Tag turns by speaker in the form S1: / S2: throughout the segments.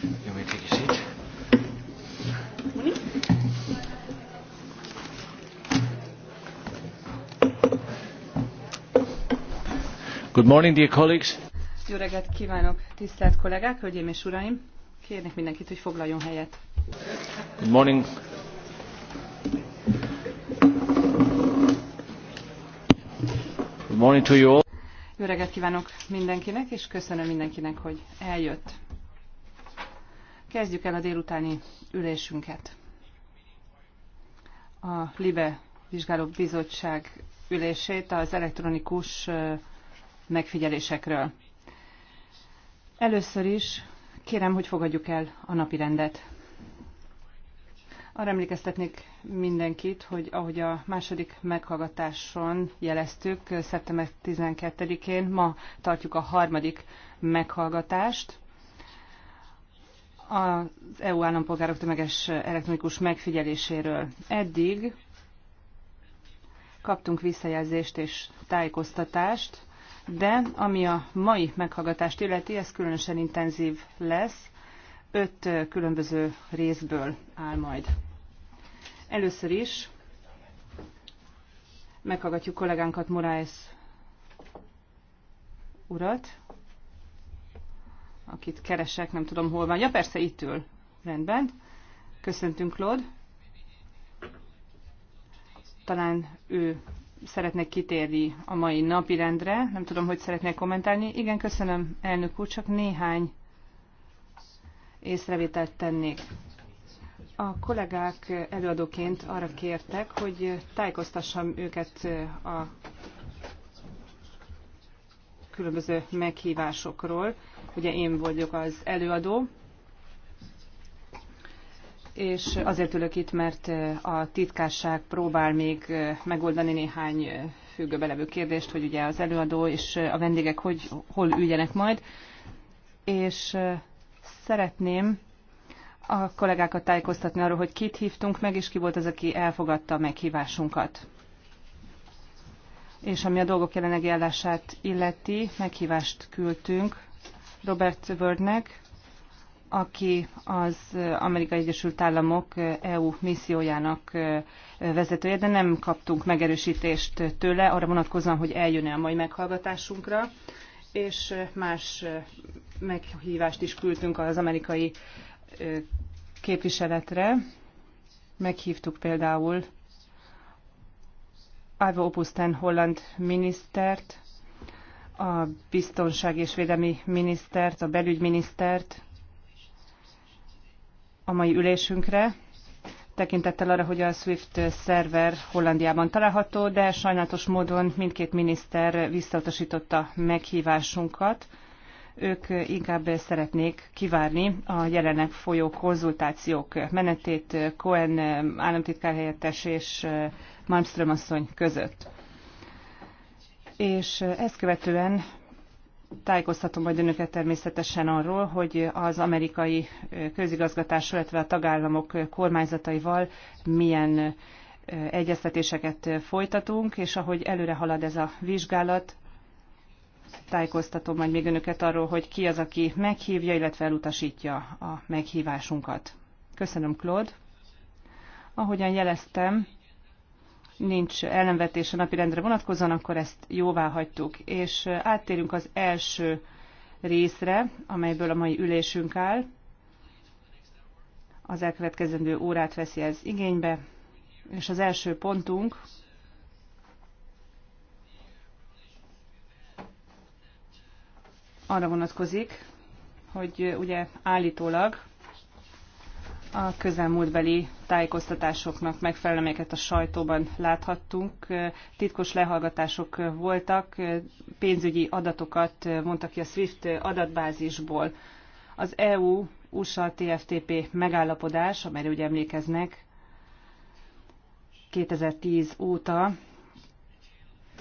S1: You may take a seat. Good morning, dear colleagues.
S2: Jó reggelt kívánok, tisztelt kollégák, hölgyeim és uraim! Kérnek mindenkit, hogy foglaljon helyet.
S1: Good morning. Good morning to you all.
S2: Jó reggelt kívánok mindenkinek, és köszönöm mindenkinek, hogy eljött. Kezdjük el a délutáni ülésünket. A LIBE Vizsgáló Bizottság ülését az elektronikus megfigyelésekről. Először is kérem, hogy fogadjuk el a napi rendet. Arra emlékeztetnék mindenkit, hogy ahogy a második meghallgatáson jeleztük, szeptember 12-én ma tartjuk a harmadik meghallgatást az EU állampolgárok tömeges elektronikus megfigyeléséről. Eddig kaptunk visszajelzést és tájékoztatást, de ami a mai meghallgatást illeti, ez különösen intenzív lesz, öt különböző részből áll majd. Először is meghallgatjuk kollégánkat Moraes urat, akit keresek, nem tudom hol van. Ja, persze itt ül. Rendben. Köszöntünk, Claude. Talán ő szeretne kitérni a mai napi rendre. Nem tudom, hogy szeretnél kommentálni. Igen, köszönöm, elnök úr, csak néhány észrevételt tennék. A kollégák előadóként arra kértek, hogy tájékoztassam őket a különböző meghívásokról. Ugye én vagyok az előadó, és azért ülök itt, mert a titkárság próbál még megoldani néhány függőbe levő kérdést, hogy ugye az előadó és a vendégek hogy, hol üljenek majd. És szeretném a kollégákat tájékoztatni arról, hogy kit hívtunk meg, és ki volt az, aki elfogadta a meghívásunkat és ami a dolgok jelenlegi állását illeti, meghívást küldtünk Robert Wordnek, aki az Amerikai Egyesült Államok EU missziójának vezetője, de nem kaptunk megerősítést tőle, arra vonatkozóan, hogy eljön-e a mai meghallgatásunkra, és más meghívást is küldtünk az amerikai képviseletre. Meghívtuk például Ivo Opusten holland minisztert, a biztonság és védelmi minisztert, a belügyminisztert a mai ülésünkre, tekintettel arra, hogy a SWIFT szerver Hollandiában található, de sajnálatos módon mindkét miniszter visszautasította meghívásunkat ők inkább szeretnék kivárni a jelenleg folyó konzultációk menetét Cohen államtitkár helyettes és Malmström asszony között. És ezt követően tájékoztatom majd önöket természetesen arról, hogy az amerikai közigazgatás, illetve a tagállamok kormányzataival milyen egyeztetéseket folytatunk, és ahogy előre halad ez a vizsgálat, tájékoztatom majd még önöket arról, hogy ki az, aki meghívja, illetve elutasítja a meghívásunkat. Köszönöm, Claude. Ahogyan jeleztem, nincs ellenvetés a napirendre vonatkozóan, akkor ezt jóvá hagytuk. És áttérünk az első részre, amelyből a mai ülésünk áll. Az elkövetkezendő órát veszi ez igénybe, és az első pontunk arra vonatkozik, hogy ugye állítólag a közelmúltbeli tájékoztatásoknak megfelelően, amelyeket a sajtóban láthattunk, titkos lehallgatások voltak, pénzügyi adatokat mondtak ki a SWIFT adatbázisból. Az EU USA TFTP megállapodás, amelyre ugye emlékeznek, 2010 óta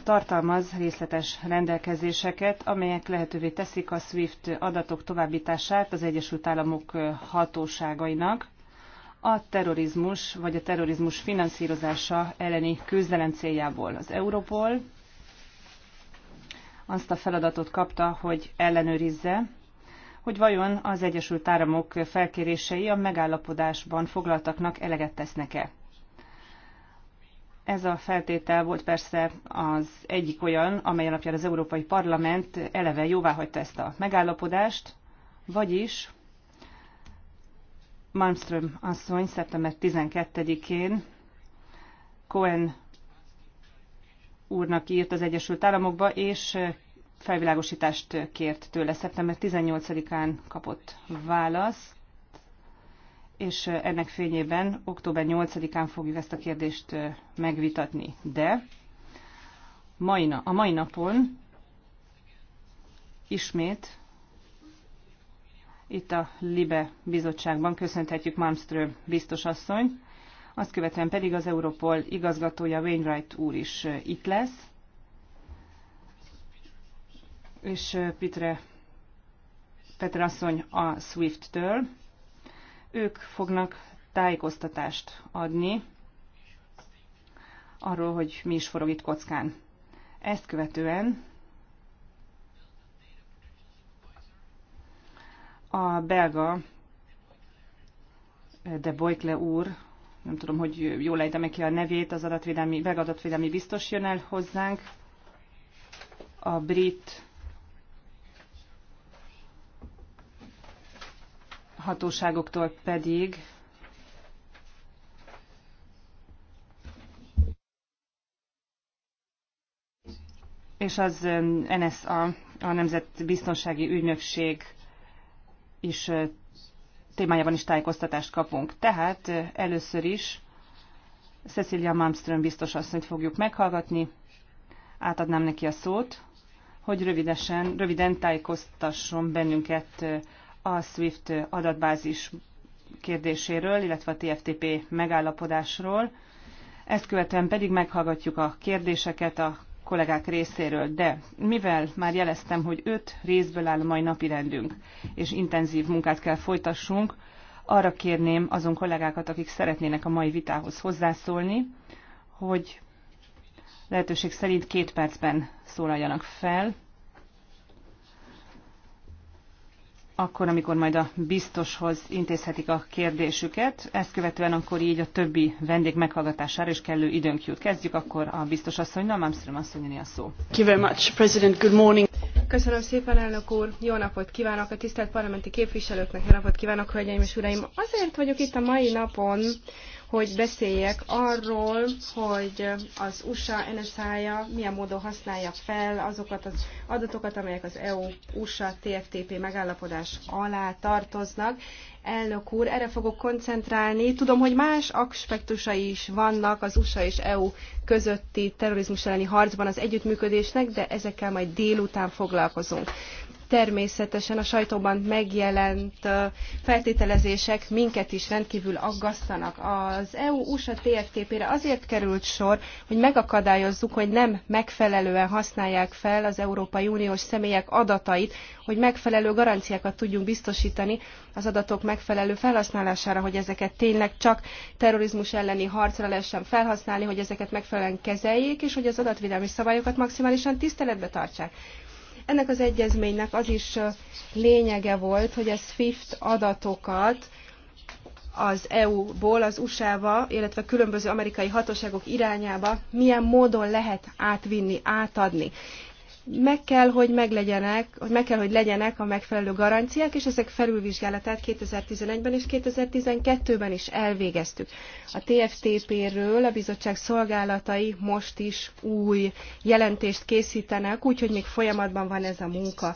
S2: tartalmaz részletes rendelkezéseket, amelyek lehetővé teszik a SWIFT adatok továbbítását az Egyesült Államok hatóságainak a terrorizmus vagy a terrorizmus finanszírozása elleni küzdelem céljából. Az Europol azt a feladatot kapta, hogy ellenőrizze, hogy vajon az Egyesült Államok felkérései a megállapodásban foglaltaknak eleget tesznek-e. Ez a feltétel volt persze az egyik olyan, amely alapján az Európai Parlament eleve jóváhagyta ezt a megállapodást, vagyis Malmström asszony szeptember 12-én Cohen úrnak írt az Egyesült Államokba, és felvilágosítást kért tőle. Szeptember 18-án kapott választ és ennek fényében október 8-án fogjuk ezt a kérdést megvitatni. De mai na, a mai napon ismét itt a LIBE bizottságban köszönhetjük Malmström biztos asszony, azt követően pedig az Europol igazgatója Wainwright úr is itt lesz, és Petre, Petre asszony a SWIFT-től, ők fognak tájékoztatást adni arról, hogy mi is forog itt kockán. Ezt követően a belga de Boykle úr, nem tudom, hogy jól ejtem -e ki a nevét, az adatvédelmi, belga adatvédelmi biztos jön el hozzánk, a brit hatóságoktól pedig és az um, NSA, a Nemzetbiztonsági Ügynökség is uh, témájában is tájékoztatást kapunk. Tehát uh, először is Cecilia Malmström biztos asszonyt fogjuk meghallgatni. Átadnám neki a szót, hogy rövidesen, röviden tájékoztasson bennünket uh, a SWIFT adatbázis kérdéséről, illetve a TFTP megállapodásról. Ezt követően pedig meghallgatjuk a kérdéseket a kollégák részéről, de mivel már jeleztem, hogy öt részből áll a mai napi rendünk, és intenzív munkát kell folytassunk, arra kérném azon kollégákat, akik szeretnének a mai vitához hozzászólni, hogy lehetőség szerint két percben szólaljanak fel, akkor, amikor majd a biztoshoz intézhetik a kérdésüket. Ezt követően akkor így a többi vendég meghallgatására is kellő időnk jut. Kezdjük akkor a biztos asszonynal, Malmström asszonyni a szó. Thank you very
S3: much, President. Good morning.
S4: Köszönöm szépen, elnök úr! Jó napot kívánok a tisztelt parlamenti képviselőknek, jó napot kívánok, hölgyeim és uraim! Azért vagyok itt a mai napon, hogy beszéljek arról, hogy az USA NSA-ja milyen módon használja fel azokat az adatokat, amelyek az EU-USA TFTP megállapodás alá tartoznak. Elnök úr, erre fogok koncentrálni. Tudom, hogy más aspektusai is vannak az USA és EU közötti terrorizmus elleni harcban az együttműködésnek, de ezekkel majd délután foglalkozunk természetesen a sajtóban megjelent feltételezések minket is rendkívül aggasztanak. Az EU-USA TFTP-re azért került sor, hogy megakadályozzuk, hogy nem megfelelően használják fel az Európai Uniós személyek adatait, hogy megfelelő garanciákat tudjunk biztosítani az adatok megfelelő felhasználására, hogy ezeket tényleg csak terrorizmus elleni harcra lehessen felhasználni, hogy ezeket megfelelően kezeljék, és hogy az adatvédelmi szabályokat maximálisan tiszteletbe tartsák ennek az egyezménynek az is lényege volt, hogy a SWIFT adatokat az EU-ból az USA-ba, illetve különböző amerikai hatóságok irányába milyen módon lehet átvinni, átadni meg kell, hogy meglegyenek, hogy meg kell, hogy legyenek a megfelelő garanciák, és ezek felülvizsgálatát 2011-ben és 2012-ben is elvégeztük. A TFTP-ről a bizottság szolgálatai most is új jelentést készítenek, úgyhogy még folyamatban van ez a munka.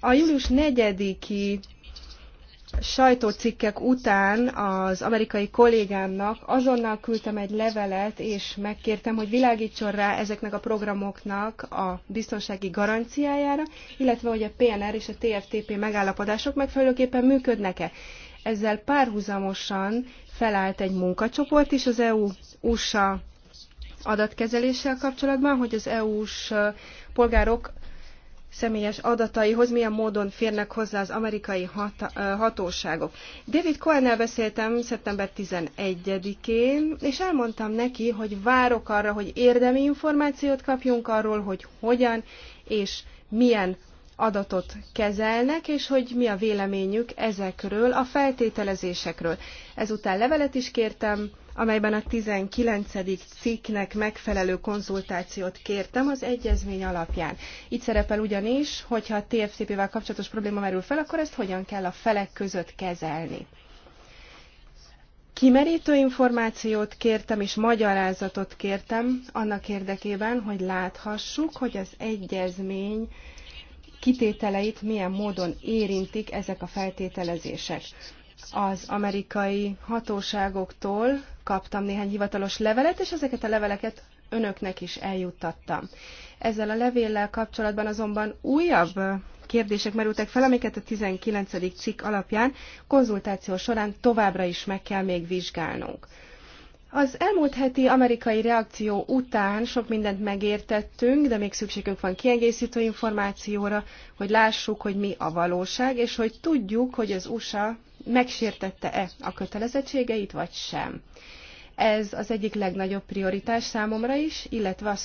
S4: A július 4-i sajtócikkek után az amerikai kollégámnak azonnal küldtem egy levelet, és megkértem, hogy világítson rá ezeknek a programoknak a biztonsági garanciájára, illetve hogy a PNR és a TFTP megállapodások megfelelőképpen működnek-e. Ezzel párhuzamosan felállt egy munkacsoport is az EU-USA adatkezeléssel kapcsolatban, hogy az EU-s polgárok személyes adataihoz milyen módon férnek hozzá az amerikai hat, hatóságok. David cohen beszéltem szeptember 11-én, és elmondtam neki, hogy várok arra, hogy érdemi információt kapjunk arról, hogy hogyan és milyen adatot kezelnek, és hogy mi a véleményük ezekről, a feltételezésekről. Ezután levelet is kértem, amelyben a 19. cikknek megfelelő konzultációt kértem az egyezmény alapján. Itt szerepel ugyanis, hogyha a TFCP-vel kapcsolatos probléma merül fel, akkor ezt hogyan kell a felek között kezelni. Kimerítő információt kértem és magyarázatot kértem annak érdekében, hogy láthassuk, hogy az egyezmény kitételeit milyen módon érintik ezek a feltételezések. Az amerikai hatóságoktól kaptam néhány hivatalos levelet, és ezeket a leveleket önöknek is eljuttattam. Ezzel a levéllel kapcsolatban azonban újabb kérdések merültek fel, amiket a 19. cikk alapján konzultáció során továbbra is meg kell még vizsgálnunk. Az elmúlt heti amerikai reakció után sok mindent megértettünk, de még szükségünk van kiegészítő információra, hogy lássuk, hogy mi a valóság, és hogy tudjuk, hogy az USA megsértette-e a kötelezettségeit, vagy sem. Ez az egyik legnagyobb prioritás számomra is, illetve a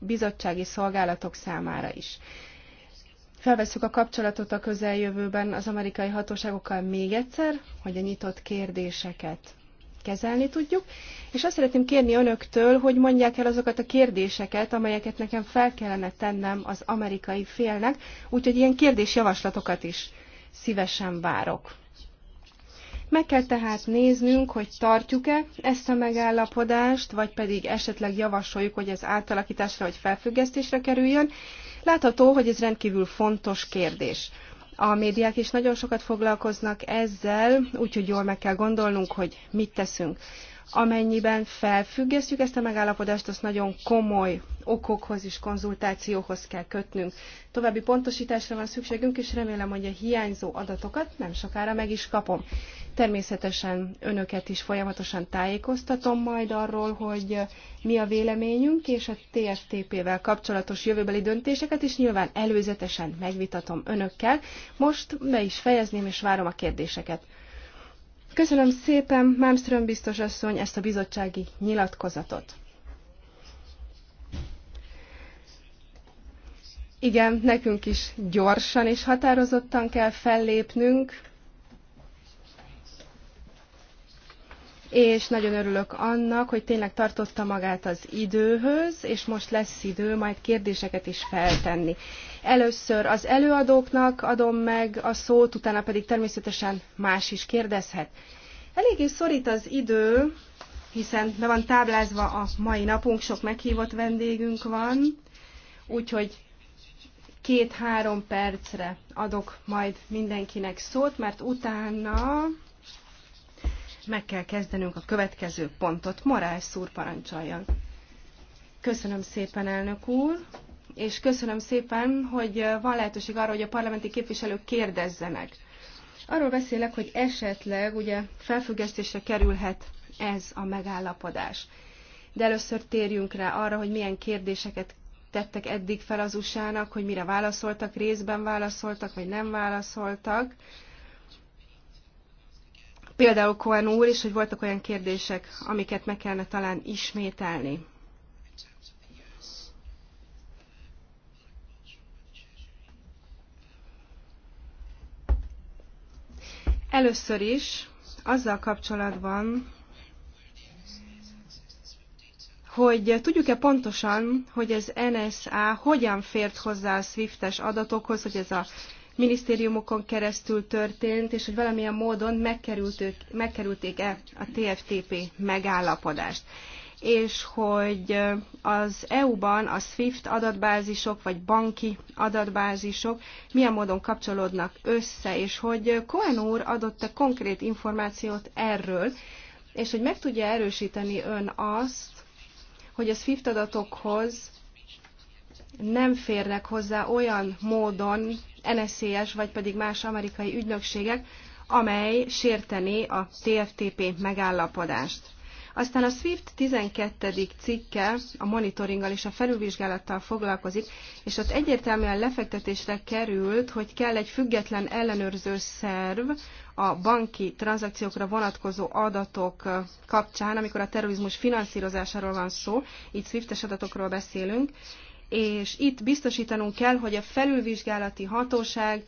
S4: bizottsági szolgálatok számára is. Felveszük a kapcsolatot a közeljövőben az amerikai hatóságokkal még egyszer, hogy a nyitott kérdéseket kezelni tudjuk. És azt szeretném kérni önöktől, hogy mondják el azokat a kérdéseket, amelyeket nekem fel kellene tennem az amerikai félnek, úgyhogy ilyen kérdésjavaslatokat is szívesen várok. Meg kell tehát néznünk, hogy tartjuk-e ezt a megállapodást, vagy pedig esetleg javasoljuk, hogy ez átalakításra vagy felfüggesztésre kerüljön. Látható, hogy ez rendkívül fontos kérdés. A médiák is nagyon sokat foglalkoznak ezzel, úgyhogy jól meg kell gondolnunk, hogy mit teszünk. Amennyiben felfüggesztjük ezt a megállapodást, azt nagyon komoly okokhoz és konzultációhoz kell kötnünk. További pontosításra van szükségünk, és remélem, hogy a hiányzó adatokat nem sokára meg is kapom. Természetesen önöket is folyamatosan tájékoztatom majd arról, hogy mi a véleményünk, és a TFTP-vel kapcsolatos jövőbeli döntéseket is nyilván előzetesen megvitatom önökkel. Most be is fejezném, és várom a kérdéseket. Köszönöm szépen, Mámström biztos asszony, ezt a bizottsági nyilatkozatot. Igen, nekünk is gyorsan és határozottan kell fellépnünk, és nagyon örülök annak, hogy tényleg tartotta magát az időhöz, és most lesz idő majd kérdéseket is feltenni. Először az előadóknak adom meg a szót, utána pedig természetesen más is kérdezhet. Eléggé szorít az idő, hiszen be van táblázva a mai napunk, sok meghívott vendégünk van, úgyhogy két-három percre adok majd mindenkinek szót, mert utána meg kell kezdenünk a következő pontot. Morál szúr parancsoljon. Köszönöm szépen, elnök úr! és köszönöm szépen, hogy van lehetőség arra, hogy a parlamenti képviselők kérdezzenek. Arról beszélek, hogy esetleg ugye felfüggesztésre kerülhet ez a megállapodás. De először térjünk rá arra, hogy milyen kérdéseket tettek eddig fel az USA-nak, hogy mire válaszoltak, részben válaszoltak, vagy nem válaszoltak. Például Cohen úr is, hogy voltak olyan kérdések, amiket meg kellene talán ismételni. Először is azzal kapcsolatban, hogy tudjuk-e pontosan, hogy az NSA hogyan fért hozzá a SWIFT-es adatokhoz, hogy ez a minisztériumokon keresztül történt, és hogy valamilyen módon megkerülték-e a TFTP megállapodást és hogy az EU-ban a SWIFT adatbázisok vagy banki adatbázisok milyen módon kapcsolódnak össze, és hogy Cohen úr adott-e konkrét információt erről, és hogy meg tudja erősíteni ön azt, hogy a SWIFT adatokhoz nem férnek hozzá olyan módon NSZ-es vagy pedig más amerikai ügynökségek, amely sértené a TFTP megállapodást. Aztán a SWIFT 12. cikke a monitoringgal és a felülvizsgálattal foglalkozik, és ott egyértelműen lefektetésre került, hogy kell egy független ellenőrző szerv a banki tranzakciókra vonatkozó adatok kapcsán, amikor a terrorizmus finanszírozásáról van szó, itt SWIFT-es adatokról beszélünk, és itt biztosítanunk kell, hogy a felülvizsgálati hatóság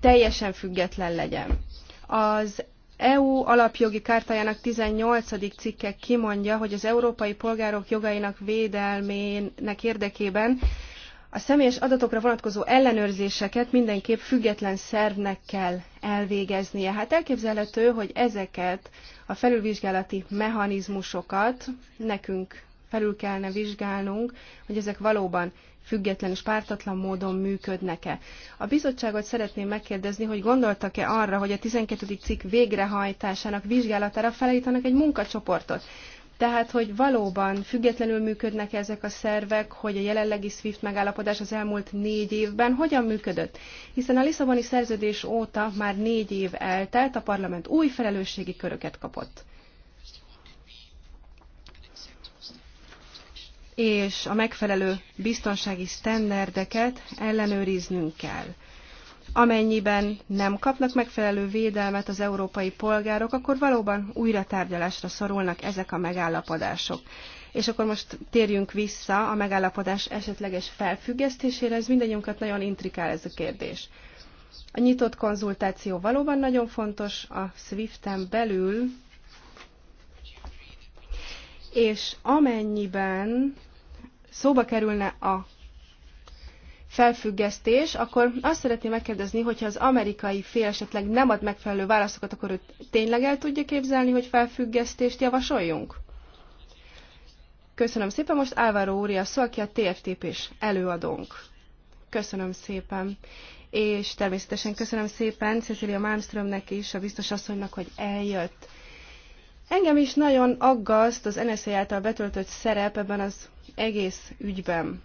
S4: teljesen független legyen. Az EU alapjogi kártájának 18. cikke kimondja, hogy az európai polgárok jogainak védelmének érdekében a személyes adatokra vonatkozó ellenőrzéseket mindenképp független szervnek kell elvégeznie. Hát elképzelhető, hogy ezeket a felülvizsgálati mechanizmusokat nekünk felül kellene vizsgálnunk, hogy ezek valóban független és pártatlan módon működnek-e. A bizottságot szeretném megkérdezni, hogy gondoltak-e arra, hogy a 12. cikk végrehajtásának vizsgálatára felállítanak egy munkacsoportot. Tehát, hogy valóban függetlenül működnek ezek a szervek, hogy a jelenlegi SWIFT megállapodás az elmúlt négy évben hogyan működött. Hiszen a Lisszaboni szerződés óta már négy év eltelt, a parlament új felelősségi köröket kapott. és a megfelelő biztonsági sztenderdeket ellenőriznünk kell. Amennyiben nem kapnak megfelelő védelmet az európai polgárok, akkor valóban újra tárgyalásra szorulnak ezek a megállapodások. És akkor most térjünk vissza a megállapodás esetleges felfüggesztésére, ez mindannyiunkat nagyon intrikál ez a kérdés. A nyitott konzultáció valóban nagyon fontos, a SWIFT-en belül és amennyiben szóba kerülne a felfüggesztés, akkor azt szeretném megkérdezni, hogyha az amerikai fél esetleg nem ad megfelelő válaszokat, akkor ő tényleg el tudja képzelni, hogy felfüggesztést javasoljunk? Köszönöm szépen, most Álvaro úr a szó, aki a tftp is előadónk. Köszönöm szépen. És természetesen köszönöm szépen Cecilia Malmströmnek is, a biztos asszonynak, hogy eljött. Engem is nagyon aggaszt az NSZ által betöltött szerep ebben az egész ügyben.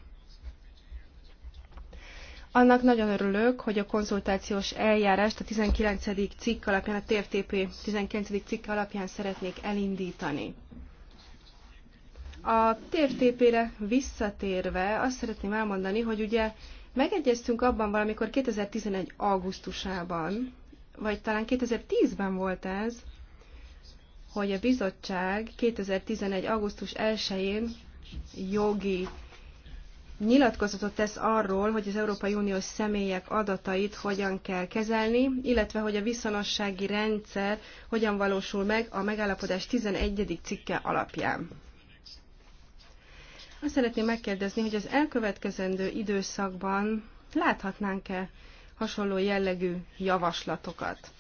S4: Annak nagyon örülök, hogy a konzultációs eljárást a 19. cikk alapján, a TFTP 19. cikk alapján szeretnék elindítani. A TFTP-re visszatérve azt szeretném elmondani, hogy ugye megegyeztünk abban valamikor 2011. augusztusában, vagy talán 2010-ben volt ez, hogy a bizottság 2011. augusztus 1-én jogi nyilatkozatot tesz arról, hogy az Európai Unió személyek adatait hogyan kell kezelni, illetve hogy a viszonossági rendszer hogyan valósul meg a megállapodás 11. cikke alapján. Azt szeretném megkérdezni, hogy az elkövetkezendő időszakban láthatnánk-e hasonló jellegű javaslatokat?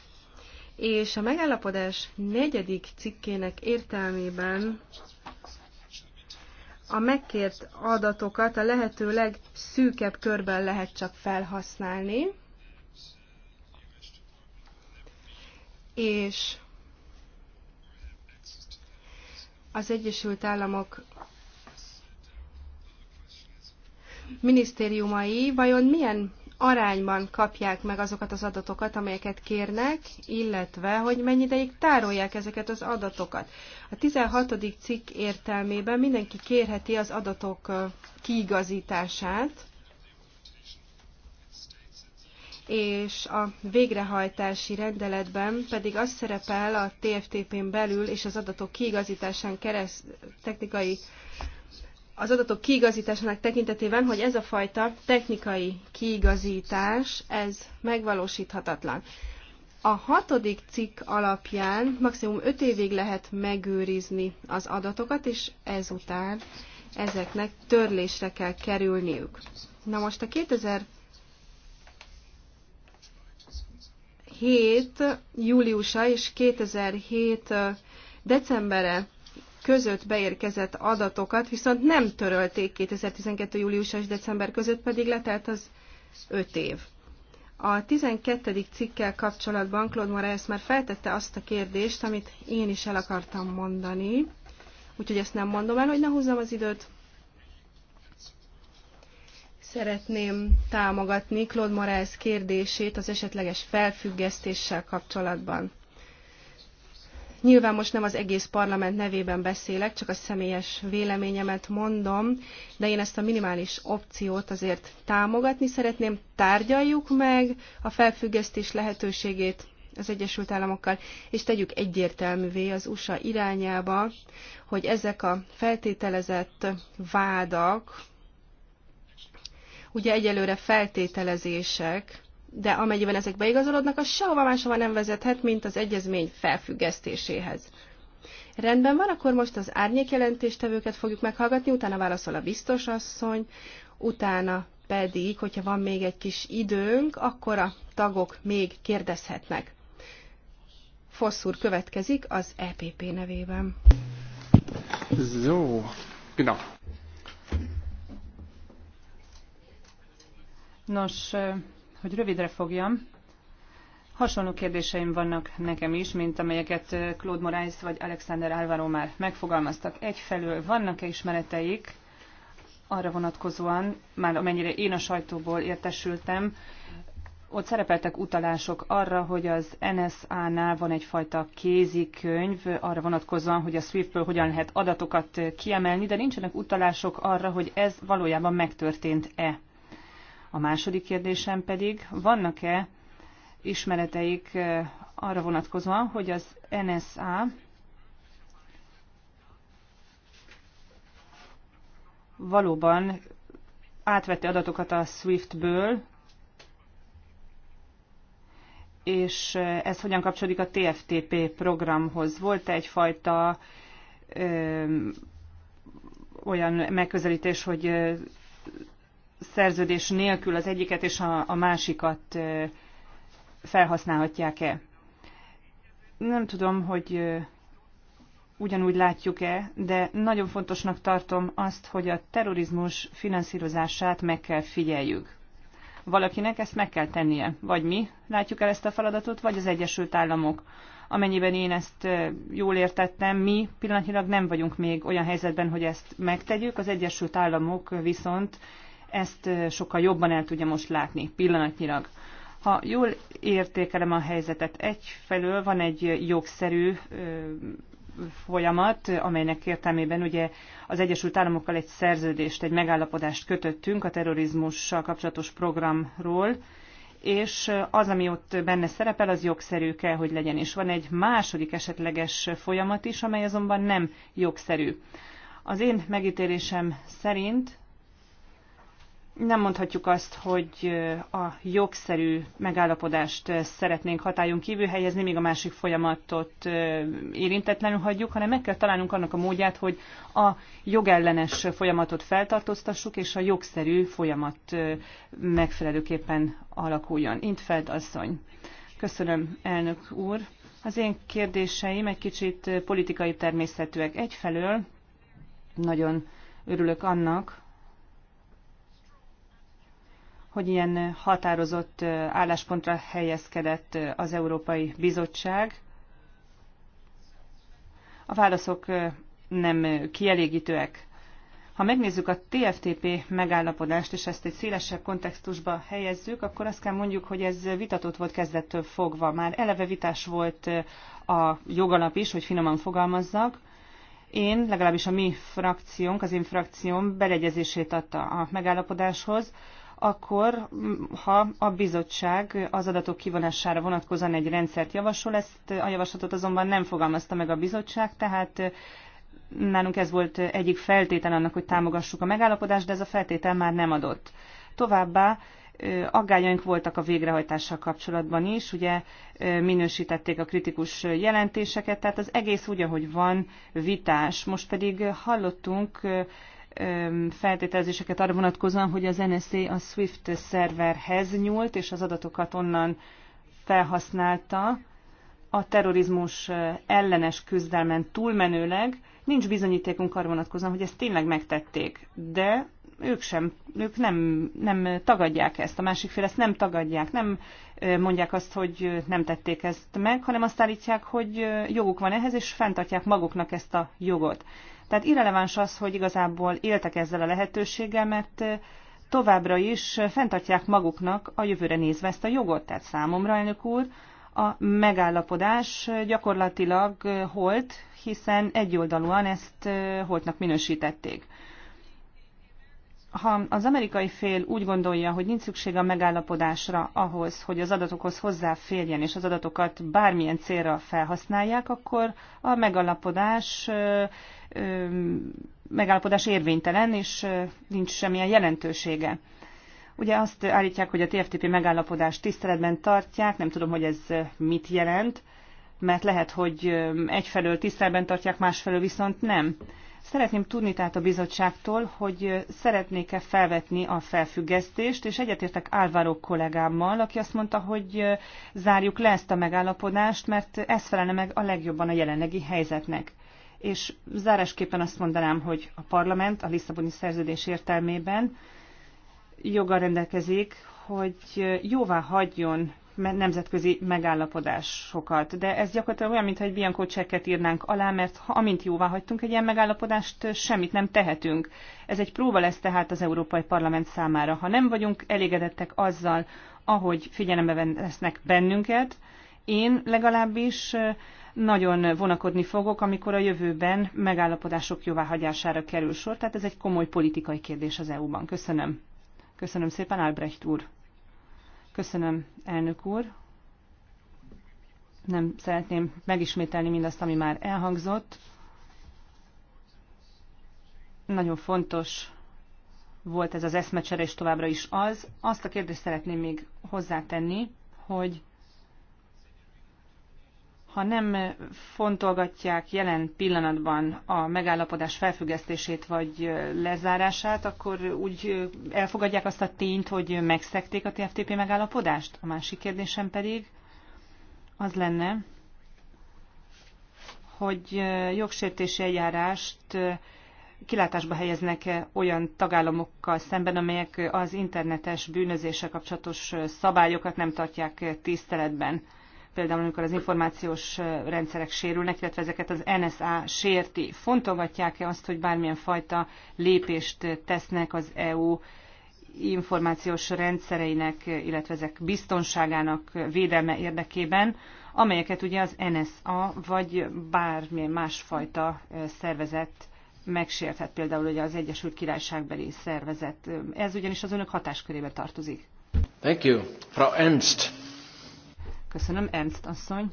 S4: és a megállapodás negyedik cikkének értelmében a megkért adatokat a lehető legszűkebb körben lehet csak felhasználni, és az Egyesült Államok minisztériumai vajon milyen arányban kapják meg azokat az adatokat, amelyeket kérnek, illetve hogy mennyi ideig tárolják ezeket az adatokat. A 16. cikk értelmében mindenki kérheti az adatok kiigazítását, és a végrehajtási rendeletben pedig az szerepel a TFTP-n belül és az adatok kiigazításán kereszt technikai az adatok kiigazításának tekintetében, hogy ez a fajta technikai kiigazítás, ez megvalósíthatatlan. A hatodik cikk alapján maximum öt évig lehet megőrizni az adatokat, és ezután ezeknek törlésre kell kerülniük. Na most a 2007 júliusa és 2007 decembere között beérkezett adatokat, viszont nem törölték 2012. július és december között, pedig letelt az 5 év. A 12. cikkel kapcsolatban Claude Moraes már feltette azt a kérdést, amit én is el akartam mondani, úgyhogy ezt nem mondom el, hogy ne húzzam az időt. Szeretném támogatni Claude Moraes kérdését az esetleges felfüggesztéssel kapcsolatban. Nyilván most nem az egész parlament nevében beszélek, csak a személyes véleményemet mondom, de én ezt a minimális opciót azért támogatni szeretném. Tárgyaljuk meg a felfüggesztés lehetőségét az Egyesült Államokkal, és tegyük egyértelművé az USA irányába, hogy ezek a feltételezett vádak, ugye egyelőre feltételezések, de amennyiben ezek beigazolódnak, az sehova máshova nem vezethet, mint az egyezmény felfüggesztéséhez. Rendben van, akkor most az árnyékjelentéstevőket fogjuk meghallgatni, utána válaszol a biztos asszony, utána pedig, hogyha van még egy kis időnk, akkor a tagok még kérdezhetnek. Fosszúr következik az EPP nevében.
S1: Zó, na.
S2: Nos, hogy rövidre fogjam, hasonló kérdéseim vannak nekem is, mint amelyeket Claude Moraes vagy Alexander Álvaro már megfogalmaztak. Egyfelől vannak-e ismereteik arra vonatkozóan, már amennyire én a sajtóból értesültem, ott szerepeltek utalások arra, hogy az NSA-nál van egyfajta kézikönyv arra vonatkozóan, hogy a SWIFT-ből hogyan lehet adatokat kiemelni, de nincsenek utalások arra, hogy ez valójában megtörtént-e. A második kérdésem pedig, vannak-e ismereteik arra vonatkozóan, hogy az NSA valóban átvette adatokat a SWIFT-ből, és ez hogyan kapcsolódik a TFTP programhoz? Volt egyfajta ö, olyan megközelítés, hogy szerződés nélkül az egyiket és a, a másikat felhasználhatják-e. Nem tudom, hogy ugyanúgy látjuk-e, de nagyon fontosnak tartom azt, hogy a terrorizmus finanszírozását meg kell figyeljük. Valakinek ezt meg kell tennie, vagy mi látjuk el ezt a feladatot, vagy az Egyesült Államok. Amennyiben én ezt jól értettem, mi pillanatilag nem vagyunk még olyan helyzetben, hogy ezt megtegyük, az Egyesült Államok viszont ezt sokkal jobban el tudja most látni pillanatnyilag. Ha jól értékelem a helyzetet, egyfelől van egy jogszerű folyamat, amelynek értelmében ugye az Egyesült Államokkal egy szerződést, egy megállapodást kötöttünk a terrorizmussal kapcsolatos programról, és az, ami ott benne szerepel, az jogszerű kell, hogy legyen. És van egy második esetleges folyamat is, amely azonban nem jogszerű. Az én megítélésem szerint nem mondhatjuk azt, hogy a jogszerű megállapodást szeretnénk hatályon kívül helyezni, még a másik folyamatot érintetlenül hagyjuk, hanem meg kell találnunk annak a módját, hogy a jogellenes folyamatot feltartóztassuk, és a jogszerű folyamat megfelelőképpen alakuljon. Intfeld asszony. Köszönöm, elnök úr. Az én kérdéseim egy kicsit politikai természetűek. Egyfelől nagyon örülök annak, hogy ilyen határozott álláspontra helyezkedett az Európai Bizottság. A válaszok nem kielégítőek. Ha megnézzük a TFTP megállapodást, és ezt egy szélesebb kontextusba helyezzük, akkor azt kell mondjuk, hogy ez vitatott volt kezdettől fogva. Már eleve vitás volt a jogalap is, hogy finoman fogalmazzak. Én, legalábbis a mi frakciónk, az én frakcióm beleegyezését adta a megállapodáshoz, akkor, ha a bizottság az adatok kivonására vonatkozóan egy rendszert javasol, ezt a javaslatot azonban nem fogalmazta meg a bizottság, tehát nálunk ez volt egyik feltétel annak, hogy támogassuk a megállapodást, de ez a feltétel már nem adott. Továbbá aggályaink voltak a végrehajtással kapcsolatban is, ugye minősítették a kritikus jelentéseket, tehát az egész úgy, ahogy van, vitás. Most pedig hallottunk feltételezéseket arra vonatkozóan, hogy az NSA a SWIFT szerverhez nyúlt, és az adatokat onnan felhasználta a terrorizmus ellenes küzdelmen túlmenőleg. Nincs bizonyítékunk arra vonatkozóan, hogy ezt tényleg megtették, de ők sem, ők nem, nem tagadják ezt, a másik fél ezt nem tagadják, nem mondják azt, hogy nem tették ezt meg, hanem azt állítják, hogy joguk van ehhez, és fenntartják maguknak ezt a jogot. Tehát irreleváns az, hogy igazából éltek ezzel a lehetőséggel, mert továbbra is fenntartják maguknak a jövőre nézve ezt a jogot. Tehát számomra, elnök úr, a megállapodás gyakorlatilag holt, hiszen egyoldalúan ezt holtnak minősítették ha az amerikai fél úgy gondolja, hogy nincs szükség a megállapodásra ahhoz, hogy az adatokhoz hozzáférjen, és az adatokat bármilyen célra felhasználják, akkor a megállapodás, megállapodás érvénytelen, és nincs semmilyen jelentősége. Ugye azt állítják, hogy a TFTP megállapodást tiszteletben tartják, nem tudom, hogy ez mit jelent, mert lehet, hogy egyfelől tiszteletben tartják, másfelől viszont nem Szeretném tudni tehát a bizottságtól, hogy szeretnék-e felvetni a felfüggesztést, és egyetértek Álvaro kollégámmal, aki azt mondta, hogy zárjuk le ezt a megállapodást, mert ez felelne meg a legjobban a jelenlegi helyzetnek. És zárásképpen azt mondanám, hogy a parlament a Lisszaboni szerződés értelmében joga rendelkezik, hogy jóvá hagyjon nemzetközi megállapodásokat. De ez gyakorlatilag olyan, mintha egy bianco csekket írnánk alá, mert ha, amint jóvá hagytunk egy ilyen megállapodást, semmit nem tehetünk. Ez egy próba lesz tehát az Európai Parlament számára. Ha nem vagyunk elégedettek azzal, ahogy figyelembe vesznek bennünket, én legalábbis nagyon vonakodni fogok, amikor a jövőben megállapodások jóváhagyására kerül sor. Tehát ez egy komoly politikai kérdés az EU-ban. Köszönöm. Köszönöm szépen, Albrecht úr. Köszönöm, elnök úr. Nem szeretném megismételni mindazt, ami már elhangzott. Nagyon fontos volt ez az eszmecsere, és továbbra is az. Azt a kérdést szeretném még hozzátenni, hogy ha nem fontolgatják jelen pillanatban a megállapodás felfüggesztését vagy lezárását, akkor úgy elfogadják azt a tényt, hogy megszekték a TFTP megállapodást? A másik kérdésem pedig az lenne, hogy jogsértési eljárást kilátásba helyeznek-e olyan tagállamokkal szemben, amelyek az internetes bűnözése kapcsolatos szabályokat nem tartják tiszteletben például amikor az információs rendszerek sérülnek, illetve ezeket az NSA sérti. Fontolgatják-e azt, hogy bármilyen fajta lépést tesznek az EU információs rendszereinek, illetve ezek biztonságának védelme érdekében, amelyeket ugye az NSA vagy bármilyen másfajta szervezet megsérthet, például ugye az Egyesült Királyságbeli szervezet. Ez ugyanis az önök hatáskörébe tartozik.
S1: Thank you. Frau Ernst.
S2: Köszönöm, Ernst asszony.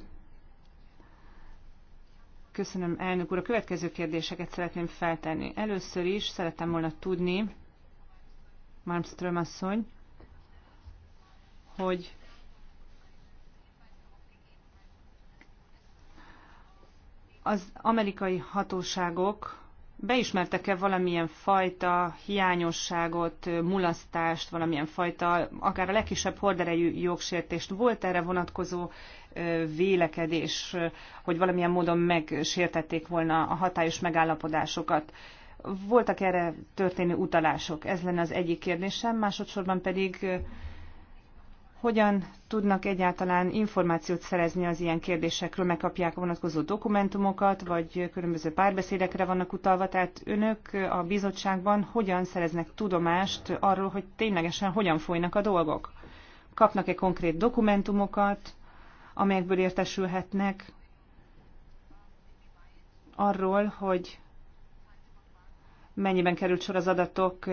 S2: Köszönöm, elnök úr. A következő kérdéseket szeretném feltenni. Először is szerettem volna tudni, Malmström asszony, hogy az amerikai hatóságok beismertek-e valamilyen fajta hiányosságot, mulasztást, valamilyen fajta, akár a legkisebb horderejű jogsértést? Volt erre vonatkozó vélekedés, hogy valamilyen módon megsértették volna a hatályos megállapodásokat? Voltak erre történő utalások? Ez lenne az egyik kérdésem. Másodszorban pedig hogyan tudnak egyáltalán információt szerezni az ilyen kérdésekről, megkapják a vonatkozó dokumentumokat, vagy különböző párbeszédekre vannak utalva, tehát önök a bizottságban hogyan szereznek tudomást arról, hogy ténylegesen hogyan folynak a dolgok? Kapnak-e konkrét dokumentumokat, amelyekből értesülhetnek arról, hogy mennyiben került sor az adatok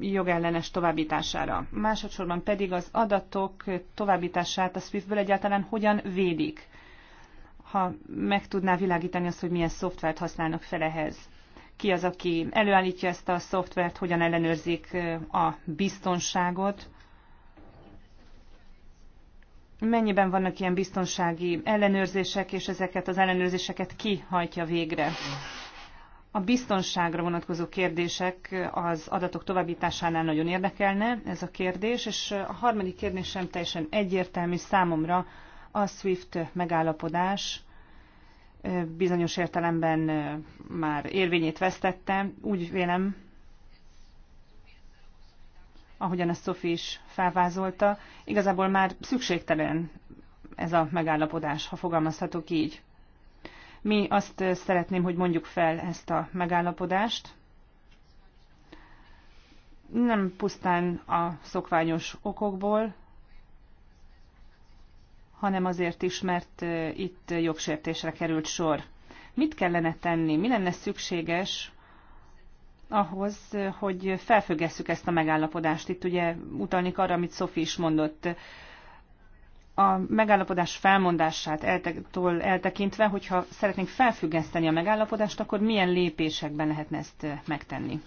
S2: jogellenes továbbítására. Másodszorban pedig az adatok továbbítását a swift egyáltalán hogyan védik, ha meg tudná világítani azt, hogy milyen szoftvert használnak fel ehhez. Ki az, aki előállítja ezt a szoftvert, hogyan ellenőrzik a biztonságot, mennyiben vannak ilyen biztonsági ellenőrzések, és ezeket az ellenőrzéseket ki hajtja végre. A biztonságra vonatkozó kérdések az adatok továbbításánál nagyon érdekelne ez a kérdés, és a harmadik kérdés sem teljesen egyértelmű számomra a SWIFT megállapodás bizonyos értelemben már érvényét vesztette. Úgy vélem, ahogyan a Sophie is felvázolta, igazából már szükségtelen ez a megállapodás, ha fogalmazhatok így. Mi azt eh, szeretném, hogy mondjuk fel ezt a megállapodást. Nem pusztán a szokványos okokból, hanem azért is, mert eh, itt jogsértésre került sor. Mit kellene tenni? Mi lenne szükséges ahhoz, eh, hogy felfüggesszük ezt a megállapodást? Itt ugye utalni arra, amit Sophie is mondott a megállapodás felmondását eltektől eltekintve, hogyha szeretnénk felfüggeszteni a megállapodást, akkor milyen lépésekben lehetne ezt megtenni?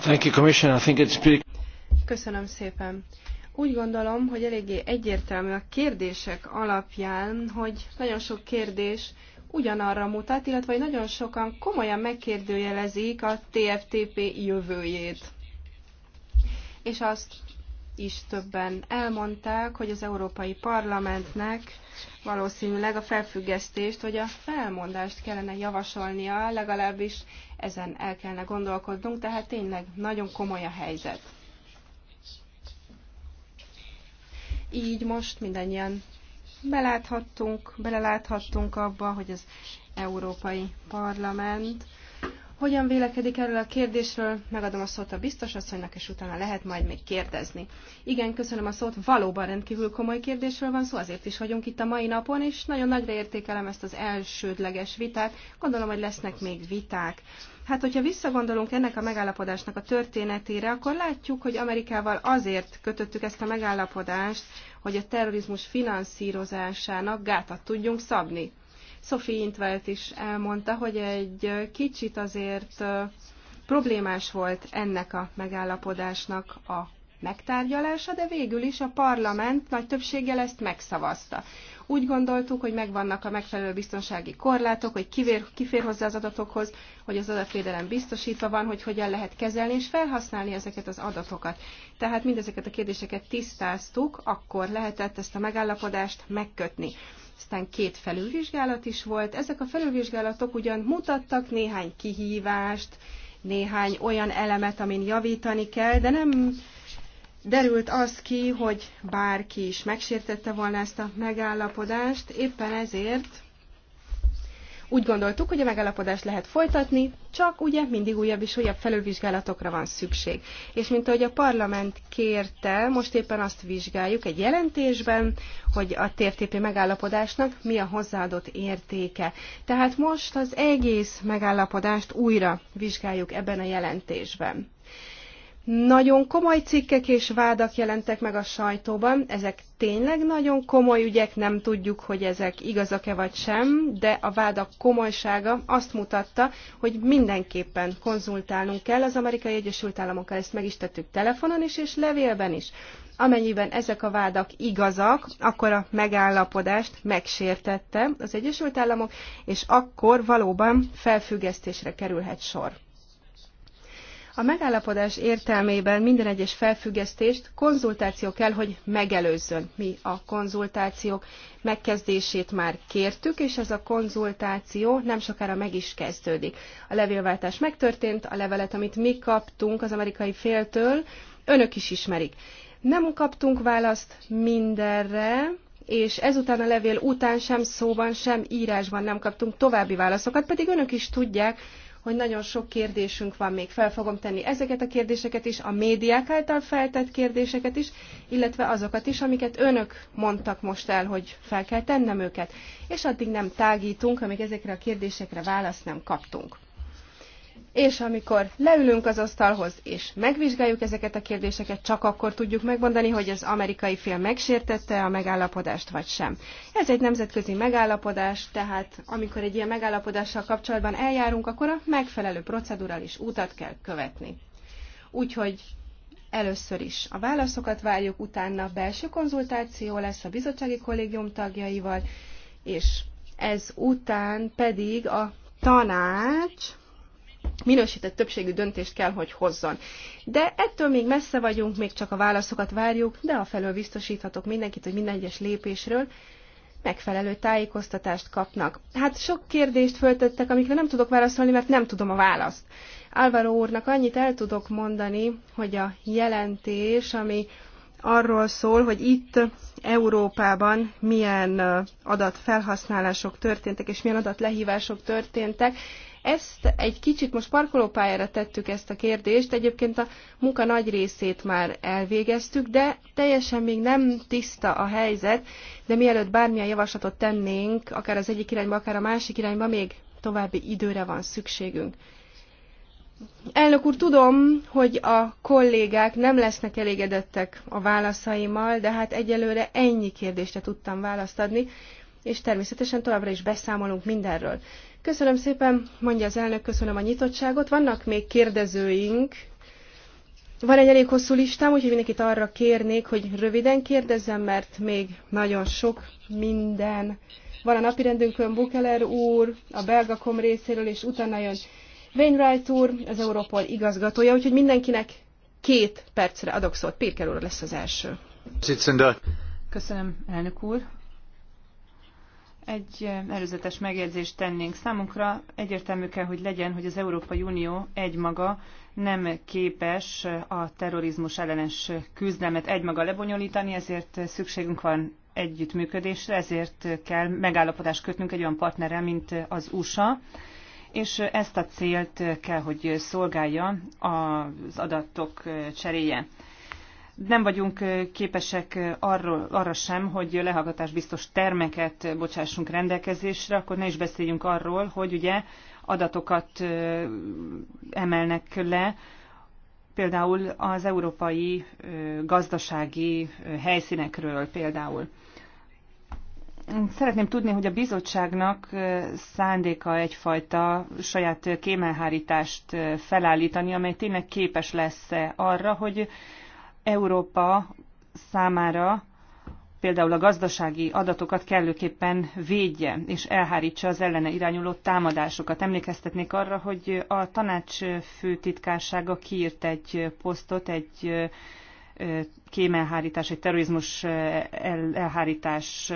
S3: Thank you, Commissioner. I think it's pretty...
S2: Köszönöm
S4: szépen. Úgy gondolom, hogy eléggé egyértelmű a kérdések alapján, hogy nagyon sok kérdés ugyanarra mutat, illetve hogy nagyon sokan komolyan megkérdőjelezik a TFTP jövőjét. És azt is többen elmondták, hogy az Európai Parlamentnek valószínűleg a felfüggesztést vagy a felmondást kellene javasolnia, legalábbis ezen el kellene gondolkodnunk, tehát tényleg nagyon komoly a helyzet. Így most mindannyian beláthattunk, beleláthattunk abba, hogy az Európai Parlament hogyan vélekedik erről a kérdésről, megadom a szót a biztos asszonynak, és utána lehet majd még kérdezni. Igen, köszönöm a szót, valóban rendkívül komoly kérdésről van szó, azért is vagyunk itt a mai napon, és nagyon nagyra értékelem ezt az elsődleges vitát, gondolom, hogy lesznek még viták. Hát, hogyha visszagondolunk ennek a megállapodásnak a történetére, akkor látjuk, hogy Amerikával azért kötöttük ezt a megállapodást, hogy a terrorizmus finanszírozásának gátat tudjunk szabni. Sophie Intvelt is elmondta, hogy egy kicsit azért problémás volt ennek a megállapodásnak a megtárgyalása, de végül is a parlament nagy többséggel ezt megszavazta. Úgy gondoltuk, hogy megvannak a megfelelő biztonsági korlátok, hogy kivér, kifér hozzá az adatokhoz, hogy az adatvédelem biztosítva van, hogy hogyan lehet kezelni és felhasználni ezeket az adatokat. Tehát mindezeket a kérdéseket tisztáztuk, akkor lehetett ezt a megállapodást megkötni. Aztán két felülvizsgálat is volt. Ezek a felülvizsgálatok ugyan mutattak néhány kihívást, néhány olyan elemet, amin javítani kell, de nem derült az ki, hogy bárki is megsértette volna ezt a megállapodást. Éppen ezért úgy gondoltuk, hogy a megállapodást lehet folytatni, csak ugye mindig újabb és újabb felülvizsgálatokra van szükség. És mint ahogy a parlament kérte, most éppen azt vizsgáljuk egy jelentésben, hogy a TFTP megállapodásnak mi a hozzáadott értéke. Tehát most az egész megállapodást újra vizsgáljuk ebben a jelentésben. Nagyon komoly cikkek és vádak jelentek meg a sajtóban, ezek tényleg nagyon komoly ügyek, nem tudjuk, hogy ezek igazak-e vagy sem, de a vádak komolysága azt mutatta, hogy mindenképpen konzultálnunk kell az Amerikai Egyesült Államokkal, ezt meg is tettük telefonon is és levélben is. Amennyiben ezek a vádak igazak, akkor a megállapodást megsértette az Egyesült Államok, és akkor valóban felfüggesztésre kerülhet sor. A megállapodás értelmében minden egyes felfüggesztést konzultáció kell, hogy megelőzzön. Mi a konzultációk megkezdését már kértük, és ez a konzultáció nem sokára meg is kezdődik. A levélváltás megtörtént, a levelet, amit mi kaptunk az amerikai féltől, önök is ismerik. Nem kaptunk választ mindenre, és ezután a levél után sem szóban, sem írásban nem kaptunk további válaszokat, pedig önök is tudják, hogy nagyon sok kérdésünk van még. Fel fogom tenni ezeket a kérdéseket is, a médiák által feltett kérdéseket is, illetve azokat is, amiket önök mondtak most el, hogy fel kell tennem őket. És addig nem tágítunk, amíg ezekre a kérdésekre választ nem kaptunk és amikor leülünk az asztalhoz, és megvizsgáljuk ezeket a kérdéseket, csak akkor tudjuk megmondani, hogy az amerikai fél megsértette a megállapodást, vagy sem. Ez egy nemzetközi megállapodás, tehát amikor egy ilyen megállapodással kapcsolatban eljárunk, akkor a megfelelő procedurális útat kell követni. Úgyhogy először is a válaszokat várjuk, utána belső konzultáció lesz a bizottsági kollégium tagjaival, és ez után pedig a tanács minősített többségű döntést kell, hogy hozzon. De ettől még messze vagyunk, még csak a válaszokat várjuk, de a felől biztosíthatok mindenkit, hogy minden egyes lépésről megfelelő tájékoztatást kapnak. Hát sok kérdést föltettek, amikre nem tudok válaszolni, mert nem tudom a választ. Álvaro úrnak annyit el tudok mondani, hogy a jelentés, ami arról szól, hogy itt Európában milyen adatfelhasználások történtek, és milyen adatlehívások történtek, ezt egy kicsit most parkolópályára tettük ezt a kérdést, egyébként a munka nagy részét már elvégeztük, de teljesen még nem tiszta a helyzet, de mielőtt bármilyen javaslatot tennénk, akár az egyik irányba, akár a másik irányba, még további időre van szükségünk. Elnök úr, tudom, hogy a kollégák nem lesznek elégedettek a válaszaimmal, de hát egyelőre ennyi kérdésre tudtam választ adni, és természetesen továbbra is beszámolunk mindenről. Köszönöm szépen, mondja az elnök, köszönöm a nyitottságot. Vannak még kérdezőink. Van egy elég hosszú listám, úgyhogy mindenkit arra kérnék, hogy röviden kérdezzem, mert még nagyon sok minden van a napirendünkön Bukeler úr, a Belgakom részéről, és utána jön Wainwright úr, az Europol igazgatója,
S2: úgyhogy mindenkinek két percre adok szót. Pirker úr lesz az első. Köszönöm, elnök úr. Egy eh, előzetes megjegyzést tennénk. Számunkra egyértelmű kell, hogy legyen, hogy az Európai Unió egymaga nem képes eh, a terrorizmus ellenes eh, küzdelmet egymaga lebonyolítani, ezért szükségünk van együttműködésre, ezért kell megállapodást kötnünk egy olyan partnerrel, mint az USA, és ezt a célt kell, hogy szolgálja az adatok cseréje nem vagyunk képesek arról, arra sem, hogy lehallgatás biztos termeket bocsássunk rendelkezésre, akkor ne is beszéljünk arról, hogy ugye adatokat emelnek le, például az európai gazdasági helyszínekről például. Szeretném tudni, hogy a bizottságnak szándéka egyfajta saját kémelhárítást felállítani, amely tényleg képes lesz arra, hogy Európa számára például a gazdasági adatokat kellőképpen védje és elhárítsa az ellene irányuló támadásokat. Emlékeztetnék arra, hogy a tanács főtitkársága kiírt egy posztot, egy kémelhárítás, egy terrorizmus elhárítási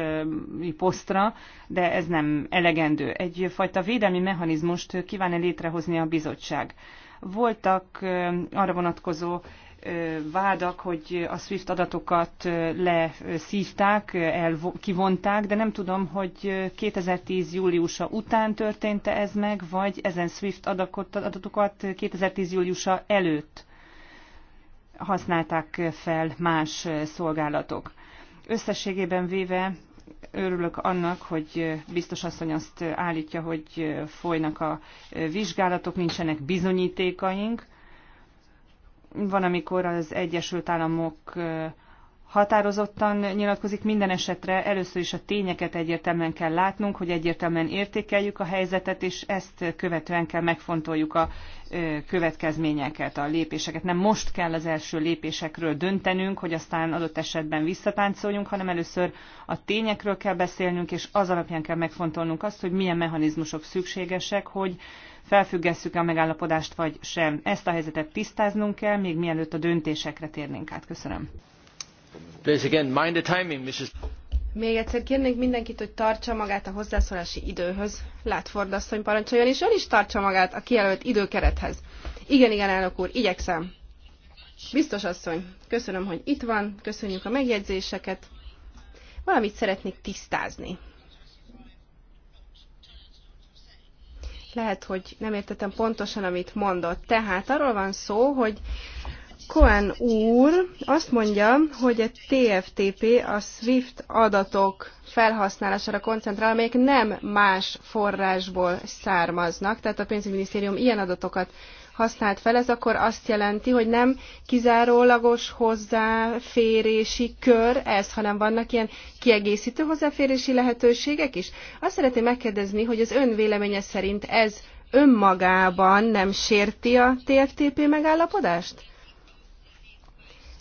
S2: posztra, de ez nem elegendő. Egyfajta védelmi mechanizmust kíván-e létrehozni a bizottság? Voltak arra vonatkozó vádak, hogy a SWIFT adatokat leszívták, kivonták, de nem tudom, hogy 2010. júliusa után történt-e ez meg, vagy ezen SWIFT adatokat 2010. júliusa előtt használták fel más szolgálatok. Összességében véve örülök annak, hogy biztos asszony azt állítja, hogy folynak a vizsgálatok, nincsenek bizonyítékaink, van, amikor az Egyesült Államok határozottan nyilatkozik minden esetre, először is a tényeket egyértelműen kell látnunk, hogy egyértelműen értékeljük a helyzetet, és ezt követően kell megfontoljuk a következményeket, a lépéseket. Nem most kell az első lépésekről döntenünk, hogy aztán adott esetben visszatáncoljunk, hanem először a tényekről kell beszélnünk, és az alapján kell megfontolnunk azt, hogy milyen mechanizmusok szükségesek, hogy felfüggesszük-e a megállapodást, vagy sem. Ezt a helyzetet tisztáznunk kell, még mielőtt a döntésekre térnénk át. Köszönöm.
S4: Még egyszer kérnénk mindenkit, hogy tartsa magát a hozzászólási időhöz. Látford asszony parancsoljon, és ön is tartsa magát a kijelölt időkerethez. Igen, igen, elnök úr, igyekszem. Biztos asszony, köszönöm, hogy itt van, köszönjük a megjegyzéseket. Valamit szeretnék tisztázni. lehet, hogy nem értettem pontosan, amit mondott. Tehát arról van szó, hogy Cohen úr azt mondja, hogy a TFTP a SWIFT adatok felhasználására koncentrál, amelyek nem más forrásból származnak, tehát a pénzügyminisztérium ilyen adatokat használt fel, ez akkor azt jelenti, hogy nem kizárólagos hozzáférési kör ez, hanem vannak ilyen kiegészítő hozzáférési lehetőségek is. Azt szeretném megkérdezni, hogy az ön véleménye szerint ez önmagában nem sérti a TFTP megállapodást?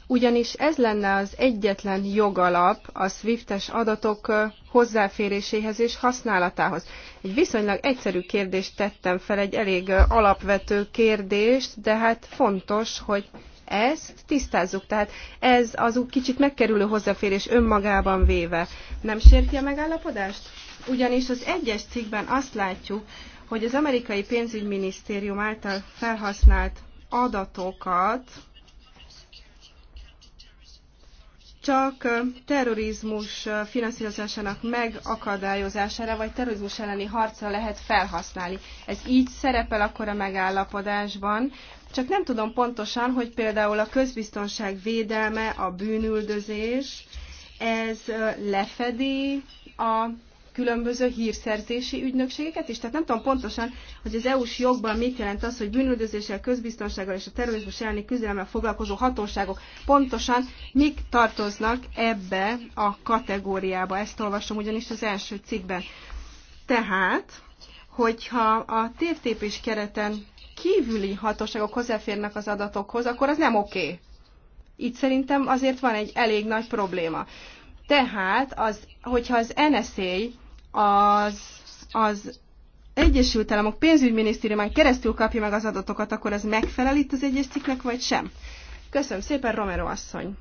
S4: ugyanis ez lenne az egyetlen jogalap a SWIFT-es adatok hozzáféréséhez és használatához. Egy viszonylag egyszerű kérdést tettem fel, egy elég alapvető kérdést, de hát fontos, hogy ezt tisztázzuk. Tehát ez az kicsit megkerülő hozzáférés önmagában véve nem sérti a megállapodást? Ugyanis az egyes cikkben azt látjuk, hogy az amerikai pénzügyminisztérium által felhasznált adatokat csak terrorizmus finanszírozásának megakadályozására, vagy terrorizmus elleni harcra lehet felhasználni. Ez így szerepel akkor a megállapodásban, csak nem tudom pontosan, hogy például a közbiztonság védelme, a bűnüldözés, ez lefedi a különböző hírszerzési ügynökségeket is. Tehát nem tudom pontosan, hogy az EU-s jogban mit jelent az, hogy bűnöldözéssel, közbiztonsággal és a terrorizmus elleni küzdelemmel foglalkozó hatóságok pontosan mik tartoznak ebbe a kategóriába. Ezt olvasom ugyanis az első cikkben. Tehát, hogyha a tértépés kereten kívüli hatóságok hozzáférnek az adatokhoz, akkor az nem oké. Okay. Itt szerintem azért van egy elég nagy probléma. Tehát, az, hogyha az NSA az, az Egyesült Államok pénzügyminisztériumán keresztül kapja meg az adatokat, akkor ez megfelel itt az egyes cikknek,
S2: vagy sem? Köszönöm szépen, Romero asszony.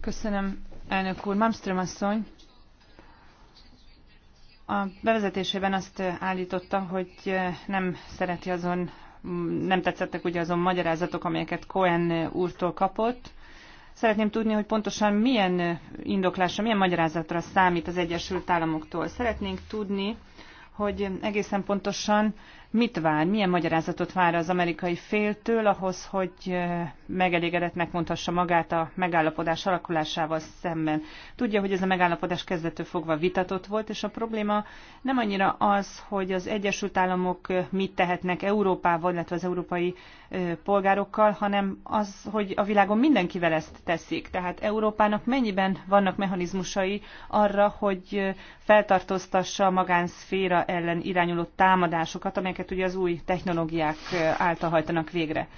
S2: Köszönöm, elnök úr. Malmström asszony a bevezetésében azt állította, hogy nem szereti azon, nem tetszettek ugye azon magyarázatok, amelyeket Cohen úrtól kapott, Szeretném tudni, hogy pontosan milyen indoklásra, milyen magyarázatra számít az Egyesült Államoktól. Szeretnénk tudni, hogy egészen pontosan mit vár, milyen magyarázatot vár az amerikai féltől ahhoz, hogy eh, megelégedetnek mondhassa magát a megállapodás alakulásával szemben. Tudja, hogy ez a megállapodás kezdetől fogva vitatott volt, és a probléma nem annyira az, hogy az Egyesült Államok eh, mit tehetnek Európával, illetve az európai eh, polgárokkal, hanem az, hogy a világon mindenkivel ezt teszik. Tehát Európának mennyiben vannak mechanizmusai arra, hogy feltartóztassa a magánszféra ellen irányuló támadásokat, amelyeket amelyeket ugye az új technológiák által hajtanak végre.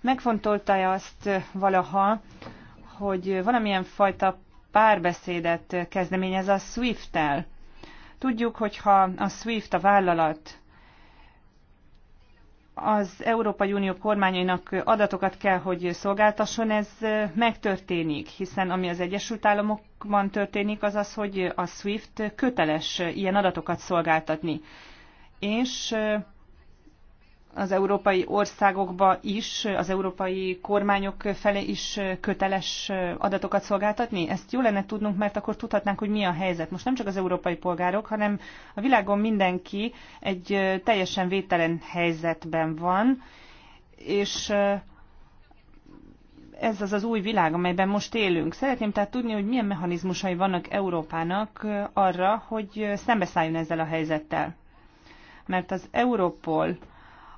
S2: Megfontolta-e azt valaha, hogy valamilyen fajta párbeszédet kezdeményez a SWIFT-tel? Tudjuk, hogyha a SWIFT a vállalat az Európai Unió kormányainak adatokat kell, hogy szolgáltasson, ez megtörténik, hiszen ami az Egyesült Államokban történik, az az, hogy a SWIFT köteles ilyen adatokat szolgáltatni. És az európai országokba is, az európai kormányok felé is köteles adatokat szolgáltatni? Ezt jó lenne tudnunk, mert akkor tudhatnánk, hogy mi a helyzet. Most nem csak az európai polgárok, hanem a világon mindenki egy teljesen vételen helyzetben van, és ez az az új világ, amelyben most élünk. Szeretném tehát tudni, hogy milyen mechanizmusai vannak Európának arra, hogy szembeszálljon ezzel a helyzettel. Mert az Európol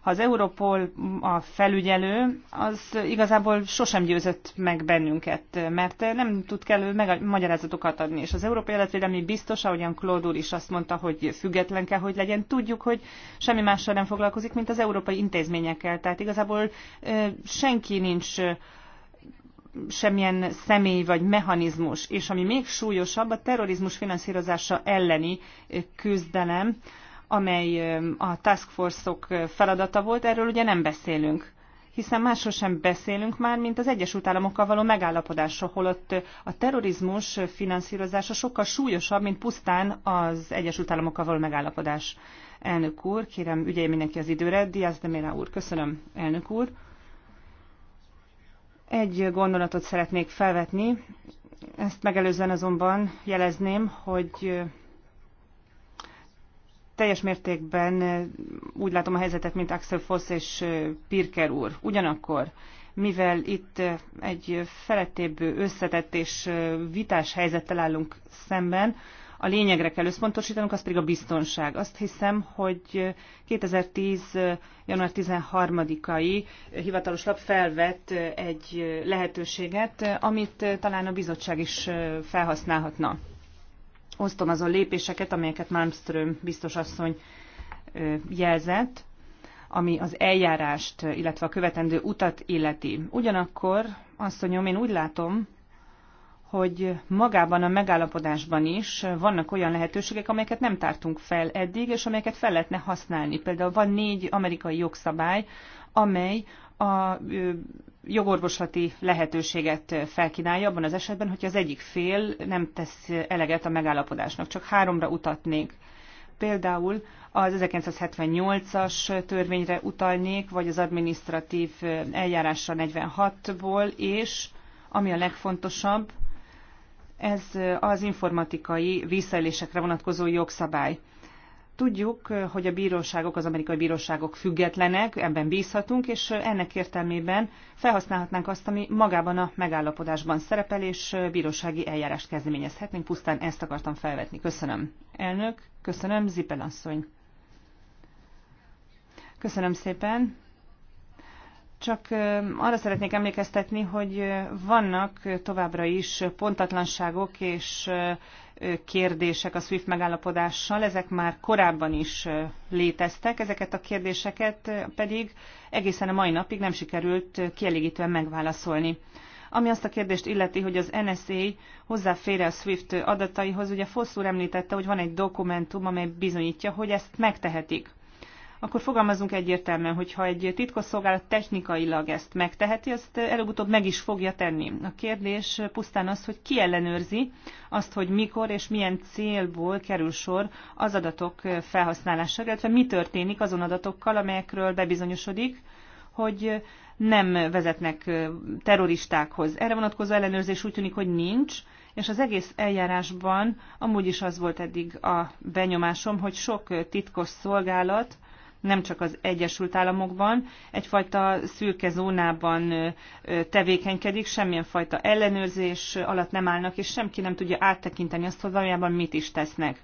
S2: ha az Europol a felügyelő, az igazából sosem győzött meg bennünket, mert nem tud kellő magyarázatokat adni. És az Európai Életvédelmi biztos, ahogyan Claude úr is azt mondta, hogy független kell, hogy legyen. Tudjuk, hogy semmi mással nem foglalkozik, mint az európai intézményekkel. Tehát igazából senki nincs semmilyen személy vagy mechanizmus, és ami még súlyosabb, a terrorizmus finanszírozása elleni küzdelem, amely a task force-ok feladata volt, erről ugye nem beszélünk hiszen másról sem beszélünk már, mint az Egyesült Államokkal való megállapodásra, holott a terrorizmus finanszírozása sokkal súlyosabb, mint pusztán az Egyesült Államokkal való megállapodás. Elnök úr, kérem, ügyelj mindenki az időre. Diaz de Mera úr, köszönöm, elnök úr. Egy gondolatot szeretnék felvetni, ezt megelőzően azonban jelezném, hogy teljes mértékben úgy látom a helyzetet, mint Axel Foss és Pirker úr. Ugyanakkor, mivel itt egy felettébb összetett és vitás helyzettel állunk szemben, a lényegre kell összpontosítanunk, az pedig a biztonság. Azt hiszem, hogy 2010. január 13-ai hivatalos lap felvett egy lehetőséget, amit talán a bizottság is felhasználhatna osztom azon lépéseket, amelyeket Malmström biztos asszony jelzett, ami az eljárást, illetve a követendő utat illeti. Ugyanakkor, asszonyom, én úgy látom, hogy magában a megállapodásban is vannak olyan lehetőségek, amelyeket nem tártunk fel eddig, és amelyeket fel lehetne használni. Például van négy amerikai jogszabály, amely a jogorvoslati lehetőséget felkínálja abban az esetben, hogyha az egyik fél nem tesz eleget a megállapodásnak. Csak háromra utatnék. Például az 1978-as törvényre utalnék, vagy az administratív eljárásra 46-ból, és ami a legfontosabb, ez az informatikai visszaélésekre vonatkozó jogszabály. Tudjuk, eh, hogy a bíróságok, az amerikai bíróságok függetlenek, ebben bízhatunk, és eh, ennek értelmében felhasználhatnánk azt, ami magában a megállapodásban szerepel, és eh, bírósági eljárást kezdeményezhetnénk. Pusztán ezt akartam felvetni. Köszönöm. Elnök, köszönöm, Zipel asszony. Köszönöm szépen. Csak arra szeretnék emlékeztetni, hogy vannak továbbra is pontatlanságok és kérdések a SWIFT megállapodással, ezek már korábban is léteztek, ezeket a kérdéseket pedig egészen a mai napig nem sikerült kielégítően megválaszolni. Ami azt a kérdést illeti, hogy az NSA hozzáfér a SWIFT adataihoz, ugye Fosszúr említette, hogy van egy dokumentum, amely bizonyítja, hogy ezt megtehetik akkor fogalmazunk egyértelműen, hogy ha egy titkosszolgálat technikailag ezt megteheti, azt előbb-utóbb meg is fogja tenni. A kérdés pusztán az, hogy ki ellenőrzi azt, hogy mikor és milyen célból kerül sor az adatok felhasználására, illetve mi történik azon adatokkal, amelyekről bebizonyosodik, hogy nem vezetnek terroristákhoz. Erre vonatkozó ellenőrzés úgy tűnik, hogy nincs, és az egész eljárásban amúgy is az volt eddig a benyomásom, hogy sok titkos szolgálat nem csak az Egyesült Államokban, egyfajta szürke zónában tevékenykedik, semmilyen fajta ellenőrzés alatt nem állnak, és senki nem tudja áttekinteni azt, hogy valójában mit is tesznek.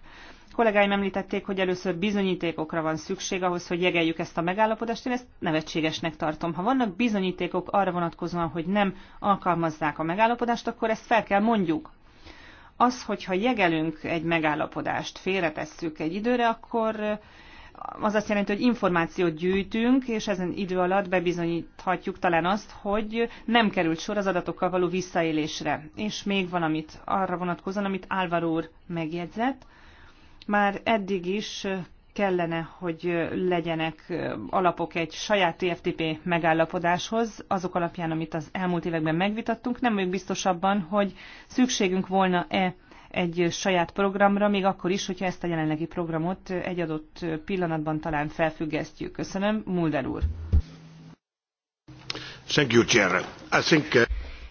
S2: Kollégáim említették, hogy először bizonyítékokra van szükség ahhoz, hogy jegeljük ezt a megállapodást. Én ezt nevetségesnek tartom. Ha vannak bizonyítékok arra vonatkozóan, hogy nem alkalmazzák a megállapodást, akkor ezt fel kell mondjuk. Az, hogyha jegelünk egy megállapodást, félretesszük egy időre, akkor az azt jelenti, hogy információt gyűjtünk, és ezen idő alatt bebizonyíthatjuk talán azt, hogy nem került sor az adatokkal való visszaélésre. És még van, amit arra vonatkozóan, amit Álvaro úr megjegyzett. Már eddig is kellene, hogy legyenek alapok egy saját TFTP megállapodáshoz, azok alapján, amit az elmúlt években megvitattunk. Nem vagyok biztos abban, hogy szükségünk volna-e egy saját programra, még akkor is, hogyha ezt a jelenlegi programot egy adott pillanatban talán felfüggesztjük. Köszönöm, Mulder úr.
S1: Thank you,
S4: Chair. I think, uh,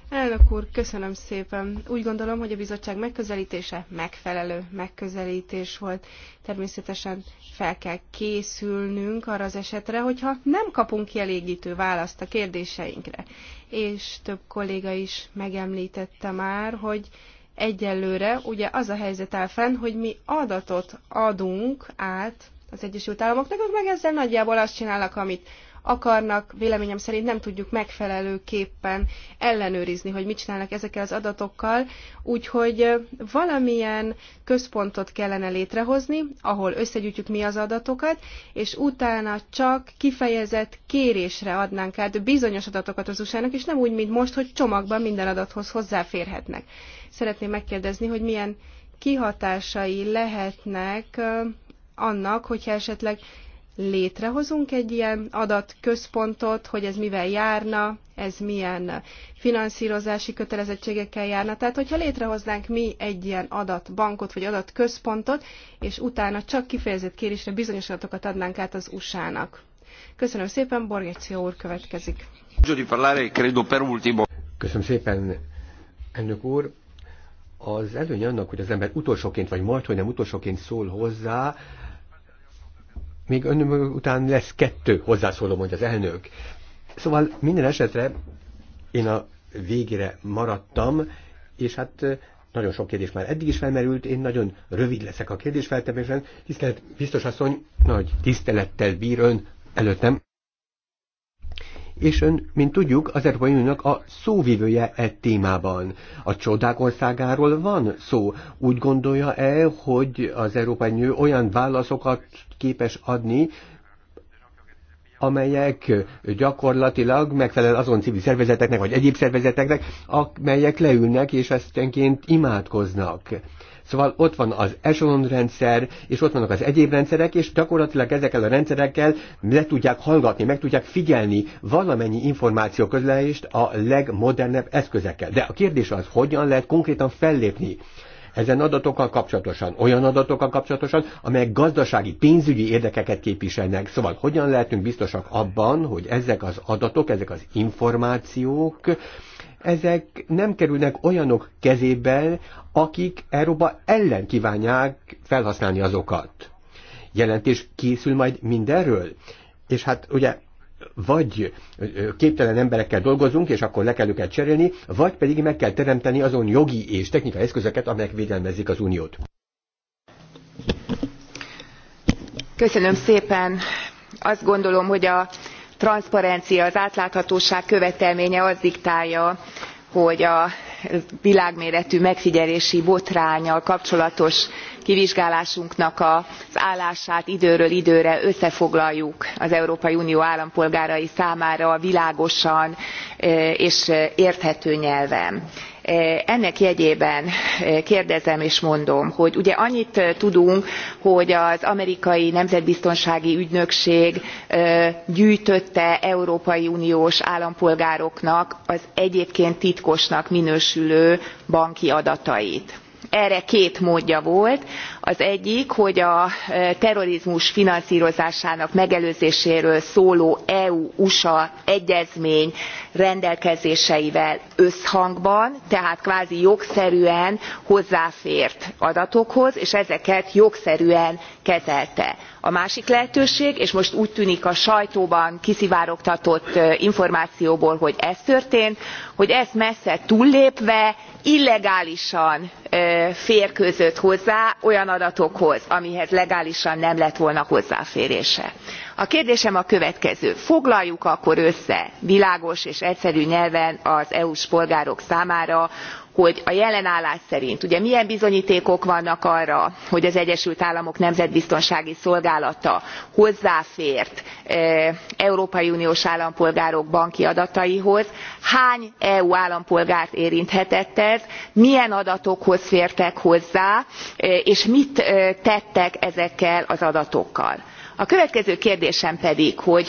S4: Elnök úr, köszönöm szépen. Úgy gondolom, hogy a bizottság megközelítése megfelelő megközelítés volt. Természetesen fel kell készülnünk arra az esetre, hogyha nem kapunk kielégítő választ a kérdéseinkre. És több kolléga is megemlítette már, hogy Egyelőre ugye az a helyzet áll fenn, hogy mi adatot adunk át az Egyesült Államoknak, ők meg ezzel nagyjából azt csinálnak, amit akarnak, véleményem szerint nem tudjuk megfelelőképpen ellenőrizni, hogy mit csinálnak ezekkel az adatokkal, úgyhogy valamilyen központot kellene létrehozni, ahol összegyűjtjük mi az adatokat, és utána csak kifejezett kérésre adnánk át bizonyos adatokat az usa és nem úgy, mint most, hogy csomagban minden adathoz hozzáférhetnek. Szeretném megkérdezni, hogy milyen kihatásai lehetnek annak, hogyha esetleg létrehozunk egy ilyen adatközpontot, hogy ez mivel járna, ez milyen finanszírozási kötelezettségekkel járna. Tehát, hogyha létrehoznánk mi egy ilyen adatbankot vagy adatközpontot, és utána csak kifejezett kérésre bizonyos adatokat adnánk át az USA-nak. Köszönöm szépen, Borgeció úr következik.
S1: Köszönöm szépen, elnök úr. Az előny annak, hogy az ember utolsóként, vagy majd, hogy nem utolsóként szól hozzá, még ön után lesz kettő hozzászóló, mondja az elnök. Szóval minden esetre én a végére maradtam, és hát nagyon sok kérdés már eddig is felmerült, én nagyon rövid leszek a kérdésfeltevésben. Tisztelt biztos asszony, nagy tisztelettel bír ön előttem. És ön, mint tudjuk, az Európai Uniónak a szóvivője e témában. A csodák országáról van szó. Úgy gondolja-e, hogy az Európai Unió olyan válaszokat képes adni, amelyek gyakorlatilag megfelel azon civil szervezeteknek, vagy egyéb szervezeteknek, amelyek leülnek és esténként imádkoznak. Szóval ott van az echelon rendszer, és ott vannak az egyéb rendszerek, és gyakorlatilag ezekkel a rendszerekkel le tudják hallgatni, meg tudják figyelni valamennyi információ közlelést a legmodernebb eszközekkel. De a kérdés az, hogyan lehet konkrétan fellépni ezen adatokkal kapcsolatosan, olyan adatokkal kapcsolatosan, amelyek gazdasági, pénzügyi érdekeket képviselnek. Szóval hogyan lehetünk biztosak abban, hogy ezek az adatok, ezek az információk, ezek nem kerülnek olyanok kezébe, akik Európa ellen kívánják felhasználni azokat. Jelentés készül majd mindenről? És hát ugye vagy képtelen emberekkel dolgozunk, és akkor le kell őket cserélni, vagy pedig meg kell teremteni azon jogi és technikai eszközöket, amelyek védelmezik az uniót.
S3: Köszönöm szépen. Azt gondolom, hogy a transzparencia, az átláthatóság követelménye az diktálja, hogy a világméretű megfigyelési botránnyal kapcsolatos kivizsgálásunknak az állását időről időre összefoglaljuk az európai unió állampolgárai számára világosan eh, és eh, érthető nyelven ennek jegyében kérdezem és mondom hogy ugye annyit tudunk hogy az amerikai nemzetbiztonsági ügynökség gyűjtötte európai uniós állampolgároknak az egyébként titkosnak minősülő banki adatait. erre két módja volt az egyik hogy a e, terrorizmus finanszrozásának megelőzéséről szóló eu usa egyezmény rendelkezéseivel összhangban tehát kvázi jogszerűen hozzáfért adatokhoz és ezeket jogszerűen kezelte. a másik lehetőség és most úgy tűnik a sajtóban kiszivárogtatott e, információból hogy ez történt hogy ezt messze túllépve illegálisan e, férkőzött hozzá olyan adatokhoz amihez legálisan nem lett volna hozzáférése. a kérdésem a következő foglaljuk akkor össze világos és egyszerű nyelven az eu s polgárok számára hogy a jelen állás szerint ugye milyen bizonytékok vannak arra hogy az egyesült államok nemzetbiztonsági szolgálata hozzáfért e, európai uniós állampolgárok banki adataihoz hány eu állampolgárt érinthetett ez milyen adatokhoz fértek hozzá e, és mit e, tettek ezekkel az adatokkal? a következő kérdésem pedig hogy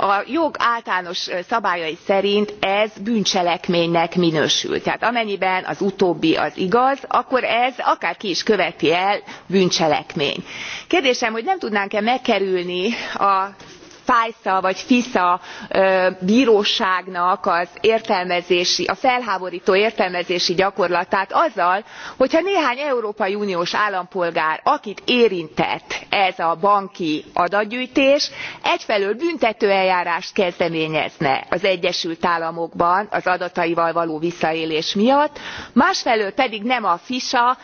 S3: a jog általános szabályai szerint ez bűncselekménynek minősül tehát amennyiben az utóbbi az igaz akkor ez akárki is követi el bűncselekmény. kérdésem hogy nem tudnánk e megkerülni a fajsza vagy fisza bróságnak az értelmezési a felhábortó értelmezési gyakorlatát azzal hogyha néhány európai uniós állampolgár akit érintett ez a banki adatgyűjtés egyfelől büntetőeljárást kezdeményezne az egyesült államokban az adataival való visszaélés miatt másfelől pedig nem a fisa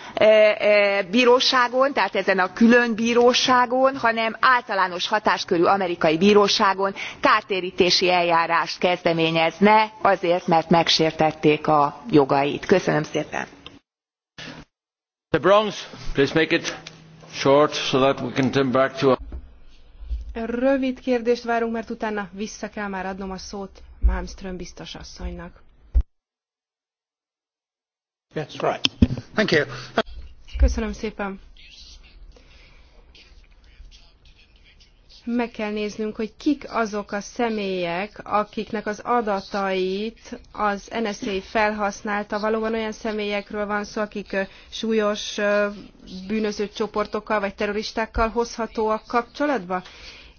S3: bróságon tehát ezen a külön bróságon hanem általános hatáskörű amerikai bróságon kártértési eljárást kezdeményezne azért mert megsértették a jogait. köszönöm szépen!
S4: rövid kérdést várunk mert utána vissza kell már adnom a szót malmström biztos asszonynak. Yes, right. Köszönöm szépen! meg kell néznünk, hogy kik azok a személyek, akiknek az adatait az NSA felhasználta. Valóban olyan személyekről van szó, akik súlyos bűnöző csoportokkal vagy terroristákkal hozhatóak kapcsolatba,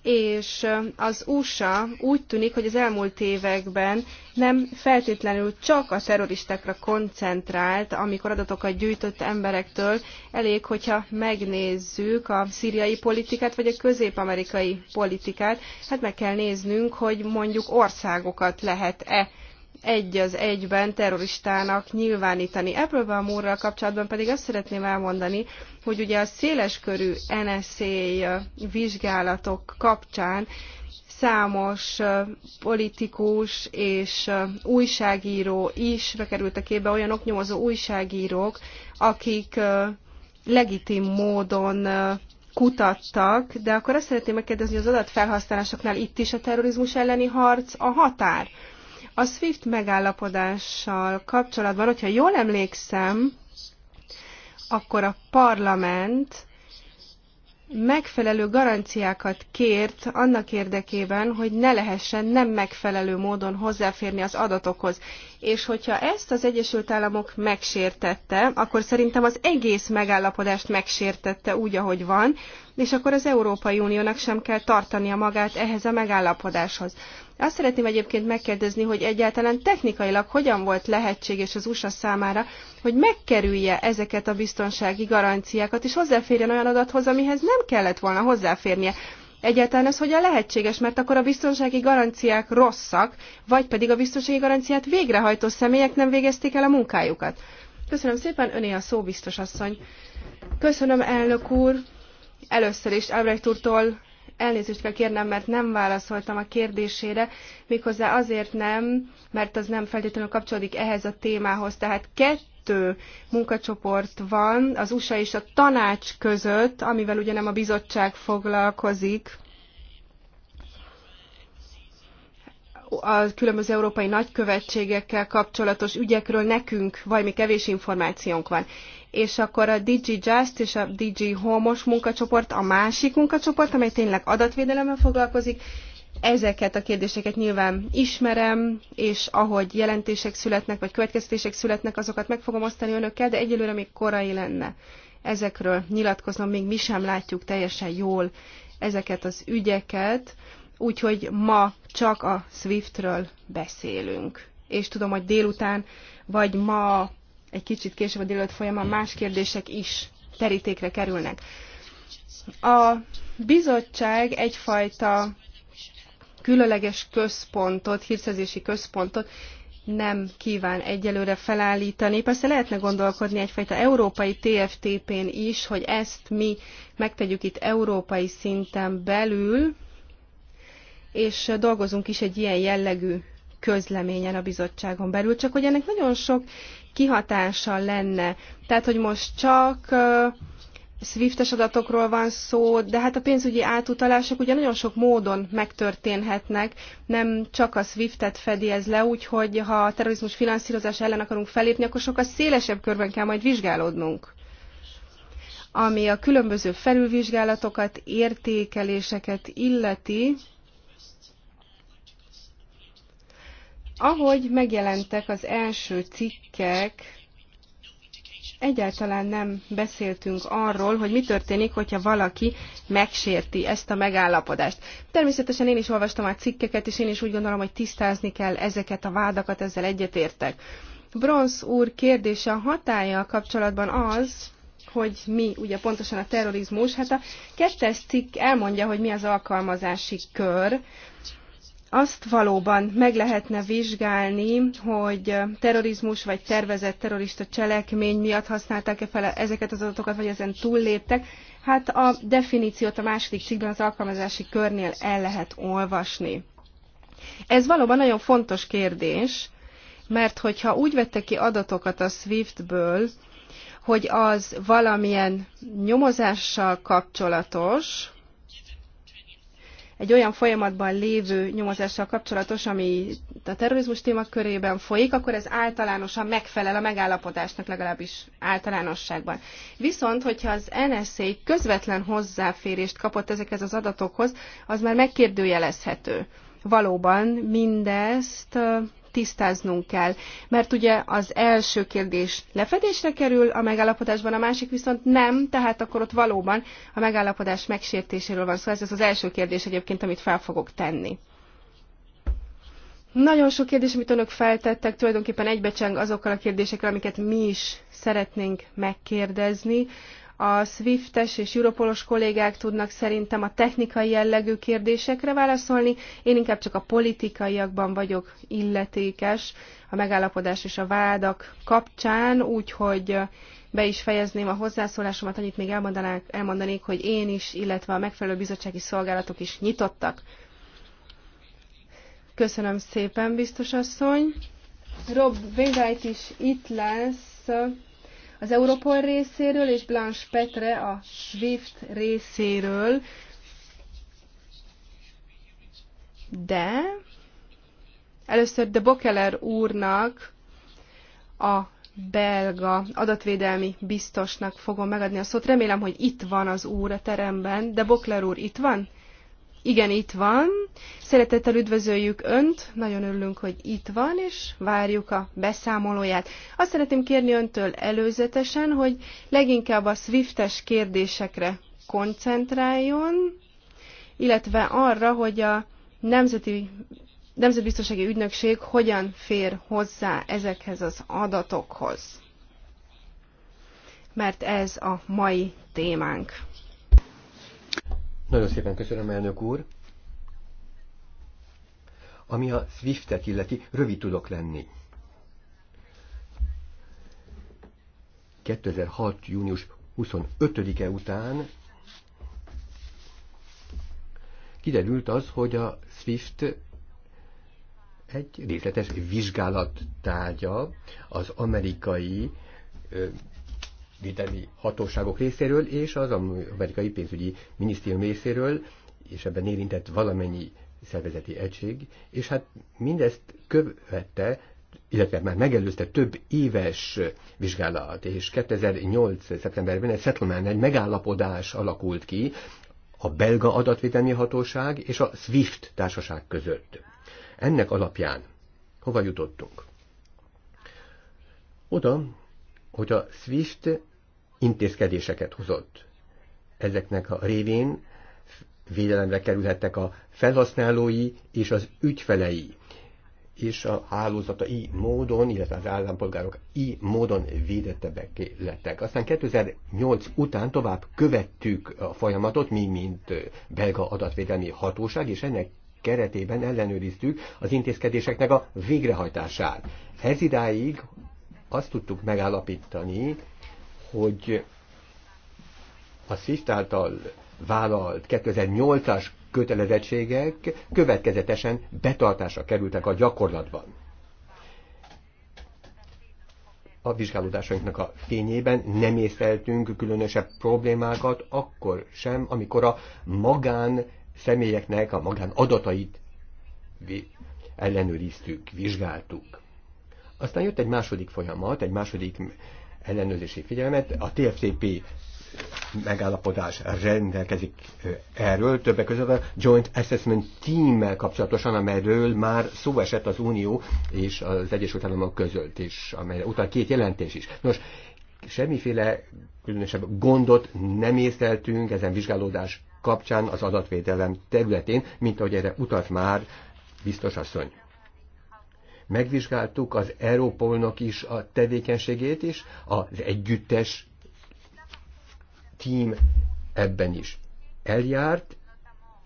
S4: és az USA úgy tűnik, hogy az elmúlt években nem feltétlenül csak a terroristákra koncentrált, amikor adatokat gyűjtött emberektől, elég, hogyha megnézzük a szíriai politikát, vagy a közép-amerikai politikát, hát meg kell néznünk, hogy mondjuk országokat lehet-e egy az egyben terroristának nyilvánítani. a múrral kapcsolatban pedig azt szeretném elmondani, hogy ugye a széleskörű NSA vizsgálatok kapcsán számos politikus és újságíró is bekerült a képbe, olyan oknyomozó újságírók, akik legitim módon kutattak, de akkor azt szeretném megkérdezni, hogy az adatfelhasználásoknál itt is a terrorizmus elleni harc a határ. A SWIFT megállapodással kapcsolatban, hogyha jól emlékszem, akkor a parlament megfelelő garanciákat kért annak érdekében, hogy ne lehessen nem megfelelő módon hozzáférni az adatokhoz és hogyha ezt az Egyesült Államok megsértette, akkor szerintem az egész megállapodást megsértette úgy, ahogy van, és akkor az Európai Uniónak sem kell tartania magát ehhez a megállapodáshoz. Azt szeretném egyébként megkérdezni, hogy egyáltalán technikailag hogyan volt lehetséges az USA számára, hogy megkerülje ezeket a biztonsági garanciákat, és hozzáférjen olyan adathoz, amihez nem kellett volna hozzáférnie. Egyáltalán ez hogyan lehetséges, mert akkor a biztonsági garanciák rosszak, vagy pedig a biztonsági garanciát végrehajtó személyek nem végezték el a munkájukat. Köszönöm szépen, öné a szó, biztos asszony. Köszönöm, elnök úr. Először is Albrecht úrtól elnézést kell kérnem, mert nem válaszoltam a kérdésére, méghozzá azért nem, mert az nem feltétlenül kapcsolódik ehhez a témához. Tehát kettő kettő munkacsoport van az USA és a tanács között, amivel ugye nem a bizottság foglalkozik, a különböző európai nagykövetségekkel kapcsolatos ügyekről nekünk valami kevés információnk van. És akkor a DG Just és a DG Homos munkacsoport a másik munkacsoport, amely tényleg adatvédelemmel foglalkozik, Ezeket a kérdéseket nyilván ismerem, és ahogy jelentések születnek, vagy következtések születnek, azokat meg fogom osztani önökkel, de egyelőre még korai lenne ezekről nyilatkoznom, még mi sem látjuk teljesen jól ezeket az ügyeket, úgyhogy ma csak a Swiftről beszélünk. És tudom, hogy délután, vagy ma egy kicsit később a délután folyamán más kérdések is terítékre kerülnek. A bizottság egyfajta különleges központot, hírszerzési központot nem kíván egyelőre felállítani. Persze lehetne gondolkodni egyfajta európai TFTP-n is, hogy ezt mi megtegyük itt európai szinten belül, és dolgozunk is egy ilyen jellegű közleményen a bizottságon belül, csak hogy ennek nagyon sok kihatása lenne. Tehát, hogy most csak uh, Swiftes adatokról van szó, de hát a pénzügyi átutalások ugye nagyon sok módon megtörténhetnek, nem csak a Swiftet fedi ez le, úgyhogy ha a terrorizmus finanszírozás ellen akarunk felépni, akkor sokkal szélesebb körben kell majd vizsgálódnunk. Ami a különböző felülvizsgálatokat, értékeléseket illeti, ahogy megjelentek az első cikkek, egyáltalán nem beszéltünk arról, hogy mi történik, hogyha valaki megsérti ezt a megállapodást. Természetesen én is olvastam a cikkeket, és én is úgy gondolom, hogy tisztázni kell ezeket a vádakat, ezzel egyetértek. Bronz úr kérdése a hatája kapcsolatban az, hogy mi ugye pontosan a terrorizmus, hát a kettes cikk elmondja, hogy mi az alkalmazási kör, azt valóban meg lehetne vizsgálni, hogy terrorizmus vagy tervezett terrorista cselekmény miatt használták-e fel ezeket az adatokat, vagy ezen túlléptek, hát a definíciót a második cikkben az alkalmazási körnél el lehet olvasni. Ez valóban nagyon fontos kérdés, mert hogyha úgy vette ki adatokat a SWIFT-ből, hogy az valamilyen nyomozással kapcsolatos, egy olyan folyamatban lévő nyomozással kapcsolatos, ami a terrorizmus témakörében folyik, akkor ez általánosan megfelel a megállapodásnak legalábbis általánosságban. Viszont, hogyha az NSA közvetlen hozzáférést kapott ezekhez az adatokhoz, az már megkérdőjelezhető. Valóban mindezt tisztáznunk kell. Mert ugye az első kérdés lefedésre kerül a megállapodásban, a másik viszont nem, tehát akkor ott valóban a megállapodás megsértéséről van szó. Szóval ez az, első kérdés egyébként, amit fel fogok tenni. Nagyon sok kérdés, amit önök feltettek, tulajdonképpen egybecseng azokkal a kérdésekkel, amiket mi is szeretnénk megkérdezni. A Swiftes és Europolos kollégák tudnak szerintem a technikai jellegű kérdésekre válaszolni, én inkább csak a politikaiakban vagyok illetékes a megállapodás és a vádak kapcsán, úgyhogy be is fejezném a hozzászólásomat, annyit még elmondanák, elmondanék, hogy én is, illetve a megfelelő bizottsági szolgálatok is nyitottak. Köszönöm szépen, biztos asszony. Rob Wainwright is itt lesz az Europol részéről, és Blanche Petre a SWIFT részéről. De először de Bokeler úrnak a belga adatvédelmi biztosnak fogom megadni a szót. Remélem, hogy itt van az úr a teremben. De Bokler úr itt van? Igen, itt van. Szeretettel üdvözöljük Önt, nagyon örülünk, hogy itt van, és várjuk a beszámolóját. Azt szeretném kérni Öntől előzetesen, hogy leginkább a Swiftes kérdésekre koncentráljon, illetve arra, hogy a Nemzeti Nemzetbiztonsági Ügynökség hogyan fér hozzá ezekhez az adatokhoz. Mert ez a mai témánk.
S1: Nagyon szépen köszönöm, elnök úr. Ami a Swiftet illeti, rövid tudok lenni. 2006. június 25-e után kiderült az, hogy a SWIFT egy részletes vizsgálattárgya az amerikai védelmi hatóságok részéről és az amerikai pénzügyi minisztérium részéről, és ebben érintett valamennyi szervezeti egység, és hát mindezt követte, illetve már megelőzte több éves vizsgálat, és 2008. szeptemberben egy settlement, egy megállapodás alakult ki a belga adatvédelmi hatóság és a SWIFT társaság között. Ennek alapján hova jutottunk? Oda, hogy a SWIFT intézkedéseket hozott. Ezeknek a révén védelemre kerülhettek a felhasználói és az ügyfelei és a hálózata így módon, illetve az állampolgárok így módon védettebbek lettek. Aztán 2008 után tovább követtük a folyamatot, mi, mint belga adatvédelmi hatóság, és ennek keretében ellenőriztük az intézkedéseknek a végrehajtását. Ez idáig azt tudtuk megállapítani, hogy a SZISZT által vállalt 2008-as kötelezettségek következetesen betartásra kerültek a gyakorlatban. A vizsgálódásainknak a fényében nem észleltünk különösebb problémákat, akkor sem, amikor a magán személyeknek a magán adatait ellenőriztük, vizsgáltuk. Aztán jött egy második folyamat, egy második ellenőrzési figyelmet, a TFTP megállapodás rendelkezik erről, többek között a Joint Assessment Team-mel kapcsolatosan, amelyről már szó esett az Unió és az Egyesült Államok között, és amely utal két jelentés is. Nos, semmiféle különösebb gondot nem észleltünk ezen vizsgálódás kapcsán az adatvédelem területén, mint ahogy erre utalt már biztos asszony. Megvizsgáltuk az Európolnak is a tevékenységét is, az együttes tím ebben is eljárt,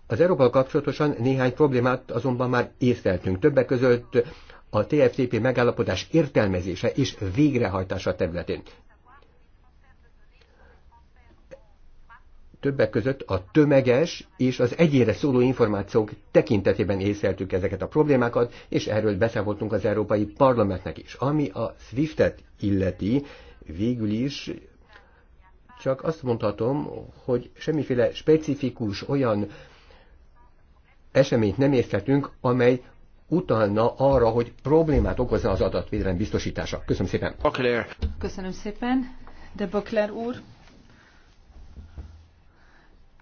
S1: az Európa kapcsolatosan néhány problémát azonban már észleltünk. Többek között a TFTP megállapodás értelmezése és végrehajtása területén. többek között a tömeges és az egyére szóló információk tekintetében észeltük ezeket a problémákat, és erről beszámoltunk az Európai Parlamentnek is. Ami a SWIFT-et illeti, végül is csak azt mondhatom, hogy semmiféle specifikus olyan eseményt nem észleltünk, amely utalna arra, hogy problémát okozna az adatvédelem biztosítása. Köszönöm szépen.
S2: Köszönöm szépen. De Bökler úr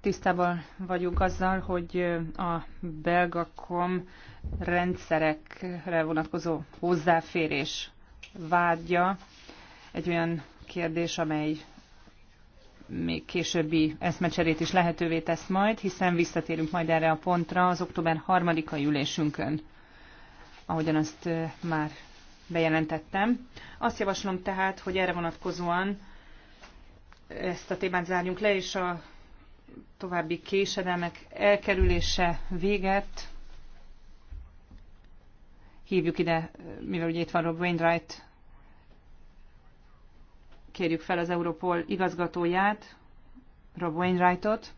S2: tisztában vagyunk azzal, hogy a belgakom rendszerekre vonatkozó hozzáférés vágya egy olyan kérdés, amely még későbbi eszmecserét is lehetővé tesz majd, hiszen visszatérünk majd erre a pontra az október 3-a ülésünkön, ahogyan azt már bejelentettem. Azt javaslom tehát, hogy erre vonatkozóan ezt a témát zárjunk le, és a további késedelmek elkerülése véget. Hívjuk ide, mivel ugye itt van Rob Wainwright, kérjük fel az Europol igazgatóját, Rob Wainwrightot,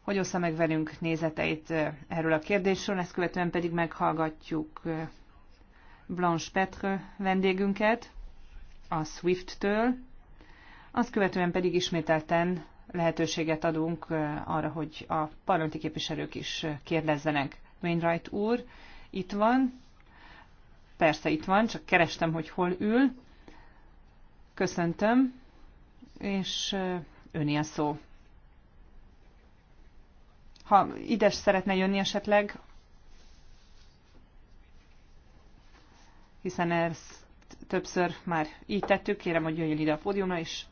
S2: hogy ossza meg velünk nézeteit erről a kérdésről, ezt követően pedig meghallgatjuk Blanche Petre vendégünket a SWIFT-től, azt követően pedig ismételten lehetőséget adunk arra, hogy a parlamenti képviselők is kérdezzenek. Wainwright úr itt van, persze itt van, csak kerestem, hogy hol ül. Köszöntöm, és öné a szó. Ha ides szeretne jönni esetleg, hiszen ez többször már így tettük, kérem, hogy jöjjön ide a pódiumra, és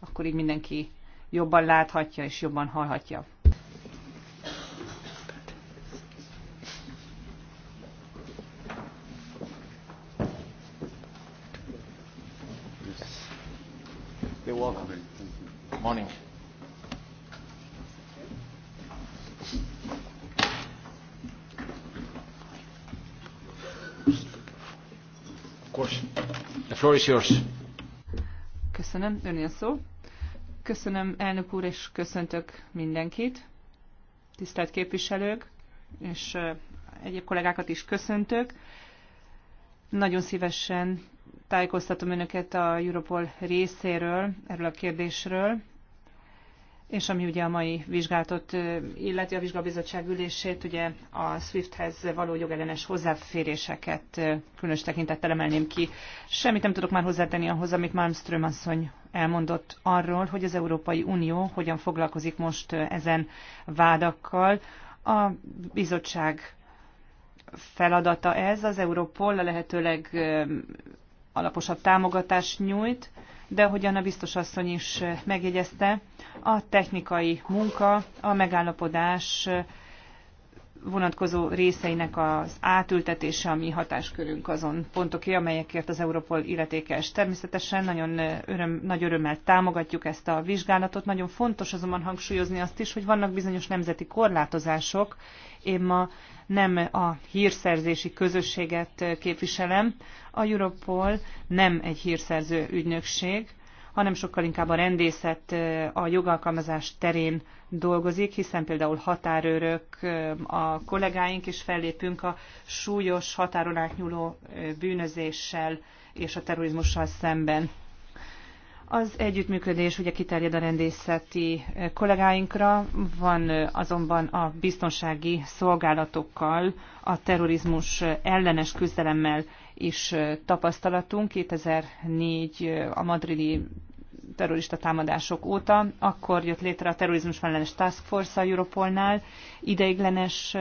S2: akkor így mindenki jobban láthatja és jobban hallhatja.
S1: morning.
S4: Of course. The floor is yours.
S2: Köszönöm. Ön a szó. Köszönöm, elnök úr, és köszöntök mindenkit, tisztelt képviselők, és egyéb kollégákat is köszöntök. Nagyon szívesen tájékoztatom önöket a Europol részéről erről a kérdésről, és ami ugye a mai vizsgálatot illeti, a vizsgabizottság ülését, ugye a SWIFT-hez való jogellenes hozzáféréseket különös tekintettel emelném ki. Semmit nem tudok már hozzátenni ahhoz, amit Malmström asszony elmondott arról, hogy az Európai Unió hogyan foglalkozik most ezen vádakkal. A bizottság feladata ez, az Európol a lehetőleg alaposabb támogatást nyújt, de ahogyan a biztos asszony is megjegyezte, a technikai munka, a megállapodás vonatkozó részeinek az átültetése a mi hatáskörünk azon pontoké, amelyekért az Europol illetékes. Természetesen nagyon öröm, nagy örömmel támogatjuk ezt a vizsgálatot. Nagyon fontos azonban hangsúlyozni azt is, hogy vannak bizonyos nemzeti korlátozások. Én ma nem a hírszerzési közösséget képviselem. A Europol nem egy hírszerző ügynökség, hanem sokkal inkább a rendészet a jogalkalmazás terén dolgozik, hiszen például határőrök a kollégáink, és fellépünk a súlyos határon átnyúló bűnözéssel és a terrorizmussal szemben. Az együttműködés ugye kiterjed a rendészeti kollégáinkra, van azonban a biztonsági szolgálatokkal, a terrorizmus ellenes küzdelemmel is tapasztalatunk. 2004 a madridi terrorista támadások óta, akkor jött létre a terrorizmus ellenes Task Force a Europolnál, ideiglenes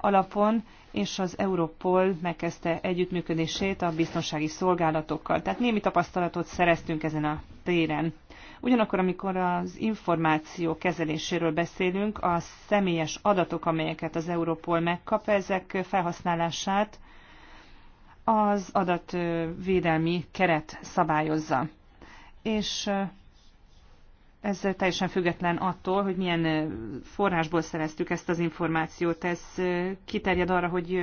S2: alapon, és az Europol megkezdte együttműködését a biztonsági szolgálatokkal. Tehát némi tapasztalatot szereztünk ezen a téren. Ugyanakkor, amikor az információ kezeléséről beszélünk, a személyes adatok, amelyeket az Europol megkap, ezek felhasználását az adatvédelmi keret szabályozza. És ez teljesen független attól, hogy milyen forrásból szereztük ezt az információt. Ez kiterjed arra, hogy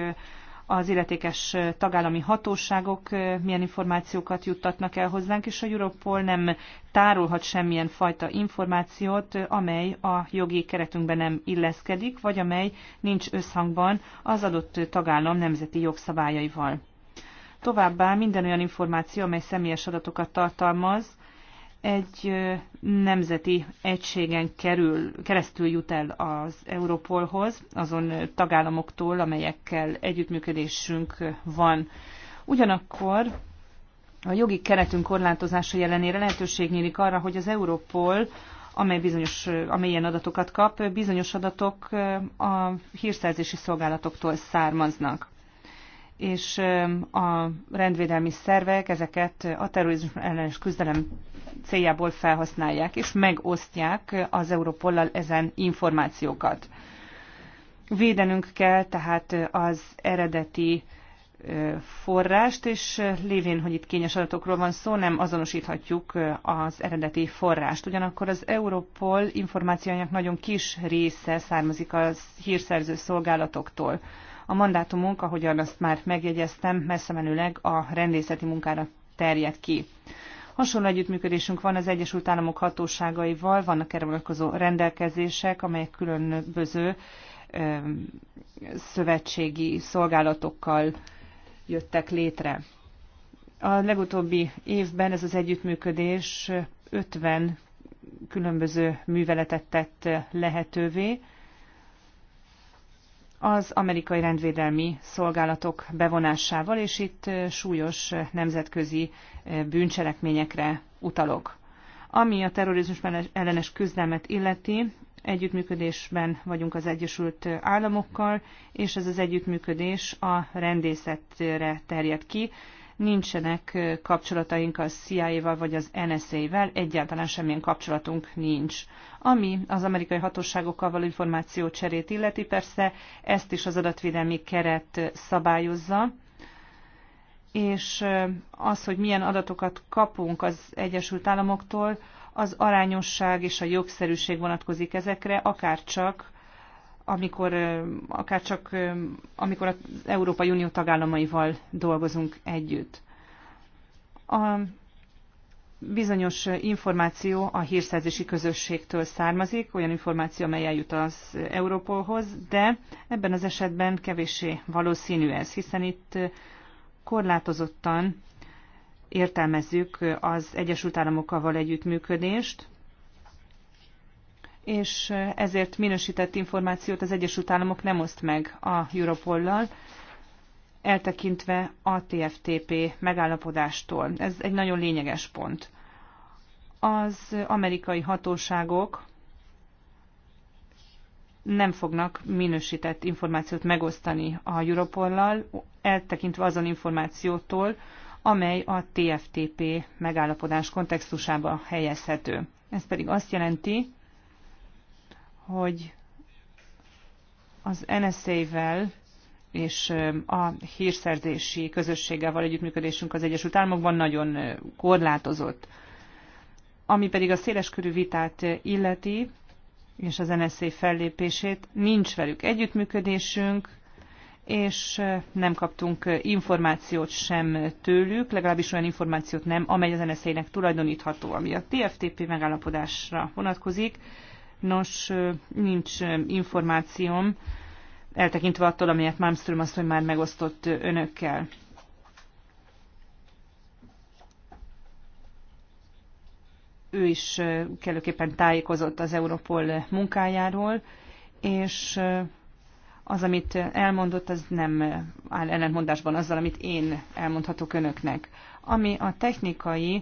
S2: az illetékes tagállami hatóságok milyen információkat juttatnak el hozzánk, és a Europol nem tárolhat semmilyen fajta információt, amely a jogi keretünkben nem illeszkedik, vagy amely nincs összhangban az adott tagállam nemzeti jogszabályaival. Továbbá minden olyan információ, amely személyes adatokat tartalmaz, egy nemzeti egységen kerül, keresztül jut el az Europolhoz, azon tagállamoktól, amelyekkel együttműködésünk van. Ugyanakkor a jogi keretünk korlátozása jelenére lehetőség nyílik arra, hogy az Europol, amely bizonyos, amelyen adatokat kap, bizonyos adatok a hírszerzési szolgálatoktól származnak és a rendvédelmi szervek ezeket a terrorizmus ellenes küzdelem céljából felhasználják, és megosztják az Europollal ezen információkat. Védenünk kell tehát az eredeti forrást, és lévén, hogy itt kényes adatokról van szó, nem azonosíthatjuk az eredeti forrást. Ugyanakkor az Europol információjának nagyon kis része származik az hírszerző szolgálatoktól. A mandátumunk, ahogyan azt már megjegyeztem, messze menőleg a rendészeti munkára terjed ki. Hasonló együttműködésünk van az Egyesült Államok hatóságaival, vannak erre vonatkozó rendelkezések, amelyek különböző ö, szövetségi szolgálatokkal jöttek létre. A legutóbbi évben ez az együttműködés 50 különböző műveletet tett lehetővé, az amerikai rendvédelmi szolgálatok bevonásával, és itt súlyos nemzetközi bűncselekményekre utalok. Ami a terrorizmus ellenes küzdelmet illeti, együttműködésben vagyunk az Egyesült Államokkal, és ez az együttműködés a rendészetre terjed ki, nincsenek kapcsolataink a CIA-val vagy az NSA-vel, egyáltalán semmilyen kapcsolatunk nincs. Ami az amerikai hatóságokkal való információ cserét illeti, persze ezt is az adatvédelmi keret szabályozza, és az, hogy milyen adatokat kapunk az Egyesült Államoktól, az arányosság és a jogszerűség vonatkozik ezekre, akárcsak amikor akár csak amikor az Európai Unió tagállamaival dolgozunk együtt. A bizonyos információ a hírszerzési közösségtől származik, olyan információ, amely eljut az Európolhoz, de ebben az esetben kevéssé valószínű ez, hiszen itt korlátozottan értelmezzük az Egyesült Államokkal való együttműködést, és ezért minősített információt az Egyesült Államok nem oszt meg a Europollal, eltekintve a TFTP megállapodástól. Ez egy nagyon lényeges pont. Az amerikai hatóságok nem fognak minősített információt megosztani a Europollal, eltekintve azon információtól, amely a TFTP megállapodás kontextusába helyezhető. Ez pedig azt jelenti, hogy az nsa vel és a hírszerzési közösséggel való együttműködésünk az Egyesült Államokban nagyon korlátozott. Ami pedig a széleskörű vitát illeti, és az NSA fellépését, nincs velük együttműködésünk, és nem kaptunk információt sem tőlük, legalábbis olyan információt nem, amely az nsa nek tulajdonítható, ami a TFTP megállapodásra vonatkozik Nos, nincs információm, eltekintve attól, amilyet Malmström asszony már megosztott önökkel. Ő is kellőképpen tájékozott az Europol munkájáról, és az, amit elmondott, az nem áll ellentmondásban azzal, amit én elmondhatok önöknek. Ami a technikai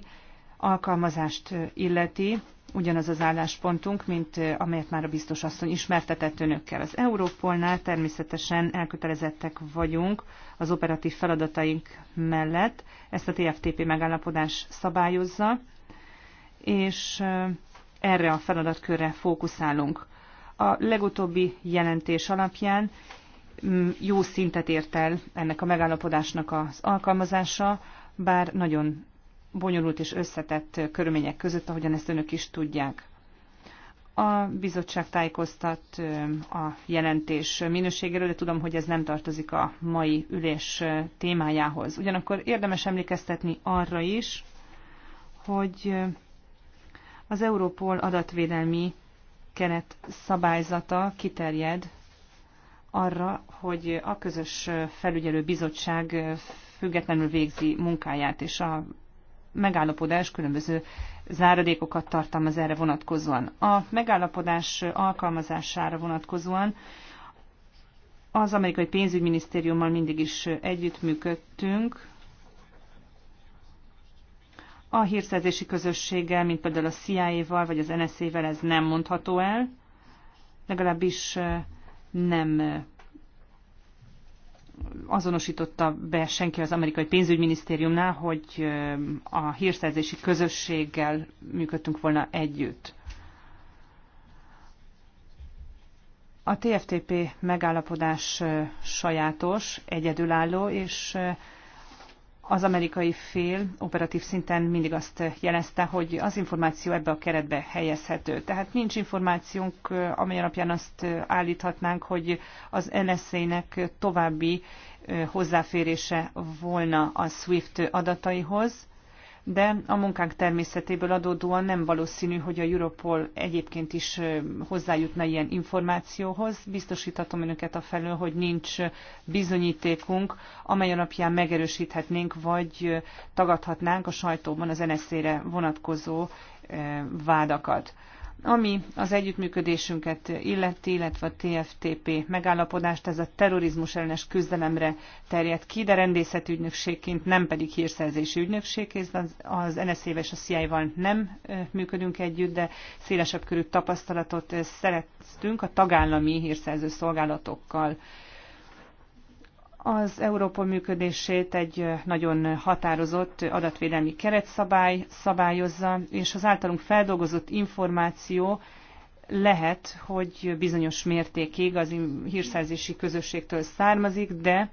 S2: alkalmazást illeti, ugyanaz az álláspontunk, mint amelyet már a biztos asszony ismertetett önökkel. Az Európolnál természetesen elkötelezettek vagyunk az operatív feladataink mellett. Ezt a TFTP megállapodás szabályozza, és erre a feladatkörre fókuszálunk. A legutóbbi jelentés alapján jó szintet ért el ennek a megállapodásnak az alkalmazása, bár nagyon bonyolult és összetett körülmények között, ahogyan ezt önök is tudják. A bizottság tájékoztat a jelentés minőségéről, de tudom, hogy ez nem tartozik a mai ülés témájához. Ugyanakkor érdemes emlékeztetni arra is, hogy az Európol adatvédelmi keret szabályzata kiterjed arra, hogy a közös felügyelő bizottság függetlenül végzi munkáját, és a megállapodás különböző záradékokat tartalmaz erre vonatkozóan. A megállapodás alkalmazására vonatkozóan az amerikai pénzügyminisztériummal mindig is együttműködtünk, a hírszerzési közösséggel, mint például a CIA-val vagy az NSZ-vel ez nem mondható el, legalábbis nem azonosította be senki az amerikai pénzügyminisztériumnál, hogy a hírszerzési közösséggel működtünk volna együtt. A TFTP megállapodás sajátos, egyedülálló, és az amerikai fél operatív szinten mindig azt jelezte, hogy az információ ebbe a keretbe helyezhető. Tehát nincs információnk, amely alapján azt állíthatnánk, hogy az NSZ-nek további hozzáférése volna a SWIFT adataihoz, de a munkánk természetéből adódóan nem valószínű, hogy a Europol egyébként is hozzájutna ilyen információhoz. Biztosíthatom önöket a felől, hogy nincs bizonyítékunk, amely alapján megerősíthetnénk, vagy tagadhatnánk a sajtóban az NSZ-re vonatkozó vádakat. Ami az együttműködésünket illeti, illetve a TFTP megállapodást, ez a terrorizmus ellenes küzdelemre terjed ki, de ügynökségként, nem pedig hírszerzési ügynökségként, az, az nsz és a CIA-val nem működünk együtt, de szélesebb körű tapasztalatot szereztünk a tagállami hírszerző szolgálatokkal az Európol működését egy nagyon határozott adatvédelmi keretszabály szabályozza, és az általunk feldolgozott információ lehet, hogy bizonyos mértékig az hírszerzési közösségtől származik, de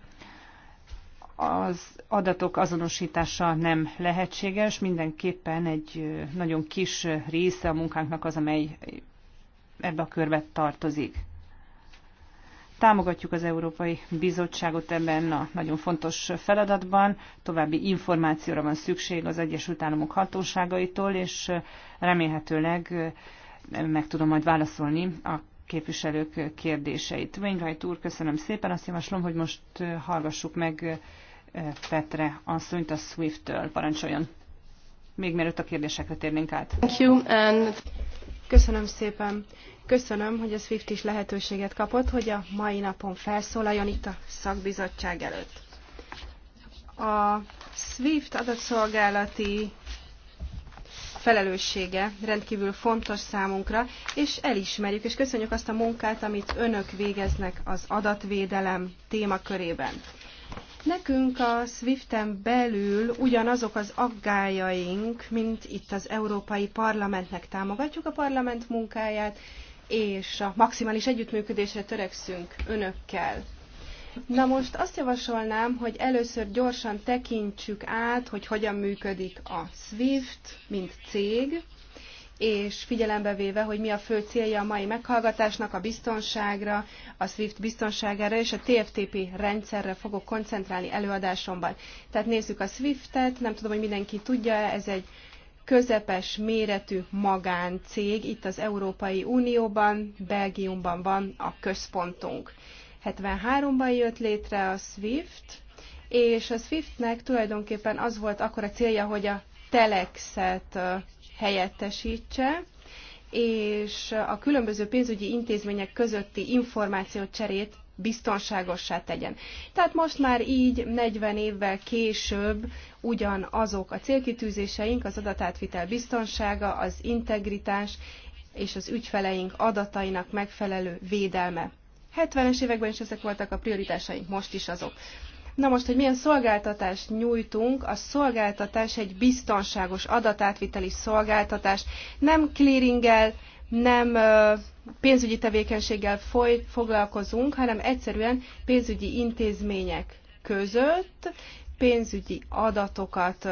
S2: az adatok azonosítása nem lehetséges, mindenképpen egy nagyon kis része a munkánknak az, amely ebbe a körbe tartozik. Támogatjuk az Európai Bizottságot ebben a nagyon fontos feladatban. További információra van szükség az Egyesült Államok hatóságaitól, és remélhetőleg meg tudom majd válaszolni a képviselők kérdéseit. Wainwright úr, köszönöm szépen. Azt javaslom, hogy most hallgassuk meg Petre asszonyt a Swift-től. Parancsoljon! Még mielőtt a kérdésekre térnénk át.
S4: Thank you and... Köszönöm szépen. Köszönöm, hogy a SWIFT is lehetőséget kapott, hogy a mai napon felszólaljon itt a szakbizottság előtt. A SWIFT adatszolgálati felelőssége rendkívül fontos számunkra, és elismerjük, és köszönjük azt a munkát, amit önök végeznek az adatvédelem témakörében. Nekünk a SWIFT-en belül ugyanazok az aggájaink, mint itt az Európai Parlamentnek támogatjuk a parlament munkáját, és a maximális együttműködésre törekszünk önökkel. Na most azt javasolnám, hogy először gyorsan tekintsük át, hogy hogyan működik a SWIFT, mint cég, és figyelembe véve, hogy mi a fő célja a mai meghallgatásnak, a biztonságra, a SWIFT biztonságára és a TFTP rendszerre fogok koncentrálni előadásomban. Tehát nézzük a SWIFT-et, nem tudom, hogy mindenki tudja, ez egy közepes méretű magáncég itt az Európai Unióban, Belgiumban van a központunk. 73-ban jött létre a SWIFT, és a SWIFT-nek tulajdonképpen az volt akkor a célja, hogy a Telexet helyettesítse, és a különböző pénzügyi intézmények közötti információcserét biztonságossá tegyen. Tehát most már így 40 évvel később ugyanazok a célkitűzéseink, az adatátvitel biztonsága, az integritás és az ügyfeleink adatainak megfelelő védelme. 70-es években is ezek voltak a prioritásaink, most is azok. Na most, hogy milyen szolgáltatást nyújtunk, a szolgáltatás egy biztonságos adatátviteli szolgáltatás, nem clearinggel, nem pénzügyi tevékenységgel foly, foglalkozunk, hanem egyszerűen pénzügyi intézmények között pénzügyi adatokat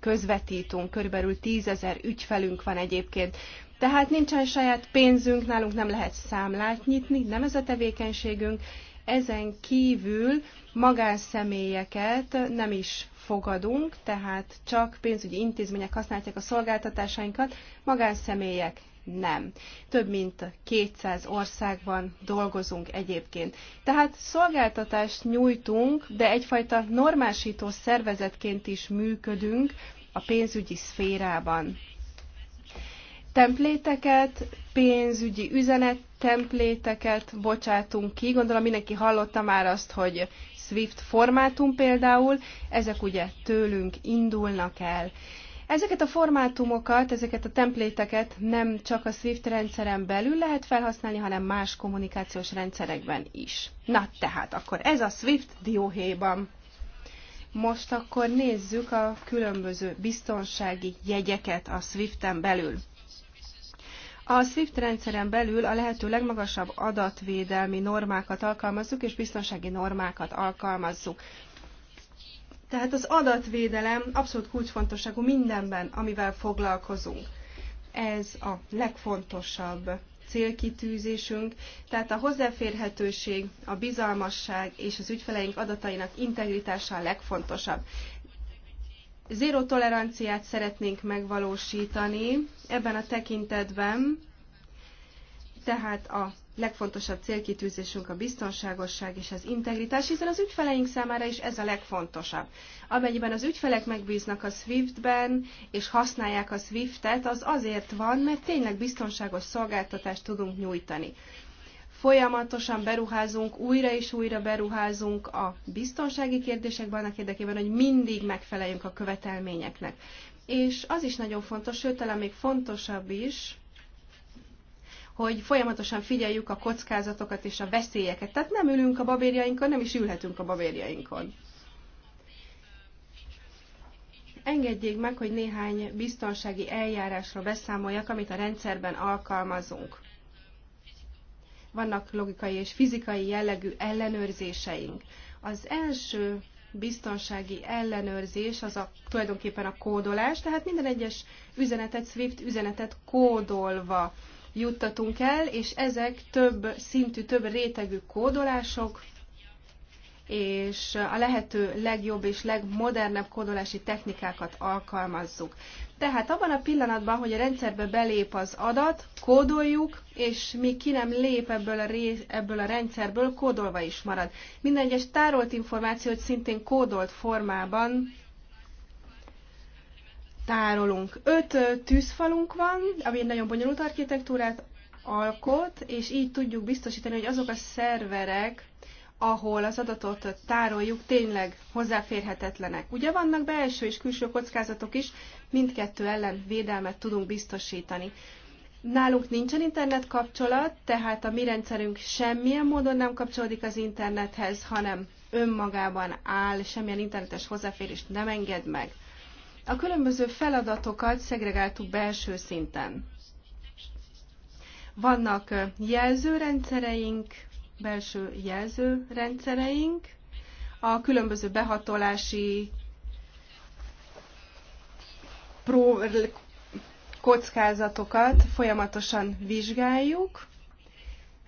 S4: közvetítünk. Körülbelül tízezer ügyfelünk van egyébként. Tehát nincsen saját pénzünk, nálunk nem lehet számlát nyitni, nem ez a tevékenységünk. Ezen kívül magánszemélyeket nem is fogadunk, tehát csak pénzügyi intézmények használják a szolgáltatásainkat, magánszemélyek nem. Több mint 200 országban dolgozunk egyébként. Tehát szolgáltatást nyújtunk, de egyfajta normásító szervezetként is működünk a pénzügyi szférában. Templéteket, pénzügyi üzenet templéteket bocsátunk ki. Gondolom mindenki hallotta már azt, hogy Swift formátum például, ezek ugye tőlünk indulnak el. Ezeket a formátumokat, ezeket a templéteket nem csak a SWIFT rendszeren belül lehet felhasználni, hanem más kommunikációs rendszerekben is. Na tehát, akkor ez a SWIFT dióhéjban. Most akkor nézzük a különböző biztonsági jegyeket a SWIFT-en belül. A SWIFT rendszeren belül a lehető legmagasabb adatvédelmi normákat alkalmazzuk, és biztonsági normákat alkalmazzuk. Tehát az adatvédelem abszolút kulcsfontosságú mindenben, amivel foglalkozunk. Ez a legfontosabb célkitűzésünk, tehát a hozzáférhetőség, a bizalmasság és az ügyfeleink adatainak integritása a legfontosabb. Zéró toleranciát szeretnénk megvalósítani ebben a tekintetben, tehát a legfontosabb célkitűzésünk a biztonságosság és az integritás, hiszen az ügyfeleink számára is ez a legfontosabb. Amennyiben az ügyfelek megbíznak a Swift-ben, és használják a Swift-et, az azért van, mert tényleg biztonságos szolgáltatást tudunk nyújtani folyamatosan beruházunk, újra és újra beruházunk a biztonsági kérdésekben annak érdekében, hogy mindig megfeleljünk a követelményeknek. És az is nagyon fontos, sőt, talán még fontosabb is, hogy folyamatosan figyeljük a kockázatokat és a veszélyeket. Tehát nem ülünk a babérjainkon, nem is ülhetünk a babérjainkon. Engedjék meg, hogy néhány biztonsági eljárásról beszámoljak, amit a rendszerben alkalmazunk. Vannak logikai és fizikai jellegű ellenőrzéseink. Az első biztonsági ellenőrzés az a, tulajdonképpen a kódolás, tehát minden egyes üzenetet, Swift üzenetet kódolva juttatunk el, és ezek több szintű, több rétegű kódolások, és a lehető legjobb és legmodernebb kódolási technikákat alkalmazzuk. Tehát abban a pillanatban, hogy a rendszerbe belép az adat, kódoljuk, és mi ki nem lép ebből a, ré, ebből a rendszerből, kódolva is marad. Minden egyes tárolt információt szintén kódolt formában tárolunk. Öt tűzfalunk van, ami egy nagyon bonyolult architektúrát alkot, és így tudjuk biztosítani, hogy azok a szerverek, ahol az adatot tároljuk, tényleg hozzáférhetetlenek. Ugye vannak belső és külső kockázatok is, mindkettő ellen védelmet tudunk biztosítani. Nálunk nincsen internet kapcsolat, tehát a mi rendszerünk semmilyen módon nem kapcsolódik az internethez, hanem önmagában áll, semmilyen internetes hozzáférést nem enged meg. A különböző feladatokat szegregáltuk belső szinten. Vannak jelzőrendszereink, belső jelzőrendszereink, a különböző behatolási pró, kockázatokat folyamatosan vizsgáljuk.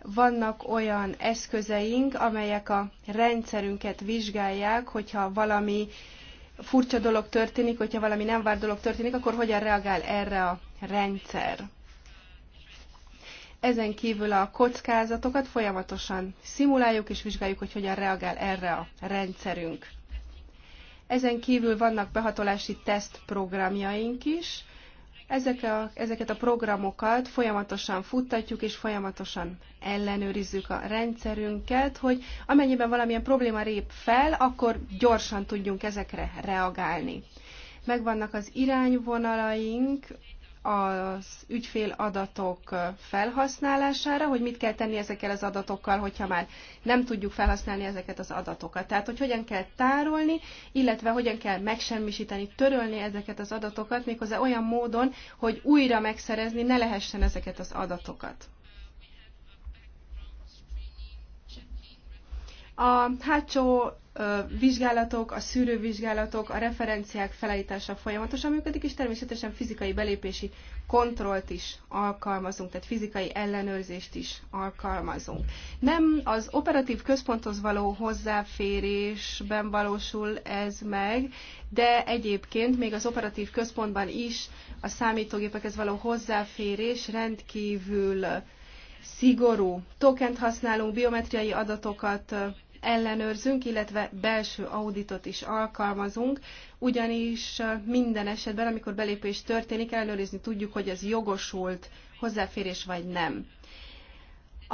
S4: Vannak olyan eszközeink, amelyek a rendszerünket vizsgálják, hogyha valami furcsa dolog történik, hogyha valami nem vár dolog történik, akkor hogyan reagál erre a rendszer. Ezen kívül a kockázatokat folyamatosan szimuláljuk és vizsgáljuk, hogy hogyan reagál erre a rendszerünk. Ezen kívül vannak behatolási tesztprogramjaink is, ezek a, ezeket a programokat folyamatosan futtatjuk, és folyamatosan ellenőrizzük a rendszerünket, hogy amennyiben valamilyen probléma rép fel, akkor gyorsan tudjunk ezekre reagálni megvannak az irányvonalaink az ügyfél adatok felhasználására, hogy mit kell tenni ezekkel az adatokkal, hogyha már nem tudjuk felhasználni ezeket az adatokat. Tehát, hogy hogyan kell tárolni, illetve hogyan kell megsemmisíteni, törölni ezeket az adatokat, méghozzá olyan módon, hogy újra megszerezni ne lehessen ezeket az adatokat. A hátsó vizsgálatok, a szűrővizsgálatok, a referenciák felállítása folyamatosan működik, és természetesen fizikai belépési kontrollt is alkalmazunk, tehát fizikai ellenőrzést is alkalmazunk. Nem az operatív központhoz való hozzáférésben valósul ez meg, de egyébként még az operatív központban is a számítógépekhez való hozzáférés rendkívül szigorú. Tokent használunk, biometriai adatokat ellenőrzünk, illetve belső auditot is alkalmazunk, ugyanis minden esetben, amikor belépés történik, ellenőrizni tudjuk, hogy ez jogosult hozzáférés vagy nem.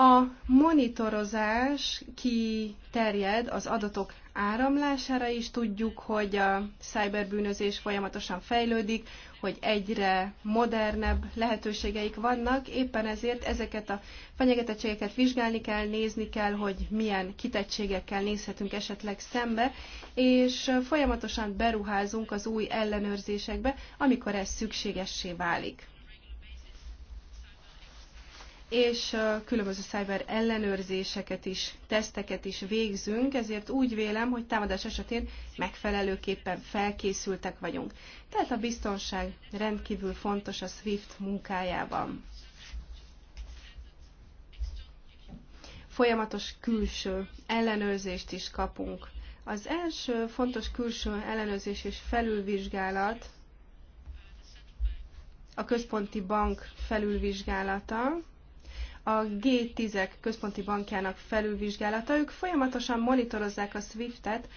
S4: A monitorozás kiterjed az adatok áramlására is. Tudjuk, hogy a cyberbűnözés folyamatosan fejlődik, hogy egyre modernebb lehetőségeik vannak, éppen ezért ezeket a fenyegetettségeket vizsgálni kell, nézni kell, hogy milyen kitettségekkel nézhetünk esetleg szembe, és folyamatosan beruházunk az új ellenőrzésekbe, amikor ez szükségessé válik és különböző cyber ellenőrzéseket is, teszteket is végzünk, ezért úgy vélem, hogy támadás esetén megfelelőképpen felkészültek vagyunk. Tehát a biztonság rendkívül fontos a SWIFT munkájában. Folyamatos külső ellenőrzést is kapunk. Az első fontos külső ellenőrzés és felülvizsgálat a központi bank felülvizsgálata, a g 10 központi bankjának felülvizsgálata. Ők folyamatosan monitorozzák a SWIFT-et,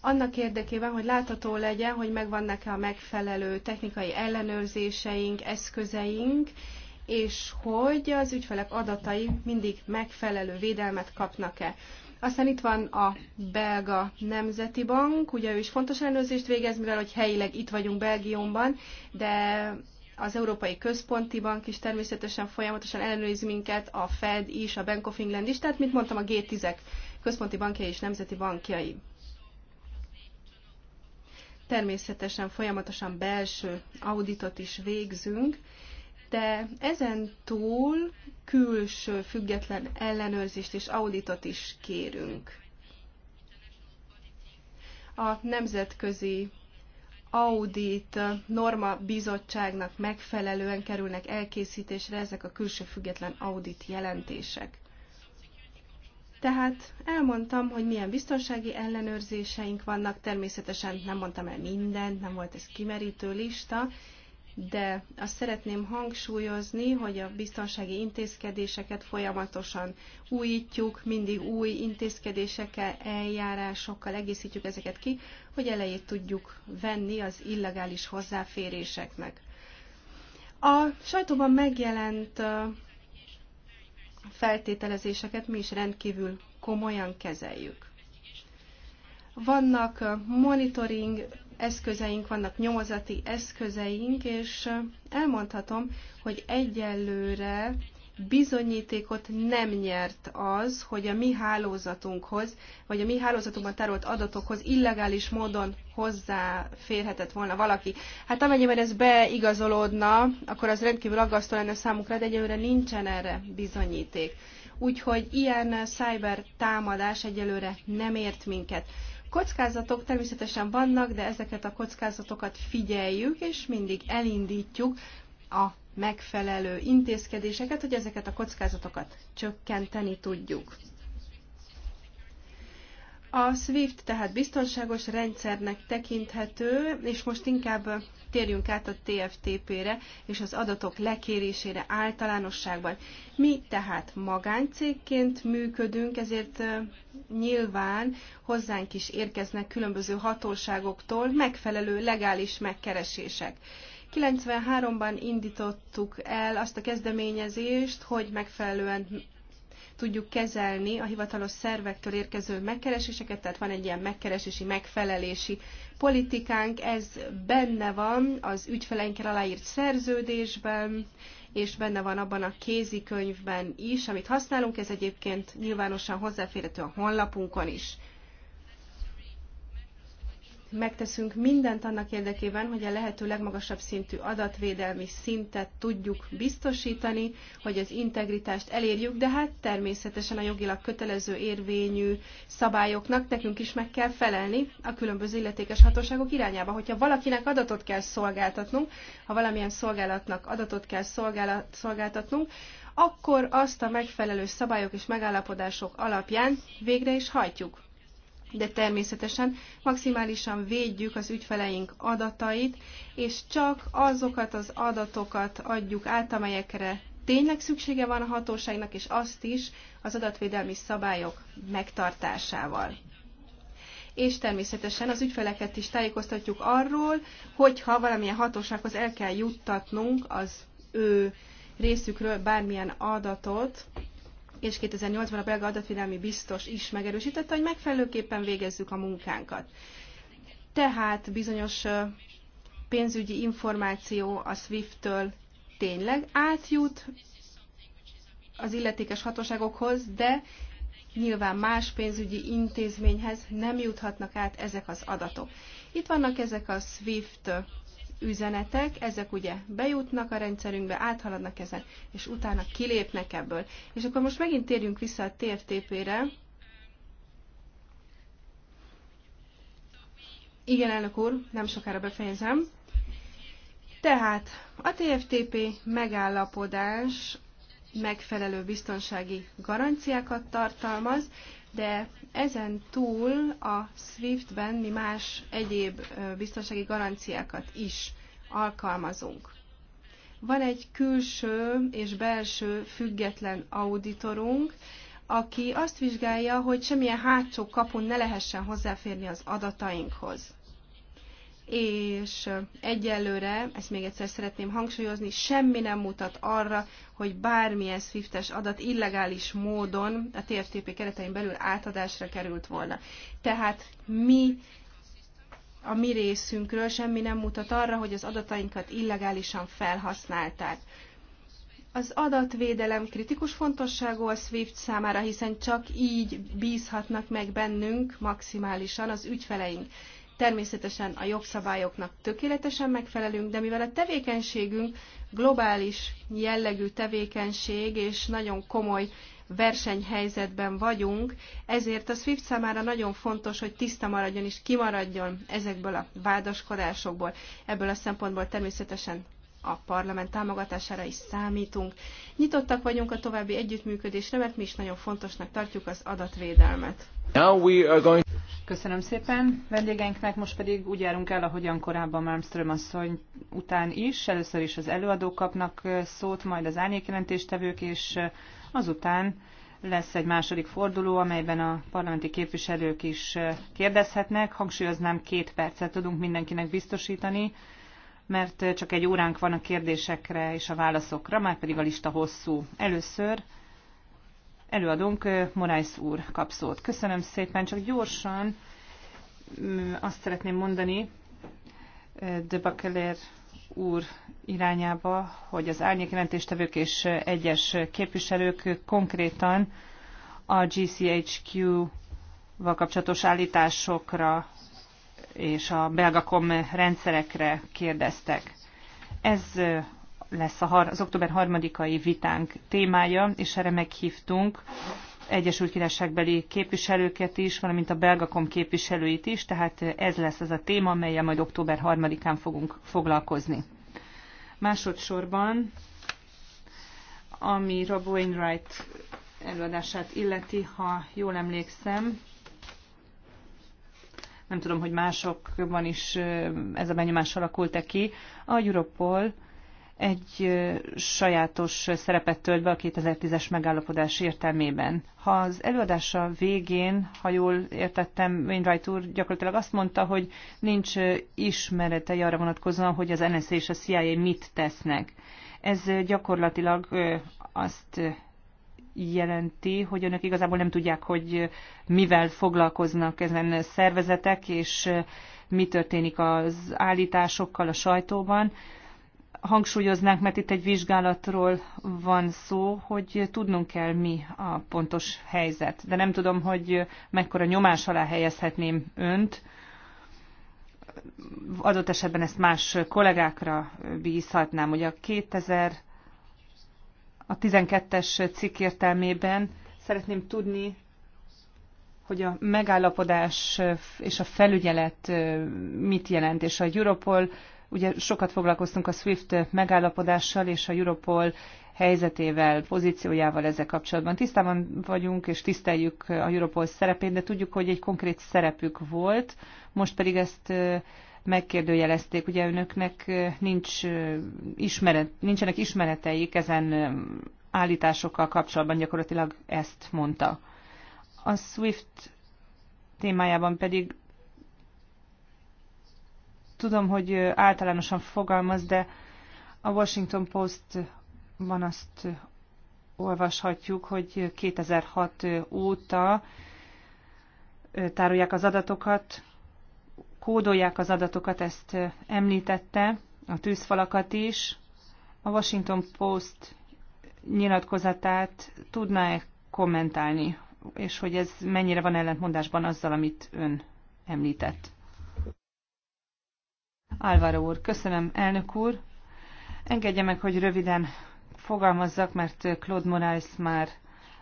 S4: annak érdekében, hogy látható legyen, hogy megvannak-e a megfelelő technikai ellenőrzéseink, eszközeink, és hogy az ügyfelek adatai mindig megfelelő védelmet kapnak-e. Aztán itt van a Belga Nemzeti Bank, ugye ő is fontos ellenőrzést végez, mivel hogy helyileg itt vagyunk Belgiumban, de az Európai Központi Bank is természetesen folyamatosan ellenőriz minket, a Fed is, a Bank of England is, tehát mint mondtam, a G10-ek központi bankjai és nemzeti bankjai. Természetesen folyamatosan belső auditot is végzünk, de ezen túl külső független ellenőrzést és auditot is kérünk. A nemzetközi audit norma bizottságnak megfelelően kerülnek elkészítésre ezek a külső független audit jelentések. Tehát elmondtam, hogy milyen biztonsági ellenőrzéseink vannak, természetesen nem mondtam el mindent, nem volt ez kimerítő lista, de azt szeretném hangsúlyozni, hogy a biztonsági intézkedéseket folyamatosan újítjuk, mindig új intézkedésekkel, eljárásokkal egészítjük ezeket ki, hogy elejét tudjuk venni az illegális hozzáféréseknek. A sajtóban megjelent feltételezéseket mi is rendkívül komolyan kezeljük. Vannak monitoring eszközeink, vannak nyomozati eszközeink, és elmondhatom, hogy egyelőre bizonyítékot nem nyert az, hogy a mi hálózatunkhoz, vagy a mi hálózatunkban tárolt adatokhoz illegális módon hozzáférhetett volna valaki. Hát amennyiben ez beigazolódna, akkor az rendkívül aggasztó lenne számukra, de egyelőre nincsen erre bizonyíték. Úgyhogy ilyen cyber támadás egyelőre nem ért minket. Kockázatok természetesen vannak, de ezeket a kockázatokat figyeljük, és mindig elindítjuk a megfelelő intézkedéseket, hogy ezeket a kockázatokat csökkenteni tudjuk. A SWIFT tehát biztonságos rendszernek tekinthető, és most inkább térjünk át a TFTP-re és az adatok lekérésére általánosságban. Mi tehát magáncégként működünk, ezért nyilván hozzánk is érkeznek különböző hatóságoktól megfelelő legális megkeresések. 93-ban indítottuk el azt a kezdeményezést, hogy megfelelően tudjuk kezelni a hivatalos szervektől érkező megkereséseket, tehát van egy ilyen megkeresési, megfelelési politikánk, ez benne van az ügyfeleinkkel aláírt szerződésben, és benne van abban a kézikönyvben is, amit használunk, ez egyébként nyilvánosan hozzáférhető a honlapunkon is megteszünk mindent annak érdekében, hogy a lehető legmagasabb szintű adatvédelmi szintet tudjuk biztosítani, hogy az integritást elérjük, de hát természetesen a jogilag kötelező érvényű szabályoknak nekünk is meg kell felelni a különböző illetékes hatóságok irányába. Hogyha valakinek adatot kell szolgáltatnunk, ha valamilyen szolgálatnak adatot kell szolgáltatnunk, akkor azt a megfelelő szabályok és megállapodások alapján végre is hajtjuk de természetesen maximálisan védjük az ügyfeleink adatait, és csak azokat az adatokat adjuk át, amelyekre tényleg szüksége van a hatóságnak, és azt is az adatvédelmi szabályok megtartásával. És természetesen az ügyfeleket is tájékoztatjuk arról, hogyha valamilyen hatósághoz el kell juttatnunk az ő részükről bármilyen adatot, és 2008-ban a belga adatvédelmi biztos is megerősítette, hogy megfelelőképpen végezzük a munkánkat. Tehát bizonyos pénzügyi információ a SWIFT-től tényleg átjut az illetékes hatóságokhoz, de nyilván más pénzügyi intézményhez nem juthatnak át ezek az adatok. Itt vannak ezek a SWIFT üzenetek, ezek ugye bejutnak a rendszerünkbe, áthaladnak ezen, és utána kilépnek ebből. És akkor most megint térjünk vissza a TFTP-re. Igen, elnök úr, nem sokára befejezem. Tehát a TFTP megállapodás megfelelő biztonsági garanciákat tartalmaz, de ezen túl a SWIFT-ben mi más egyéb biztonsági garanciákat is alkalmazunk. Van egy külső és belső független auditorunk, aki azt vizsgálja, hogy semmilyen hátsó kapun ne lehessen hozzáférni az adatainkhoz és egyelőre, ezt még egyszer szeretném hangsúlyozni, semmi nem mutat arra, hogy bármilyen Swiftes adat illegális módon a TFTP keretein belül átadásra került volna. Tehát mi a mi részünkről semmi nem mutat arra, hogy az adatainkat illegálisan felhasználták. Az adatvédelem kritikus fontosságú a SWIFT számára, hiszen csak így bízhatnak meg bennünk maximálisan az ügyfeleink. Természetesen a jogszabályoknak tökéletesen megfelelünk, de mivel a tevékenységünk globális jellegű tevékenység, és nagyon komoly versenyhelyzetben vagyunk, ezért a SWIFT számára nagyon fontos, hogy tiszta maradjon és kimaradjon ezekből a vádaskodásokból. Ebből a szempontból természetesen a parlament támogatására is számítunk. Nyitottak vagyunk a további együttműködésre, mert mi is nagyon fontosnak tartjuk az adatvédelmet.
S3: Going...
S2: Köszönöm szépen vendégeinknek, most pedig úgy járunk el, ahogyan korábban Malmström asszony után is. Először is az előadók kapnak szót, majd az árnyékjelentéstevők, és azután lesz egy második forduló, amelyben a parlamenti képviselők is kérdezhetnek. Hangsúlyoznám, két percet tudunk mindenkinek biztosítani, mert csak egy óránk van a kérdésekre és a válaszokra, már pedig a lista hosszú. Először előadónk Morájsz úr kap szót. Köszönöm szépen, csak gyorsan azt szeretném mondani de Bakeler úr irányába, hogy az árnyék jelentéstevők és egyes képviselők konkrétan a GCHQ-val kapcsolatos állításokra és a belgakom rendszerekre kérdeztek. Ez lesz az október harmadikai vitánk témája, és erre meghívtunk Egyesült Királyságbeli képviselőket is, valamint a belgakom képviselőit is, tehát ez lesz az a téma, amelyel majd október harmadikán fogunk foglalkozni. Másodszorban, ami Rob Wainwright előadását illeti, ha jól emlékszem, nem tudom, hogy másokban is ez a benyomás alakult-e ki. A Europol egy sajátos szerepet tölt be a 2010-es megállapodás értelmében. Ha az előadása végén, ha jól értettem, Wainwright úr gyakorlatilag azt mondta, hogy nincs ismerete arra vonatkozóan, hogy az NSZ és a CIA mit tesznek. Ez gyakorlatilag azt jelenti, hogy önök igazából nem tudják, hogy mivel foglalkoznak ezen szervezetek, és mi történik az állításokkal a sajtóban. Hangsúlyoznánk, mert itt egy vizsgálatról van szó, hogy tudnunk kell mi a pontos helyzet. De nem tudom, hogy mekkora nyomás alá helyezhetném önt, adott esetben ezt más kollégákra bízhatnám. hogy a 2000 a 12-es cikk értelmében szeretném tudni, hogy a megállapodás és a felügyelet mit jelent, és a Europol, ugye sokat foglalkoztunk a SWIFT megállapodással és a Europol helyzetével, pozíciójával ezzel kapcsolatban. Tisztában vagyunk és tiszteljük a Europol szerepét, de tudjuk, hogy egy konkrét szerepük volt, most pedig ezt megkérdőjelezték. Ugye önöknek nincs ismeret, nincsenek ismereteik ezen állításokkal kapcsolatban, gyakorlatilag ezt mondta. A SWIFT témájában pedig tudom, hogy általánosan fogalmaz, de a Washington Postban azt olvashatjuk, hogy 2006 óta tárolják az adatokat, kódolják az adatokat, ezt említette, a tűzfalakat is. A Washington Post nyilatkozatát tudná-e kommentálni, és hogy ez mennyire van ellentmondásban azzal, amit ön említett? Álvaro úr, köszönöm, elnök úr. Engedje meg, hogy röviden fogalmazzak, mert Claude Morales már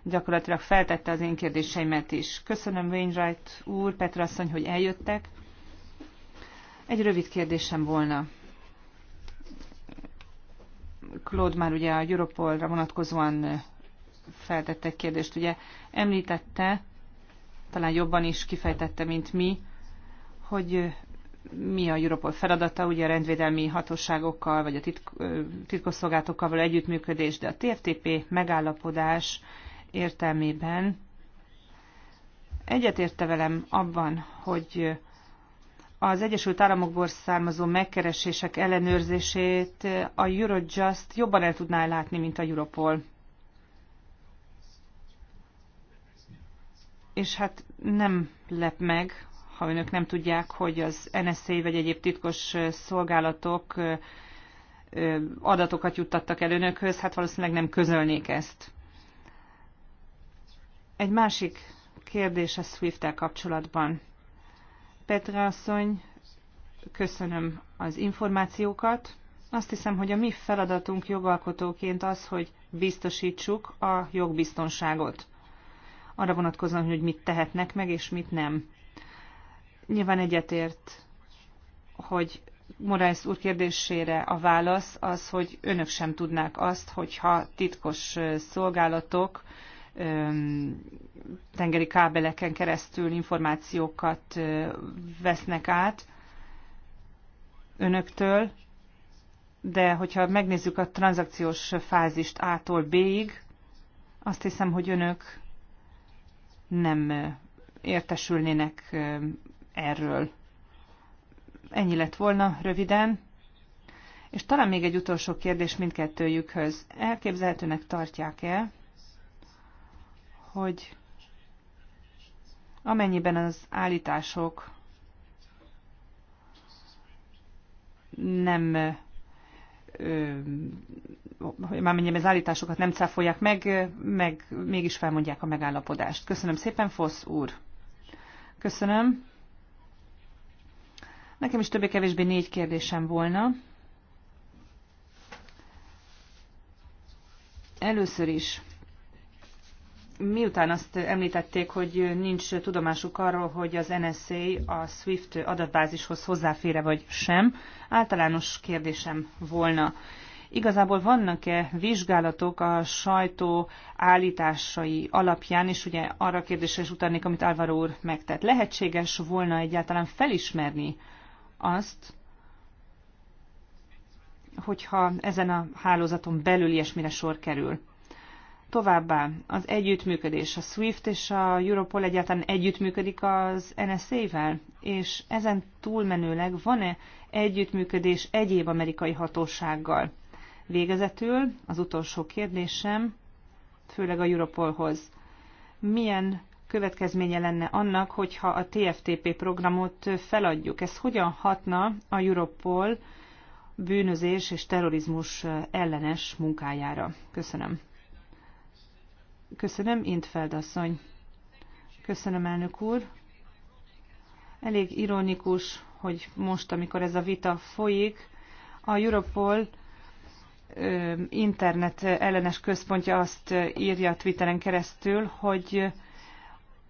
S2: gyakorlatilag feltette az én kérdéseimet is. Köszönöm Wainwright úr, Petra asszony, hogy eljöttek. Egy rövid kérdésem volna. Claude már ugye a Europolra vonatkozóan feltette egy kérdést, ugye említette, talán jobban is kifejtette, mint mi, hogy mi a Europol feladata, ugye a rendvédelmi hatóságokkal, vagy a titk, titkosszolgálatokkal való együttműködés, de a TFTP megállapodás értelmében egyetérte velem abban, hogy az Egyesült Államokból származó megkeresések ellenőrzését a Eurojust jobban el tudná látni, mint a Europol. És hát nem lep meg, ha önök nem tudják, hogy az NSA vagy egyéb titkos szolgálatok adatokat juttattak el önökhöz, hát valószínűleg nem közölnék ezt. Egy másik kérdés a SWIFT-tel kapcsolatban. Petra asszony, köszönöm az információkat. Azt hiszem, hogy a mi feladatunk jogalkotóként az, hogy biztosítsuk a jogbiztonságot. Arra vonatkozóan, hogy mit tehetnek meg, és mit nem. Nyilván egyetért, hogy Morales úr kérdésére a válasz az, hogy önök sem tudnák azt, hogyha titkos szolgálatok tengeri kábeleken keresztül információkat vesznek át önöktől, de hogyha megnézzük a tranzakciós fázist A-tól B-ig, azt hiszem, hogy önök nem értesülnének erről. Ennyi lett volna röviden. És talán még egy utolsó kérdés mindkettőjükhöz. Elképzelhetőnek tartják-e, hogy amennyiben az állítások nem hogy már az állításokat nem cáfolják meg, meg mégis felmondják a megállapodást. Köszönöm szépen, Fosz úr. Köszönöm. Nekem is többé-kevésbé négy kérdésem volna. Először is miután azt említették, hogy nincs tudomásuk arról, hogy az NSA a SWIFT adatbázishoz hozzáfére vagy sem, általános kérdésem volna. Igazából vannak-e vizsgálatok a sajtó állításai alapján, és ugye arra kérdésre is utalnék, amit Álvaro úr megtett. Lehetséges volna egyáltalán felismerni azt, hogyha ezen a hálózaton belül ilyesmire sor kerül? Továbbá az együttműködés, a SWIFT és a Europol egyáltalán együttműködik az NSA-vel, és ezen túlmenőleg van-e együttműködés egyéb amerikai hatósággal? Végezetül az utolsó kérdésem, főleg a Europolhoz. Milyen következménye lenne annak, hogyha a TFTP programot feladjuk? Ez hogyan hatna a Europol bűnözés és terrorizmus ellenes munkájára? Köszönöm. Köszönöm, Intfeld asszony. Köszönöm, elnök úr. Elég ironikus, hogy most, amikor ez a vita folyik, a Europol internet ellenes központja azt írja Twitteren keresztül, hogy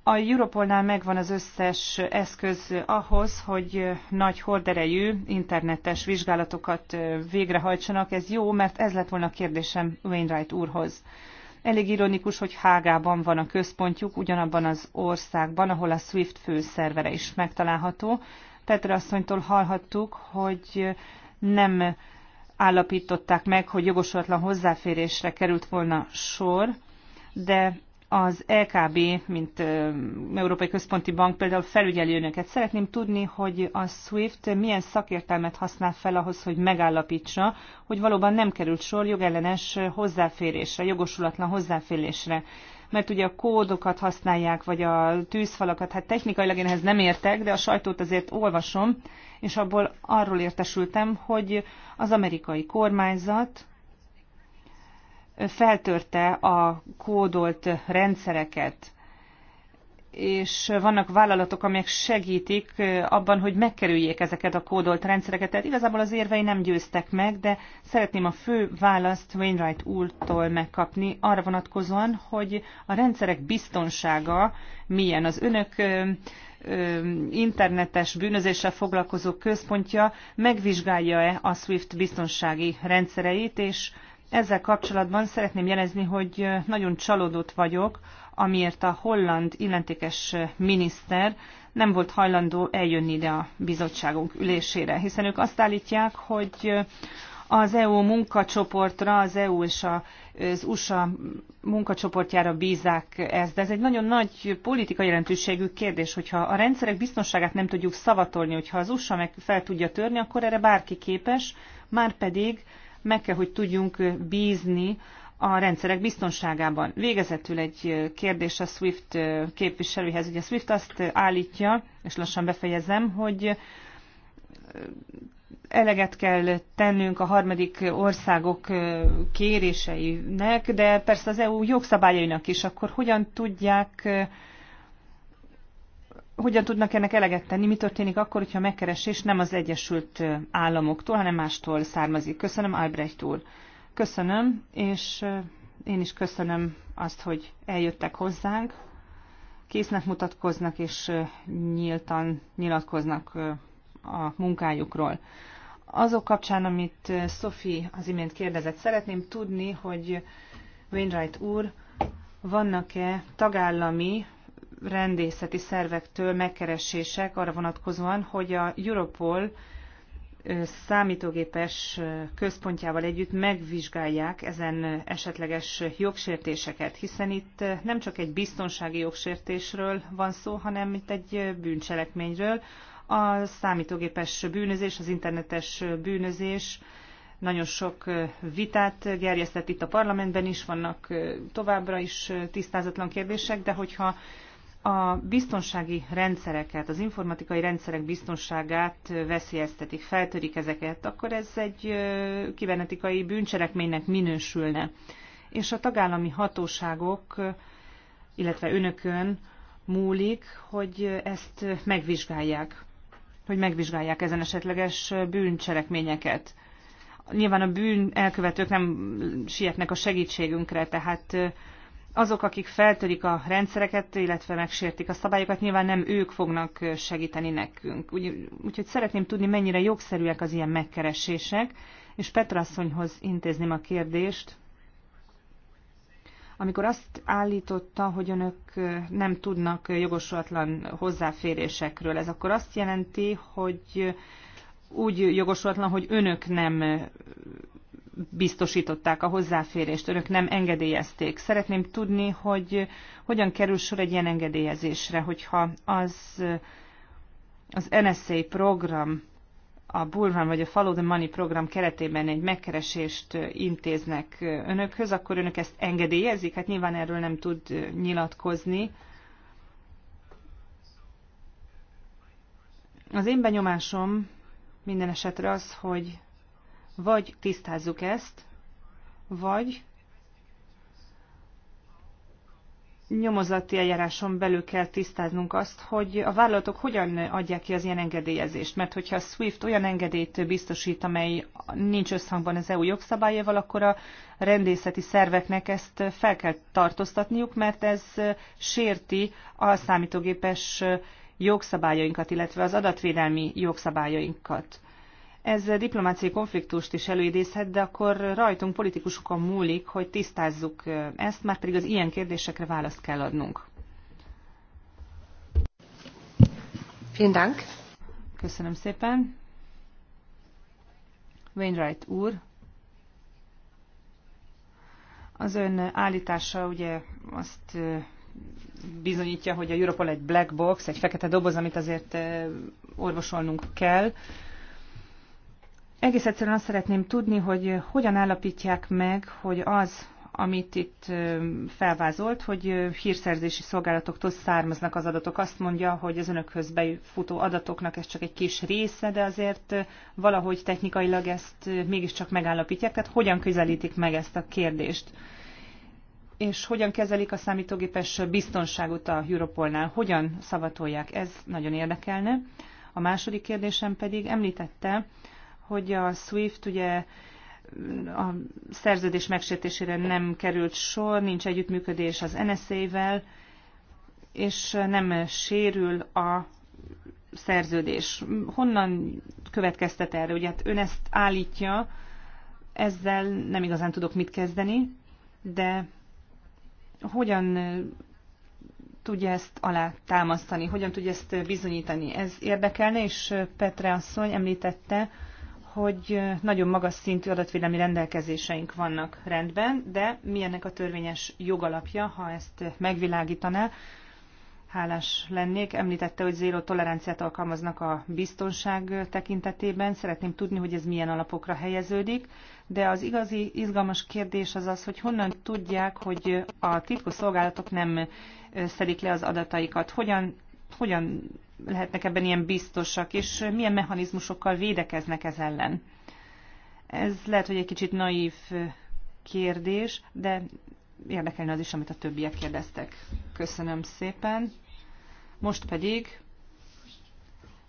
S2: a Europolnál megvan az összes eszköz ahhoz, hogy nagy horderejű internetes vizsgálatokat végrehajtsanak. Ez jó, mert ez lett volna a kérdésem Wainwright úrhoz. Elég ironikus, hogy Hágában van a központjuk, ugyanabban az országban, ahol a SWIFT főszervere is megtalálható. Petra asszonytól hallhattuk, hogy nem állapították meg, hogy jogosulatlan hozzáférésre került volna sor, de az EKB, mint Európai Központi Bank például felügyeli önöket. Szeretném tudni, hogy a SWIFT milyen szakértelmet használ fel ahhoz, hogy megállapítsa, hogy valóban nem került sor jogellenes hozzáférésre, jogosulatlan hozzáférésre. Mert ugye a kódokat használják, vagy a tűzfalakat, hát technikailag én ehhez nem értek, de a sajtót azért olvasom, és abból arról értesültem, hogy az amerikai kormányzat feltörte a kódolt rendszereket, és vannak vállalatok, amelyek segítik abban, hogy megkerüljék ezeket a kódolt rendszereket. Tehát igazából az érvei nem győztek meg, de szeretném a fő választ Wainwright úrtól megkapni arra vonatkozóan, hogy a rendszerek biztonsága milyen. Az önök internetes bűnözéssel foglalkozó központja megvizsgálja-e a SWIFT biztonsági rendszereit, és ezzel kapcsolatban szeretném jelezni, hogy nagyon csalódott vagyok, amiért a holland illetékes miniszter nem volt hajlandó eljönni ide a bizottságunk ülésére, hiszen ők azt állítják, hogy az EU munkacsoportra, az EU és az USA munkacsoportjára bízák ezt, de ez egy nagyon nagy politikai jelentőségű kérdés, hogyha a rendszerek biztonságát nem tudjuk szavatolni, hogyha az USA meg fel tudja törni, akkor erre bárki képes, már pedig meg kell, hogy tudjunk bízni a rendszerek biztonságában. Végezetül egy kérdés a SWIFT képviselőhez. Ugye SWIFT azt állítja, és lassan befejezem, hogy eleget kell tennünk a harmadik országok kéréseinek, de persze az EU jogszabályainak is, akkor hogyan tudják hogyan tudnak ennek eleget tenni, mi történik akkor, hogyha a megkeresés nem az Egyesült Államoktól, hanem mástól származik. Köszönöm, Albrecht úr. Köszönöm, és én is köszönöm azt, hogy eljöttek hozzánk. Késznek mutatkoznak, és nyíltan nyilatkoznak a munkájukról. Azok kapcsán, amit Sophie az imént kérdezett, szeretném tudni, hogy Wainwright úr, vannak-e tagállami rendészeti szervektől megkeresések arra vonatkozóan, hogy a Europol számítógépes központjával együtt megvizsgálják ezen esetleges jogsértéseket, hiszen itt nem csak egy biztonsági jogsértésről van szó, hanem itt egy bűncselekményről. A számítógépes bűnözés, az internetes bűnözés nagyon sok vitát gerjesztett itt a parlamentben is, vannak továbbra is tisztázatlan kérdések, de hogyha a biztonsági rendszereket, az informatikai rendszerek biztonságát veszélyeztetik, feltörik ezeket, akkor ez egy kibernetikai bűncselekménynek minősülne. És a tagállami hatóságok, illetve önökön múlik, hogy ezt megvizsgálják, hogy megvizsgálják ezen esetleges bűncselekményeket. Nyilván a bűn elkövetők nem sietnek a segítségünkre, tehát azok, akik feltörik a rendszereket, illetve megsértik a szabályokat, nyilván nem ők fognak segíteni nekünk. Úgy, úgyhogy szeretném tudni, mennyire jogszerűek az ilyen megkeresések, és Petra asszonyhoz intézném a kérdést. Amikor azt állította, hogy önök nem tudnak jogosulatlan hozzáférésekről, ez akkor azt jelenti, hogy úgy jogosulatlan, hogy önök nem biztosították a hozzáférést, önök nem engedélyezték. Szeretném tudni, hogy hogyan kerül sor egy ilyen engedélyezésre, hogyha az, az NSA program, a Bullrun vagy a Follow the Money program keretében egy megkeresést intéznek önökhöz, akkor önök ezt engedélyezik? Hát nyilván erről nem tud nyilatkozni. Az én benyomásom minden esetre az, hogy vagy tisztázzuk ezt, vagy nyomozati eljáráson belül kell tisztáznunk azt, hogy a vállalatok hogyan adják ki az ilyen engedélyezést. Mert hogyha a SWIFT olyan engedélyt biztosít, amely nincs összhangban az EU jogszabályával, akkor a rendészeti szerveknek ezt fel kell tartóztatniuk, mert ez sérti a számítógépes jogszabályainkat, illetve az adatvédelmi jogszabályainkat. Ez diplomáciai konfliktust is előidézhet, de akkor rajtunk politikusokon múlik, hogy tisztázzuk ezt, már pedig az ilyen kérdésekre választ kell adnunk. Köszönöm szépen. Wainwright úr, az ön állítása ugye azt bizonyítja, hogy a Europol egy black box, egy fekete doboz, amit azért orvosolnunk kell. Egész egyszerűen azt szeretném tudni, hogy eh, hogyan állapítják meg, hogy az, amit itt eh, felvázolt, hogy eh, hírszerzési szolgálatoktól származnak az adatok. Azt mondja, hogy az önökhöz befutó adatoknak ez csak egy kis része, de azért valahogy technikailag ezt mégiscsak megállapítják. Tehát hogyan közelítik meg ezt a kérdést? És hogyan kezelik a számítógépes biztonságot a Europolnál? Hogyan szavatolják? Ez nagyon érdekelne. A második kérdésem pedig említette, hogy a SWIFT ugye a szerződés megsértésére nem került sor, nincs együttműködés az nsa vel és nem sérül a szerződés. Honnan következtet erre? Ugye hát ön ezt állítja, ezzel nem igazán tudok mit kezdeni, de hogyan tudja ezt alá támasztani, hogyan tudja ezt bizonyítani. Ez érdekelne, és Petre asszony említette, hogy nagyon magas szintű adatvédelmi rendelkezéseink vannak rendben, de milyennek a törvényes jogalapja, ha ezt megvilágítaná, hálás lennék. Említette, hogy zéró toleranciát alkalmaznak a biztonság tekintetében. Szeretném tudni, hogy ez milyen alapokra helyeződik. De az igazi izgalmas kérdés az az, hogy honnan tudják, hogy a titkos szolgálatok nem szedik le az adataikat. Hogyan, hogyan lehetnek ebben ilyen biztosak, és milyen mechanizmusokkal védekeznek ez ellen? Ez lehet, hogy egy kicsit naív kérdés, de érdekelne az is, amit a többiek kérdeztek. Köszönöm szépen. Most pedig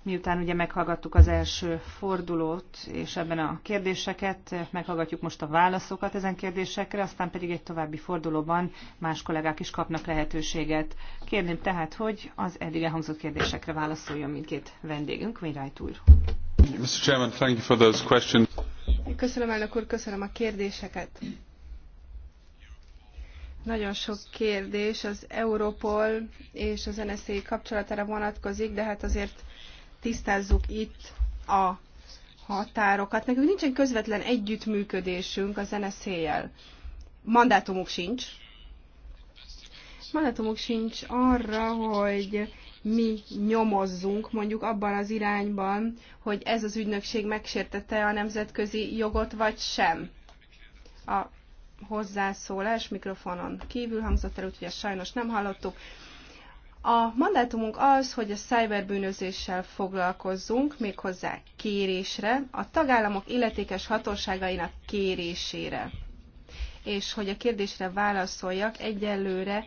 S2: Miután ugye meghallgattuk az első fordulót, és ebben a kérdéseket, meghallgatjuk most a válaszokat ezen kérdésekre, aztán pedig egy további fordulóban más kollégák is kapnak lehetőséget. Kérném tehát, hogy az eddig elhangzott kérdésekre válaszoljon mindkét vendégünk, Wainwright úr.
S4: Mr. Chairman, thank you for those questions.
S2: Köszönöm, elnök úr, köszönöm a kérdéseket.
S4: Nagyon sok kérdés az Europol és az NSZ kapcsolatára vonatkozik, de hát azért tisztázzuk itt a határokat. Nekünk nincsen közvetlen együttműködésünk a nsz Mandátumuk sincs. Mandátumuk sincs arra, hogy mi nyomozzunk mondjuk abban az irányban, hogy ez az ügynökség megsértette a nemzetközi jogot, vagy sem. A hozzászólás mikrofonon kívül hangzott el, úgyhogy ezt sajnos nem hallottuk. A mandátumunk az, hogy a szájberbűnözéssel foglalkozzunk, méghozzá kérésre, a tagállamok illetékes hatóságainak kérésére. És hogy a kérdésre válaszoljak, egyelőre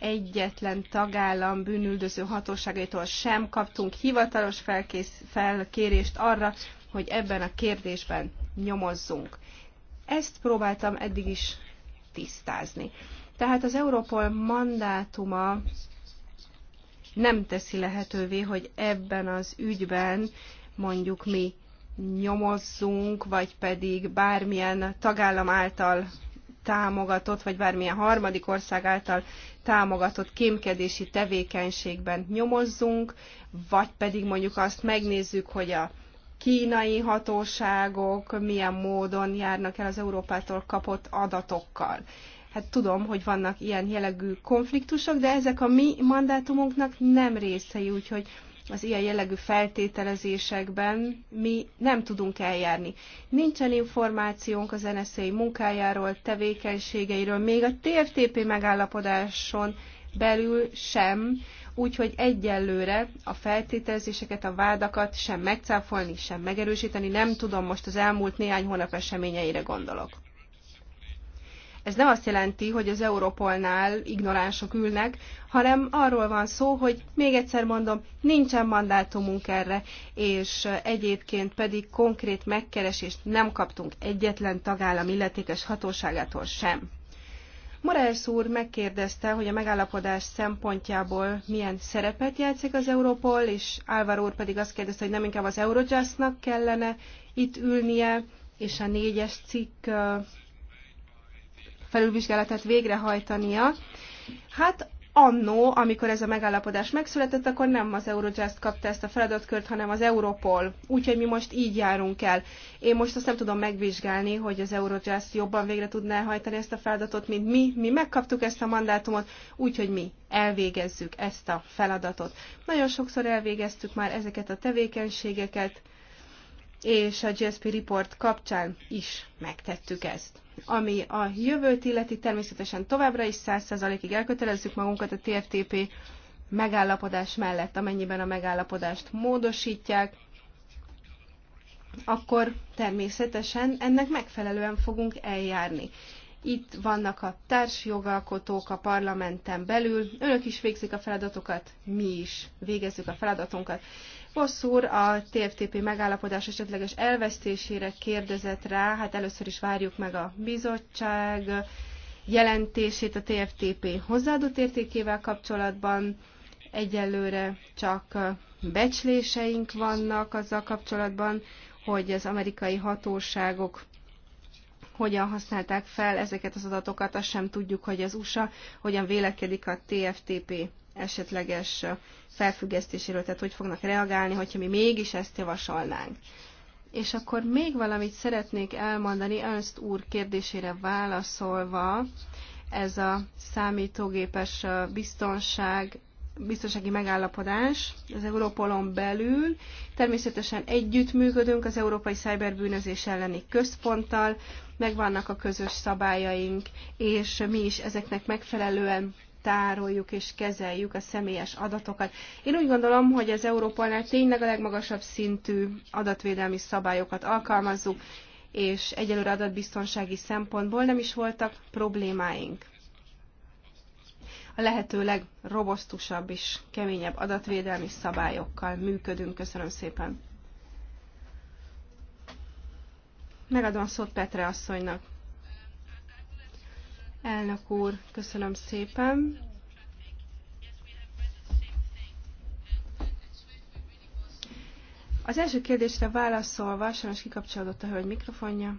S4: egyetlen tagállam bűnüldöző hatóságaitól sem kaptunk hivatalos felkész, felkérést arra, hogy ebben a kérdésben nyomozzunk. Ezt próbáltam eddig is tisztázni. Tehát az Európol mandátuma nem teszi lehetővé, hogy ebben az ügyben mondjuk mi nyomozzunk, vagy pedig bármilyen tagállam által támogatott, vagy bármilyen harmadik ország által támogatott kémkedési tevékenységben nyomozzunk, vagy pedig mondjuk azt megnézzük, hogy a kínai hatóságok milyen módon járnak el az Európától kapott adatokkal. Hát tudom, hogy vannak ilyen jellegű konfliktusok, de ezek a mi mandátumunknak nem részei, úgyhogy az ilyen jellegű feltételezésekben mi nem tudunk eljárni. Nincsen információnk az NSZ munkájáról, tevékenységeiről, még a TFTP megállapodáson belül sem, úgyhogy egyelőre a feltételezéseket, a vádakat sem megcáfolni, sem megerősíteni, nem tudom, most az elmúlt néhány hónap eseményeire gondolok. Ez nem azt jelenti, hogy az Európolnál ignoránsok ülnek, hanem arról van szó, hogy még egyszer mondom, nincsen mandátumunk erre, és egyébként pedig konkrét megkeresést nem kaptunk egyetlen tagállam illetékes hatóságától sem. Morales úr megkérdezte, hogy a megállapodás szempontjából milyen szerepet játszik az Europol, és Álvaro úr pedig azt kérdezte, hogy nem inkább az Eurojustnak kellene itt ülnie, és a négyes cikk felülvizsgálatát végrehajtania. Hát annó, amikor ez a megállapodás megszületett, akkor nem az Eurojust kapta ezt a feladatkört, hanem az Europol. Úgyhogy mi most így járunk el. Én most azt nem tudom megvizsgálni, hogy az Eurojust jobban végre tudná hajtani ezt a feladatot, mint mi. Mi megkaptuk ezt a mandátumot, úgyhogy mi elvégezzük ezt a feladatot. Nagyon sokszor elvégeztük már ezeket a tevékenységeket, és a GSP Report kapcsán is megtettük ezt. Ami a jövőt illeti, természetesen továbbra is 100%-ig elkötelezzük magunkat a TFTP megállapodás mellett, amennyiben a megállapodást módosítják, akkor természetesen ennek megfelelően fogunk eljárni. Itt vannak a társjogalkotók a parlamenten belül, önök is végzik a feladatokat, mi is végezzük a feladatunkat úr a TFTP megállapodás esetleges elvesztésére kérdezett rá, hát először is várjuk meg a bizottság jelentését a TFTP hozzáadott értékével kapcsolatban. Egyelőre csak becsléseink vannak azzal kapcsolatban, hogy az amerikai hatóságok hogyan használták fel ezeket az adatokat, azt sem tudjuk, hogy az USA hogyan vélekedik a TFTP esetleges felfüggesztéséről, tehát hogy fognak reagálni, hogyha mi mégis ezt javasolnánk. És akkor még valamit szeretnék elmondani Ernst úr kérdésére válaszolva, ez a számítógépes biztonság, biztonsági megállapodás az Európolon belül. Természetesen együttműködünk az Európai Szájberbűnözés elleni központtal, megvannak a közös szabályaink, és mi is ezeknek megfelelően tároljuk és kezeljük a személyes adatokat. Én úgy gondolom, hogy az Európolnál tényleg a legmagasabb szintű adatvédelmi szabályokat alkalmazzuk, és egyelőre adatbiztonsági szempontból nem is voltak problémáink. A lehető legrobosztusabb és keményebb adatvédelmi szabályokkal működünk. Köszönöm szépen! Megadom a szót Petre asszonynak. Elnök úr, köszönöm szépen. Az első kérdésre válaszolva, sajnos kikapcsolódott a hölgy mikrofonja.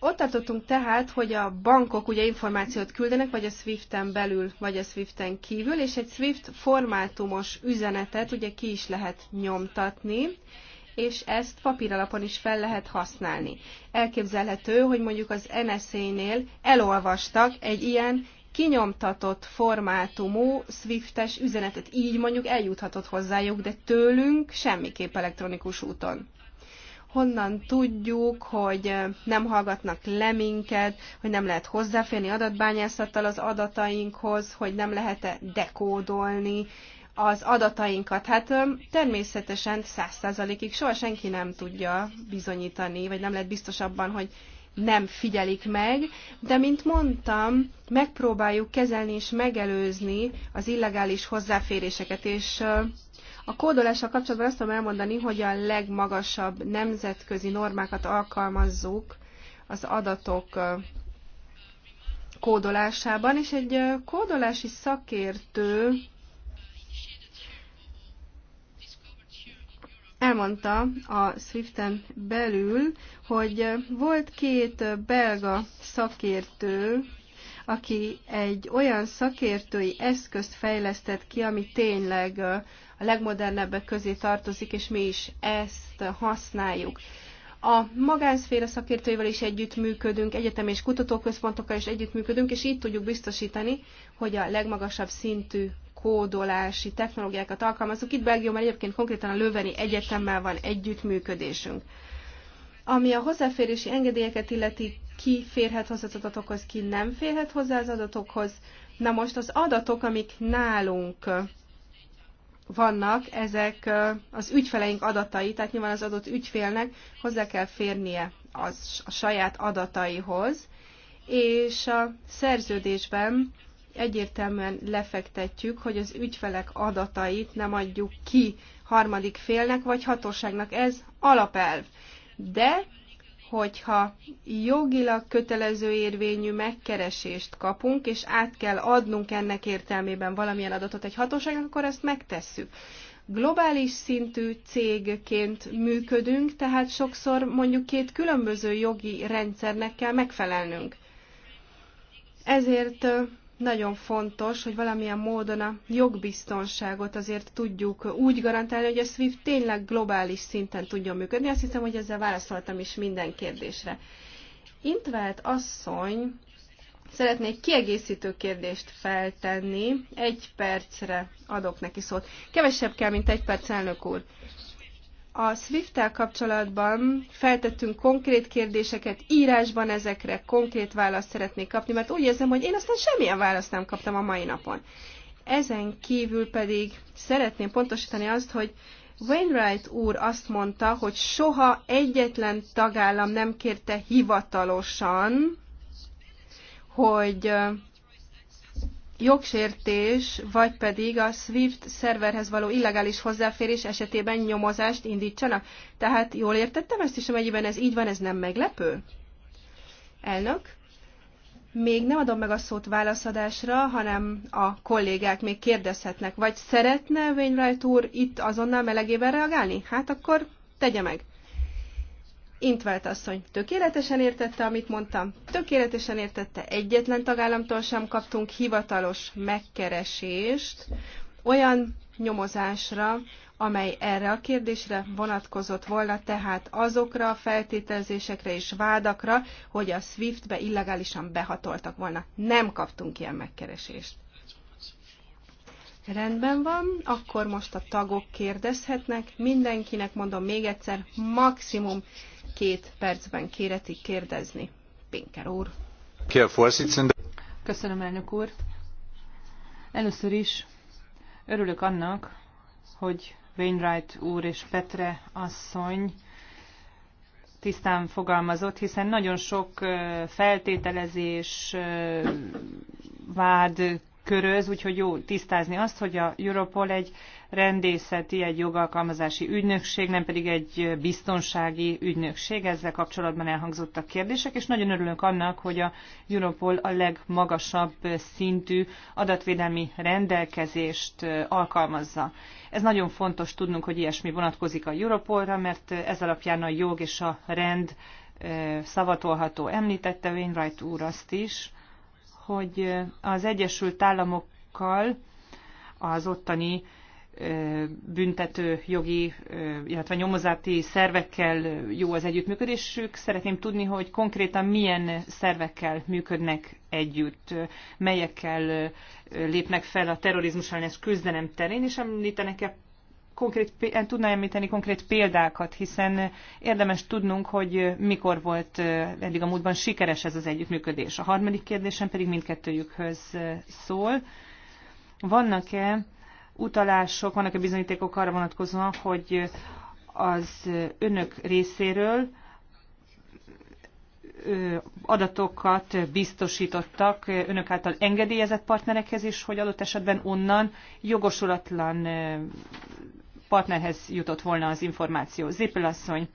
S4: Ott tartottunk tehát, hogy a bankok ugye információt küldenek, vagy a SWIFT-en belül, vagy a SWIFT-en kívül, és egy SWIFT formátumos üzenetet ugye ki is lehet nyomtatni és ezt papíralapon is fel lehet használni. Elképzelhető, hogy mondjuk az NSZ-nél elolvastak egy ilyen kinyomtatott formátumú Swiftes üzenetet. Így mondjuk eljuthatott hozzájuk, de tőlünk semmiképp elektronikus úton honnan tudjuk, hogy nem hallgatnak le minket, hogy nem lehet hozzáférni adatbányászattal az adatainkhoz, hogy nem lehet -e dekódolni az adatainkat. Hát természetesen száz százalékig soha senki nem tudja bizonyítani, vagy nem lehet biztosabban, hogy nem figyelik meg, de mint mondtam, megpróbáljuk kezelni és megelőzni az illegális hozzáféréseket, és a kódolással kapcsolatban azt tudom elmondani, hogy a legmagasabb nemzetközi normákat alkalmazzuk az adatok kódolásában, és egy kódolási szakértő elmondta a Swiften belül, hogy volt két belga szakértő, aki egy olyan szakértői eszközt fejlesztett ki, ami tényleg a legmodernebbek közé tartozik, és mi is ezt használjuk. A magánszféra szakértőivel is együttműködünk, egyetem és kutatóközpontokkal is együttműködünk, és így tudjuk biztosítani, hogy a legmagasabb szintű kódolási technológiákat alkalmazunk. Itt Belgiumban egyébként konkrétan a Löveni Egyetemmel van együttműködésünk. Ami a hozzáférési engedélyeket illeti, ki férhet hozzá az adatokhoz, ki nem férhet hozzá az adatokhoz. Na most az adatok, amik nálunk vannak, ezek az ügyfeleink adatai, tehát nyilván az adott ügyfélnek hozzá kell férnie az a saját adataihoz, és a szerződésben egyértelműen lefektetjük, hogy az ügyfelek adatait nem adjuk ki harmadik félnek vagy hatóságnak. Ez alapelv. De hogyha jogilag kötelező érvényű megkeresést kapunk, és át kell adnunk ennek értelmében valamilyen adatot egy hatóságnak, akkor ezt megtesszük. Globális szintű cégként működünk, tehát sokszor mondjuk két különböző jogi rendszernek kell megfelelnünk. Ezért nagyon fontos, hogy valamilyen módon a jogbiztonságot azért tudjuk úgy garantálni, hogy a SWIFT tényleg globális szinten tudjon működni. Azt hiszem, hogy ezzel válaszoltam is minden kérdésre. Intvált asszony, szeretnék kiegészítő kérdést feltenni. Egy percre adok neki szót. Kevesebb kell, mint egy perc, elnök úr. A SWIFT-tel kapcsolatban feltettünk konkrét kérdéseket, írásban ezekre konkrét választ szeretnék kapni, mert úgy érzem, hogy én aztán semmilyen választ nem kaptam a mai napon. Ezen kívül pedig szeretném pontosítani azt, hogy Wainwright úr azt mondta, hogy soha egyetlen tagállam nem kérte hivatalosan, hogy jogsértés, vagy pedig a SWIFT szerverhez való illegális hozzáférés esetében nyomozást indítsanak. Tehát jól értettem ezt is, amennyiben ez így van, ez nem meglepő? Elnök? Még nem adom meg a szót válaszadásra, hanem a kollégák még kérdezhetnek. Vagy szeretne Wainwright úr itt azonnal melegében reagálni? Hát akkor tegye meg. Intvált asszony tökéletesen értette, amit mondtam, tökéletesen értette, egyetlen tagállamtól sem kaptunk hivatalos megkeresést olyan nyomozásra, amely erre a kérdésre vonatkozott volna, tehát azokra a feltételezésekre és vádakra, hogy a SWIFT-be illegálisan behatoltak volna. Nem kaptunk ilyen megkeresést. Rendben van, akkor most a tagok kérdezhetnek. Mindenkinek mondom még egyszer, maximum két percben kéreti kérdezni. Pinker úr.
S2: Köszönöm, elnök úr. Először is örülök annak, hogy Wainwright úr és Petre asszony tisztán fogalmazott, hiszen nagyon sok feltételezés, vád, köröz, úgyhogy jó tisztázni azt, hogy a Europol egy rendészeti, egy jogalkalmazási ügynökség, nem pedig egy biztonsági ügynökség. Ezzel kapcsolatban elhangzottak kérdések, és nagyon örülünk annak, hogy a Europol a legmagasabb szintű adatvédelmi rendelkezést alkalmazza. Ez nagyon fontos tudnunk, hogy ilyesmi vonatkozik a Europolra, mert ez alapján a jog és a rend szavatolható. Említette Wainwright úr azt is, hogy az Egyesült Államokkal az ottani büntető jogi, illetve nyomozati szervekkel jó az együttműködésük. Szeretném tudni, hogy konkrétan milyen szervekkel működnek együtt, melyekkel lépnek fel a terrorizmus ellenes küzdelem terén, és említenek-e konkrét, tudna említeni konkrét példákat, hiszen érdemes tudnunk, hogy mikor volt eddig a múltban sikeres ez az együttműködés. A harmadik kérdésem pedig mindkettőjükhöz szól. Vannak-e utalások, vannak-e bizonyítékok arra vonatkozóan, hogy az önök részéről adatokat biztosítottak önök által engedélyezett partnerekhez is, hogy adott esetben onnan jogosulatlan partnerhez jutott volna az információ. Zippel asszony,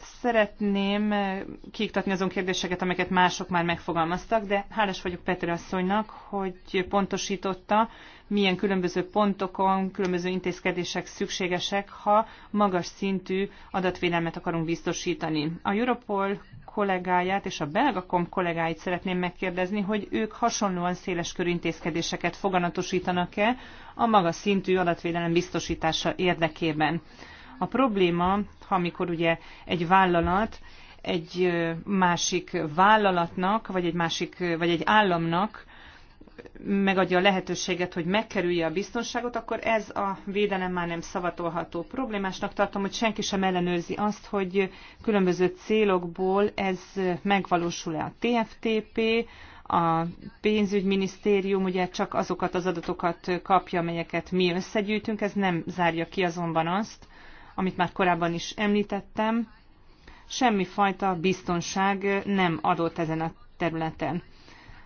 S2: szeretném eh, kiiktatni azon kérdéseket, amelyeket mások már megfogalmaztak, de hálás vagyok Petri asszonynak, hogy pontosította, milyen különböző pontokon, különböző intézkedések szükségesek, ha magas szintű adatvédelmet akarunk biztosítani. A Europol kollégáját és a belgakom kollégáit szeretném megkérdezni, hogy ők hasonlóan széles körintézkedéseket foganatosítanak-e a maga szintű adatvédelem biztosítása érdekében. A probléma, amikor ugye egy vállalat egy másik vállalatnak, vagy egy másik, vagy egy államnak megadja a lehetőséget, hogy megkerülje a biztonságot, akkor ez a védelem már nem szavatolható. Problémásnak tartom, hogy senki sem ellenőrzi azt, hogy különböző célokból ez megvalósul-e a TFTP, a pénzügyminisztérium ugye csak azokat az adatokat kapja, amelyeket mi összegyűjtünk, ez nem zárja ki azonban azt, amit már korábban is említettem, Semmi fajta biztonság nem adott ezen a területen.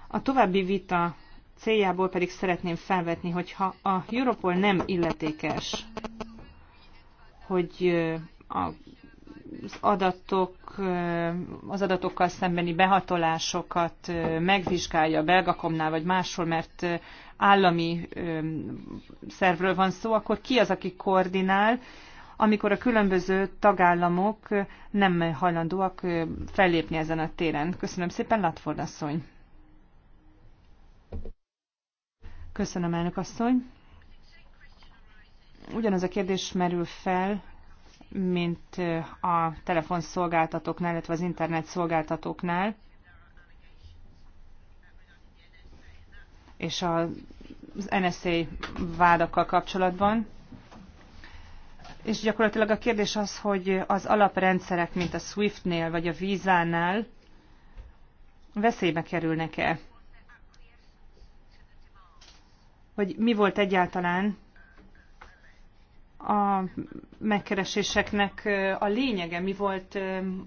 S2: A további vita céljából pedig szeretném felvetni, hogyha a Europol nem illetékes, hogy a az, adatok, az adatokkal szembeni behatolásokat megvizsgálja Belgakomnál vagy máshol, mert állami szervről van szó, akkor ki az, aki koordinál, amikor a különböző tagállamok nem hajlandóak fellépni ezen a téren. Köszönöm szépen, Latford asszony! Köszönöm, elnök asszony. Ugyanaz a kérdés merül fel, mint a telefonszolgáltatóknál, illetve az internet szolgáltatóknál, és az NSA vádakkal kapcsolatban. És gyakorlatilag a kérdés az, hogy az alaprendszerek, mint a SWIFT-nél vagy a Visa-nál veszélybe kerülnek-e? hogy mi volt egyáltalán a megkereséseknek a lényege, mi volt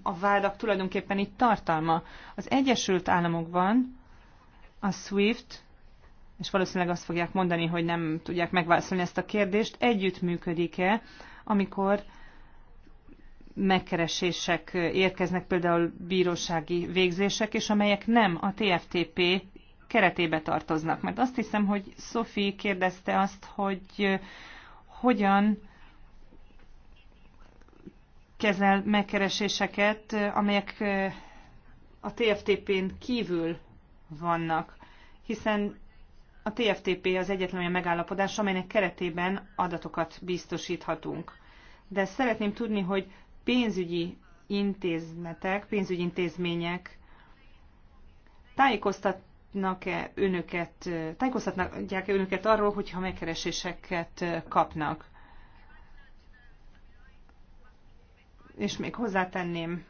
S2: a vádak tulajdonképpen itt tartalma. Az Egyesült Államokban a SWIFT, és valószínűleg azt fogják mondani, hogy nem tudják megválaszolni ezt a kérdést, együttműködik-e, amikor megkeresések érkeznek, például bírósági végzések, és amelyek nem a TFTP keretébe tartoznak. Mert azt hiszem, hogy Szofi kérdezte azt, hogy eh, hogyan kezel megkereséseket, eh, amelyek eh, a TFTP-n kívül vannak, hiszen a TFTP az egyetlen olyan megállapodás, amelynek keretében adatokat biztosíthatunk. De szeretném tudni, hogy pénzügyi intézmetek, pénzügyi intézmények tájékoztat tájékoztatnak-e önöket, tájékoztatják-e önöket arról, hogyha megkereséseket kapnak? És még hozzátenném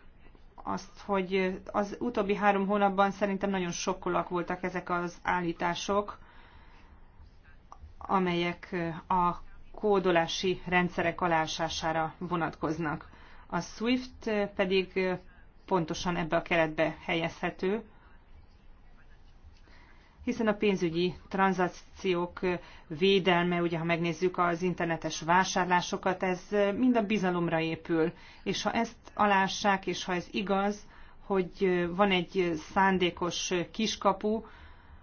S2: azt, hogy az utóbbi három hónapban szerintem nagyon sokkolak voltak ezek az állítások, amelyek a kódolási rendszerek alásására vonatkoznak. A SWIFT pedig pontosan ebbe a keretbe helyezhető, hiszen a pénzügyi tranzakciók védelme, ugye ha megnézzük az internetes vásárlásokat, ez mind a bizalomra épül. És ha ezt alássák, és ha ez igaz, hogy van egy szándékos kiskapu,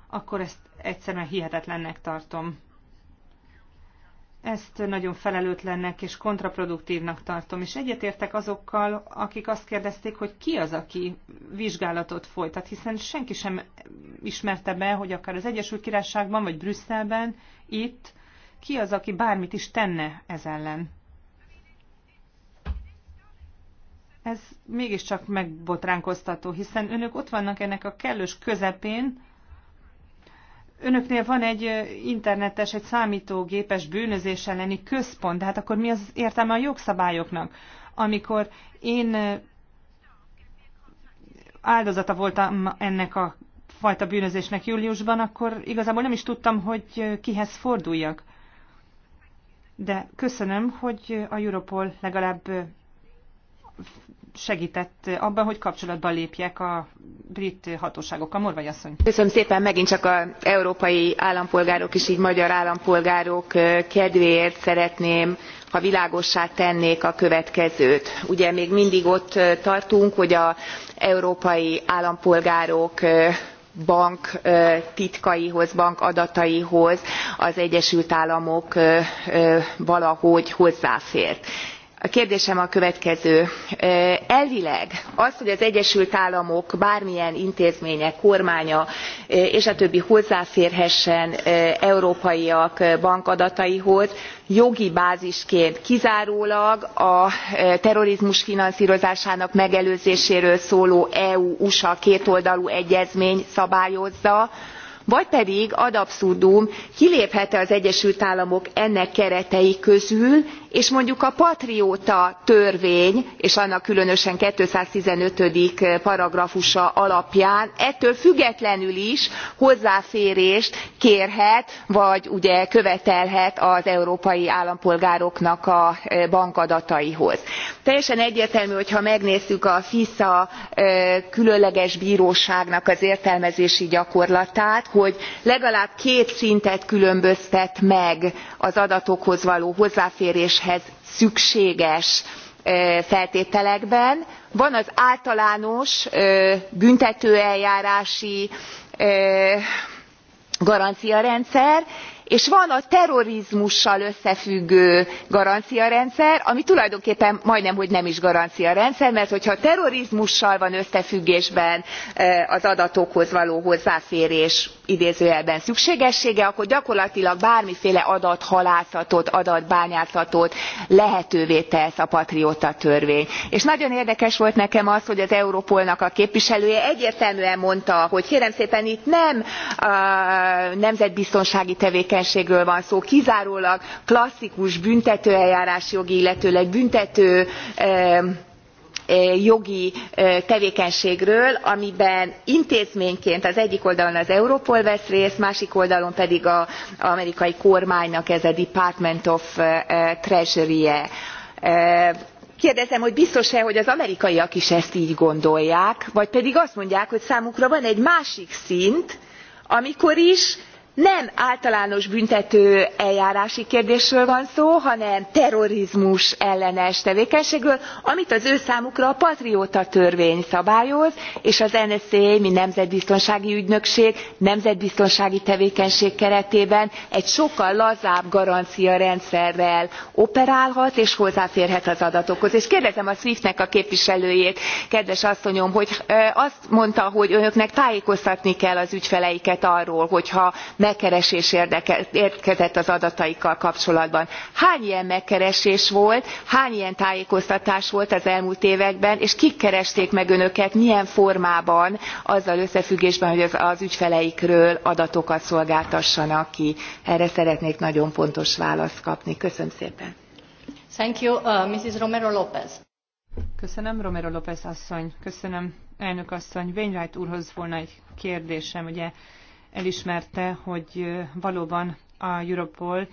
S2: akkor ezt egyszerűen hihetetlennek tartom. Ezt nagyon felelőtlennek és kontraproduktívnak tartom, és egyetértek azokkal, akik azt kérdezték, hogy ki az, aki vizsgálatot folytat, hiszen senki sem ismerte be, hogy akár az Egyesült Királyságban, vagy Brüsszelben, itt, ki az, aki bármit is tenne ez ellen. Ez mégiscsak megbotránkoztató, hiszen önök ott vannak ennek a kellős közepén, Önöknél van egy internetes, egy számítógépes bűnözés elleni központ, de hát akkor mi az értelme a jogszabályoknak? Amikor én áldozata voltam ennek a fajta bűnözésnek júliusban, akkor igazából nem is tudtam, hogy kihez forduljak. De köszönöm, hogy a Europol legalább segített abban, hogy kapcsolatba lépjek a brit hatóságokkal. Morvai asszony.
S3: Köszönöm szépen, megint csak az európai állampolgárok és így magyar állampolgárok kedvéért szeretném ha világossá tennék a következőt ugye még mindig ott tartunk hogy az európai állampolgárok bank bank bankadataihoz az egyesült államok valahogy hozzáfért a kérdésem a következő elvileg az hogy az egyesült államok bármilyen intézménye kormánya és a többi hozzáférhessen európaiak bankadataihoz jogi bázisként kizárólag a terrorizmus finanszrozásának megelőzéséről szóló eu usa kétoldalú egyezmény szabályozza vagy pedig ad absurdum kiléphet e az egyesült államok ennek keretei közül és mondjuk a patrióta törvény és annak különösen two hundred and fifteen paragrafusa alapján ettől függetlenül is hozzáférést kérhet vagy ugye követelhet az európai állampolgároknak a bankadataihoz. teljesen egyértelmű hogy ha megnézzük a fisza különleges bróságnak az értelmezési gyakorlatát hogy legalább két szintet különböztet meg az adatokhoz való hozzáféréshez szükséges feltételekben van az általános büntetőeljárási garanciarendszer és és van a terrorizmussal összefüggő garanciarendszer ami tulajdonképpen majdnem hogy nem is garanciarendszer mert hogyha a terrorizmussal van összefüggésben az adatokhoz való hozzáférés idézőjelben szükségessége akkor gyakorlatilag bármiféle adathalászatot adatbányászatot lehetővé tesz a patrióta törvény. és nagyon érdekes volt nekem az hogy az europolnak a képviselője egyértelműen mondta hogy kérem szépen itt nem nemzetbiztonsági tevékenységről tevékenységről van szó kizárólag klasszikus büntetőeljárási jogi illetőleg büntetőjogi tevékenységről amiben intézményként az egyik oldalon az europol vesz részt másik oldalon pedig az amerikai kormánynak ez a department of treasury je kérdezem hogy biztos e hogy az amerikaiak is ezt gy gondolják vagy pedig azt mondják hogy számukra van egy másik szint amikor is nem általános eljárási kérdésről van szó hanem terrorizmus ellenes tevékenységről amit az ő számukra a patrióta törvény szabályoz és az nsa mint nemzetbiztonsági ügynökség nemzetbiztonsági tevékenység keretében egy sokkal lazább garanciarendszerrel operálhat és hozzáférhet az adatokhoz. és kérdezem a swift nek a képviselőjét kedves asszonyom hogy azt mondta hogy önöknek tájékoztatni kell az ügyfeleiket arról hogyha megkeresés érkezett az adataikkal kapcsolatban. hány ilyen megkeresés volt hány ilyen tájékoztatás volt az elmúlt években és kik keresték meg önöket milyen formában azzal összefüggésben hogy az, az ügyfeleikről adatokat szolgáltassanak ki? erre szeretnék nagyon pontos választ kapni. köszönöm szépen.
S2: Thank you, uh, Mrs. Romero Lopez. Köszönöm, Romero López asszony. Köszönöm, elnök asszony. Wainwright úrhoz volna egy kérdésem. Ugye elismerte, hogy valóban a Europol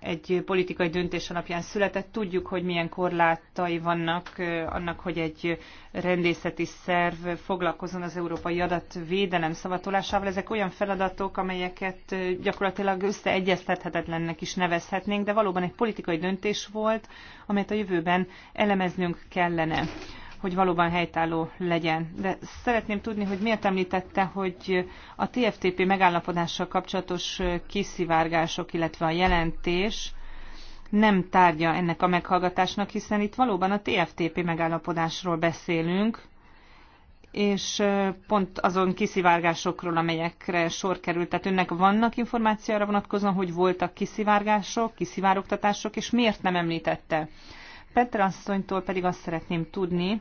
S2: egy politikai döntés alapján született. Tudjuk, hogy milyen korlátai vannak annak, hogy egy rendészeti szerv foglalkozon az európai adatvédelem szavatolásával. Ezek olyan feladatok, amelyeket gyakorlatilag összeegyeztethetetlennek is nevezhetnénk, de valóban egy politikai döntés volt, amelyet a jövőben elemeznünk kellene hogy valóban helytálló legyen. De szeretném tudni, hogy miért említette, hogy a TFTP megállapodással kapcsolatos kiszivárgások, illetve a jelentés nem tárgya ennek a meghallgatásnak, hiszen itt valóban a TFTP megállapodásról beszélünk, és pont azon kiszivárgásokról, amelyekre sor került. Tehát önnek vannak információ arra vonatkozóan, hogy voltak kiszivárgások, kiszivárogtatások, és miért nem említette? Petra asszonytól pedig azt szeretném tudni,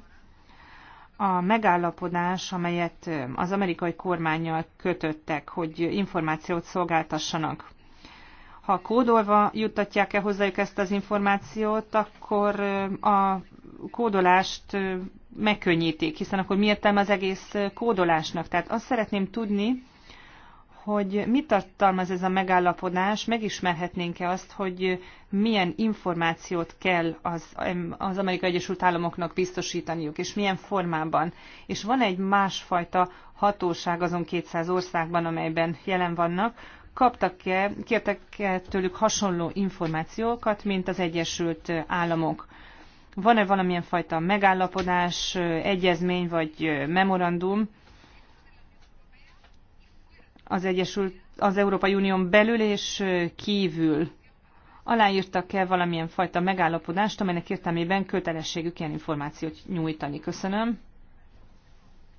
S2: a megállapodás, amelyet eh, az amerikai kormányjal kötöttek, hogy információt szolgáltassanak. Ha kódolva juttatják el hozzájuk ezt az információt, akkor eh, a kódolást eh, megkönnyítik, hiszen akkor mi értem az egész kódolásnak? Tehát azt szeretném tudni, hogy mit tartalmaz ez a megállapodás, megismerhetnénk-e azt, hogy milyen információt kell az, az Amerikai Egyesült Államoknak biztosítaniuk, és milyen formában. És van egy másfajta hatóság azon 200 országban, amelyben jelen vannak, kaptak-e, kértek -e tőlük hasonló információkat, mint az Egyesült Államok? Van-e valamilyen fajta megállapodás, egyezmény vagy memorandum, az Egyesült, az Európai Unión belül és kívül aláírtak-e valamilyen fajta megállapodást, amelynek értelmében kötelességük ilyen információt nyújtani. Köszönöm.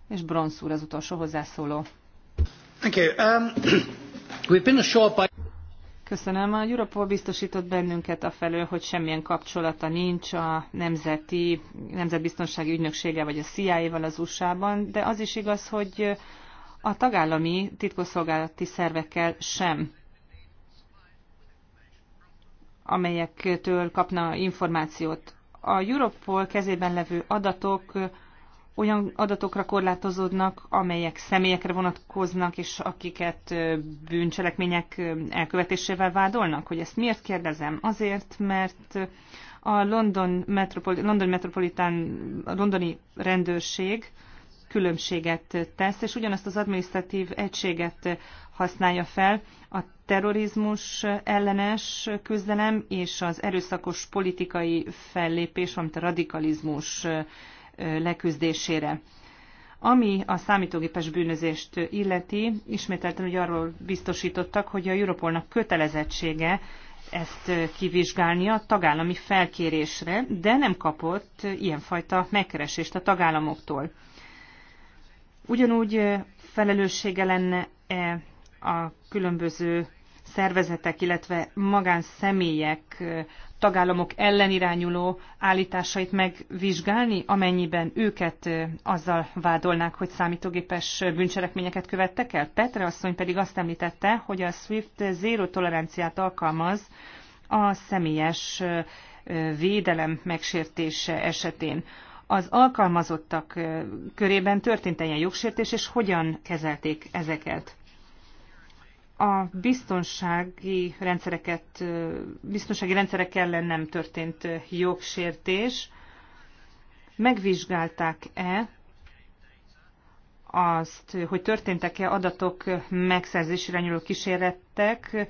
S2: És Bronsz úr az utolsó hozzászóló.
S1: Um,
S2: Köszönöm. A Europol biztosított bennünket a felől, hogy semmilyen kapcsolata nincs a Nemzeti Nemzetbiztonsági ügynöksége vagy a CIA-val az USA-ban, de az is igaz, hogy a tagállami titkosszolgálati szervekkel sem amelyektől kapna információt. A Europol kezében levő adatok olyan adatokra korlátozódnak, amelyek személyekre vonatkoznak, és akiket bűncselekmények elkövetésével vádolnak? Hogy ezt miért kérdezem? Azért, mert a London, Metropol, London Metropolitan, a londoni rendőrség különbséget tesz, és ugyanazt az adminisztratív egységet használja fel a terrorizmus ellenes küzdelem és az erőszakos politikai fellépés, valamint a radikalizmus leküzdésére. Ami a számítógépes bűnözést illeti, ismételten ugye arról biztosítottak, hogy a Europolnak kötelezettsége ezt kivizsgálnia a tagállami felkérésre, de nem kapott ilyenfajta megkeresést a tagállamoktól. Ugyanúgy felelőssége lenne-e a különböző szervezetek, illetve magánszemélyek tagállamok ellenirányuló állításait megvizsgálni, amennyiben őket azzal vádolnák, hogy számítógépes bűncselekményeket követtek el. Petre asszony pedig azt említette, hogy a SWIFT zéró toleranciát alkalmaz a személyes védelem megsértése esetén az alkalmazottak körében történt -e ilyen jogsértés, és hogyan kezelték ezeket? A biztonsági, rendszereket, biztonsági rendszerek ellen nem történt jogsértés. Megvizsgálták-e azt, hogy történtek-e adatok megszerzésére nyúló kísérletek,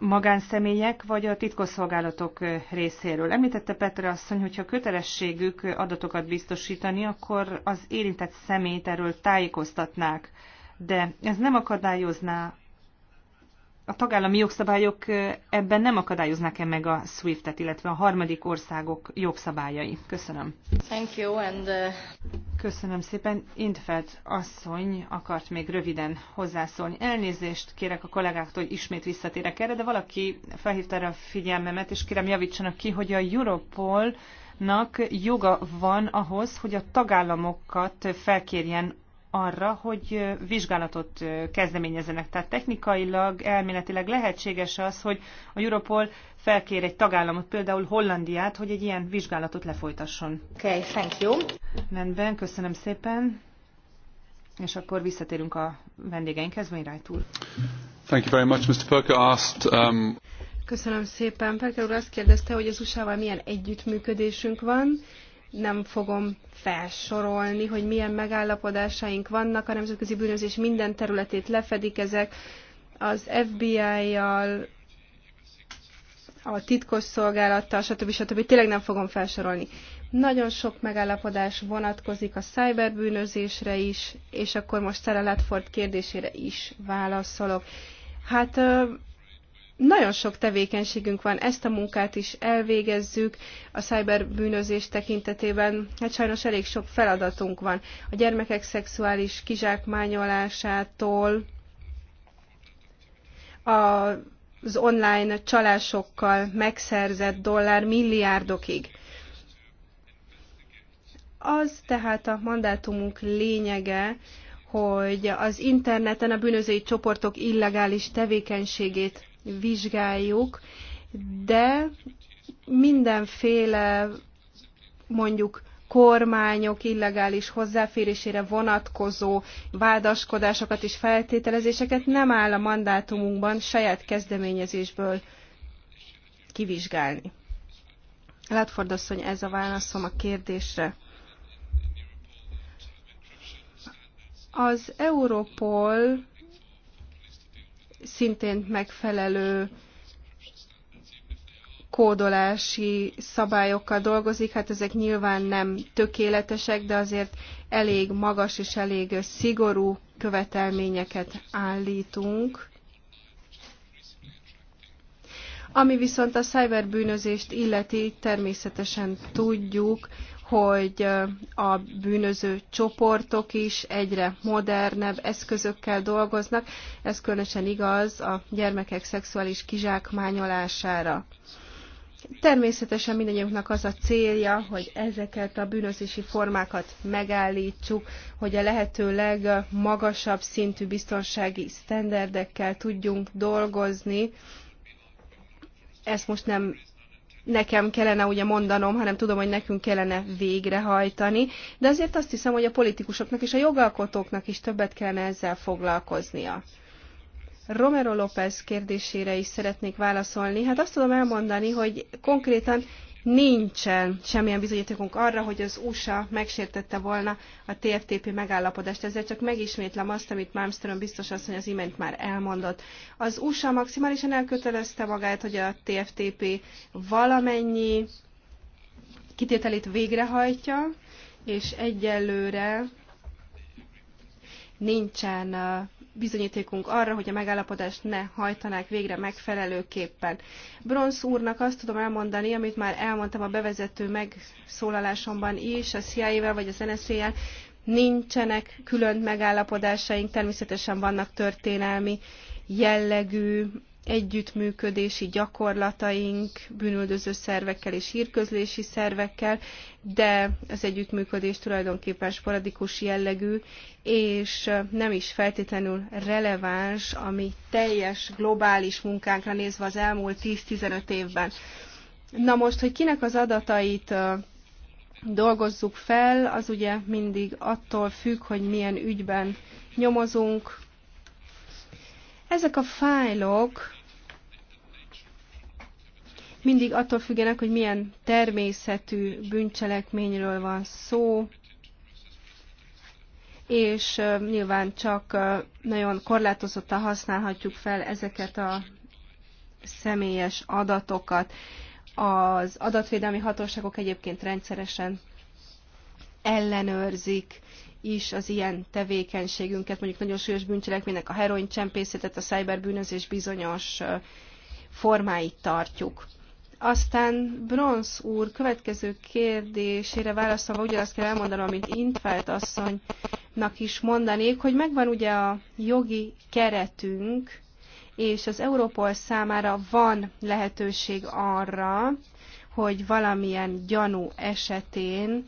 S2: magánszemélyek vagy a titkosszolgálatok részéről. Említette Petra asszony, hogyha kötelességük adatokat biztosítani, akkor az érintett szemét erről tájékoztatnák, de ez nem akadályozná a tagállami jogszabályok ebben nem akadályoznak-e meg a SWIFT-et, illetve a harmadik országok jogszabályai? Köszönöm.
S1: Thank you and, uh...
S2: Köszönöm szépen. Intfeld asszony akart még röviden hozzászólni. Elnézést kérek a kollégáktól, hogy ismét visszatérek erre, de valaki felhívta erre a figyelmemet, és kérem javítsanak ki, hogy a Europolnak joga van ahhoz, hogy a tagállamokat felkérjen arra, hogy vizsgálatot kezdeményezenek. Tehát technikailag, elméletileg lehetséges az, hogy a Europol felkér egy tagállamot, például Hollandiát, hogy egy ilyen vizsgálatot lefolytasson. Okay, thank you. Rendben, köszönöm szépen. És akkor visszatérünk a vendégeinkhez, Wainwright úr.
S1: Thank you very much, Mr. Perker asked, um...
S2: Köszönöm szépen. Perker
S4: úr azt kérdezte, hogy az USA-val milyen együttműködésünk van, nem fogom felsorolni, hogy milyen megállapodásaink vannak, a nemzetközi bűnözés minden területét lefedik ezek, az FBI-jal, a titkos szolgálattal, stb. stb. Tényleg nem fogom felsorolni. Nagyon sok megállapodás vonatkozik a cyberbűnözésre is, és akkor most Sarah Latford kérdésére is válaszolok. Hát nagyon sok tevékenységünk van, ezt a munkát is elvégezzük a szájberbűnözés tekintetében. Hát sajnos elég sok feladatunk van. A gyermekek szexuális kizsákmányolásától, az online csalásokkal megszerzett dollár milliárdokig. Az tehát a mandátumunk lényege, hogy az interneten a bűnözői csoportok illegális tevékenységét vizsgáljuk, de mindenféle mondjuk kormányok illegális hozzáférésére vonatkozó vádaskodásokat és feltételezéseket nem áll a mandátumunkban saját kezdeményezésből kivizsgálni. Látford asszony, ez a válaszom a kérdésre. Az Europol szintén megfelelő kódolási szabályokkal dolgozik, hát ezek nyilván nem tökéletesek, de azért elég magas és elég szigorú követelményeket állítunk. Ami viszont a szájverbűnözést illeti, természetesen tudjuk, hogy a bűnöző csoportok is egyre modernebb eszközökkel dolgoznak. Ez különösen igaz a gyermekek szexuális kizsákmányolására. Természetesen mindannyiunknak az a célja, hogy ezeket a bűnözési formákat megállítsuk, hogy a lehető legmagasabb szintű biztonsági sztenderdekkel tudjunk dolgozni. Ezt most nem nekem kellene ugye mondanom, hanem tudom, hogy nekünk kellene végrehajtani. De azért azt hiszem, hogy a politikusoknak és a jogalkotóknak is többet kellene ezzel foglalkoznia. Romero López kérdésére is szeretnék válaszolni. Hát azt tudom elmondani, hogy konkrétan nincsen semmilyen bizonyítékunk arra, hogy az USA megsértette volna a TFTP megállapodást. Ezzel csak megismétlem azt, amit Malmström biztos asszony az imént már elmondott. Az USA maximálisan elkötelezte magát, hogy a TFTP valamennyi kitételét végrehajtja, és egyelőre nincsen bizonyítékunk arra, hogy a megállapodást ne hajtanák végre megfelelőképpen. Bronz úrnak azt tudom elmondani, amit már elmondtam a bevezető megszólalásomban is, a CIA-vel vagy az NSZ-jel, nincsenek külön megállapodásaink, természetesen vannak történelmi jellegű együttműködési gyakorlataink bűnüldöző szervekkel és hírközlési szervekkel, de az együttműködés tulajdonképpen sporadikus jellegű, és nem is feltétlenül releváns, ami teljes globális munkánkra nézve az elmúlt 10-15 évben. Na most, hogy kinek az adatait dolgozzuk fel, az ugye mindig attól függ, hogy milyen ügyben nyomozunk, ezek a fájlok mindig attól függenek, hogy milyen természetű bűncselekményről van szó, és nyilván csak nagyon korlátozottan használhatjuk fel ezeket a személyes adatokat. Az adatvédelmi hatóságok egyébként rendszeresen ellenőrzik is az ilyen tevékenységünket, mondjuk nagyon súlyos bűncselekménynek a heroin csempészetet, a cyberbűnözés bizonyos formáit tartjuk. Aztán Bronz úr következő kérdésére válaszolva ugyanazt kell elmondanom, amit Intfelt asszonynak is mondanék, hogy megvan ugye a jogi keretünk, és az Európol számára van lehetőség arra, hogy valamilyen gyanú esetén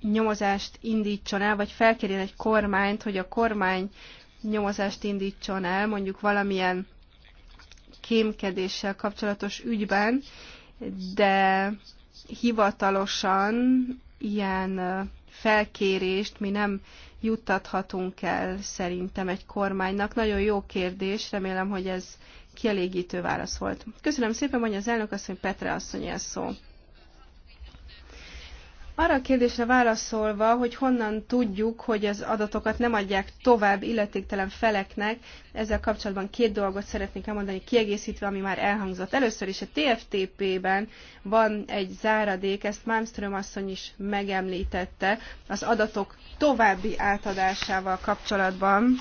S4: nyomozást indítson el, vagy felkérjen egy kormányt, hogy a kormány nyomozást indítson el, mondjuk valamilyen kémkedéssel kapcsolatos ügyben, de hivatalosan ilyen felkérést mi nem juttathatunk el szerintem egy kormánynak. Nagyon jó kérdés, remélem, hogy ez kielégítő válasz volt. Köszönöm szépen, mondja az elnök asszony, Petre asszony szó. Arra a kérdésre válaszolva, hogy honnan tudjuk, hogy az adatokat nem adják tovább illetéktelen feleknek, ezzel kapcsolatban két dolgot szeretnék elmondani, kiegészítve, ami már elhangzott. Először is a TFTP-ben van egy záradék, ezt Malmström asszony is megemlítette, az adatok további átadásával kapcsolatban.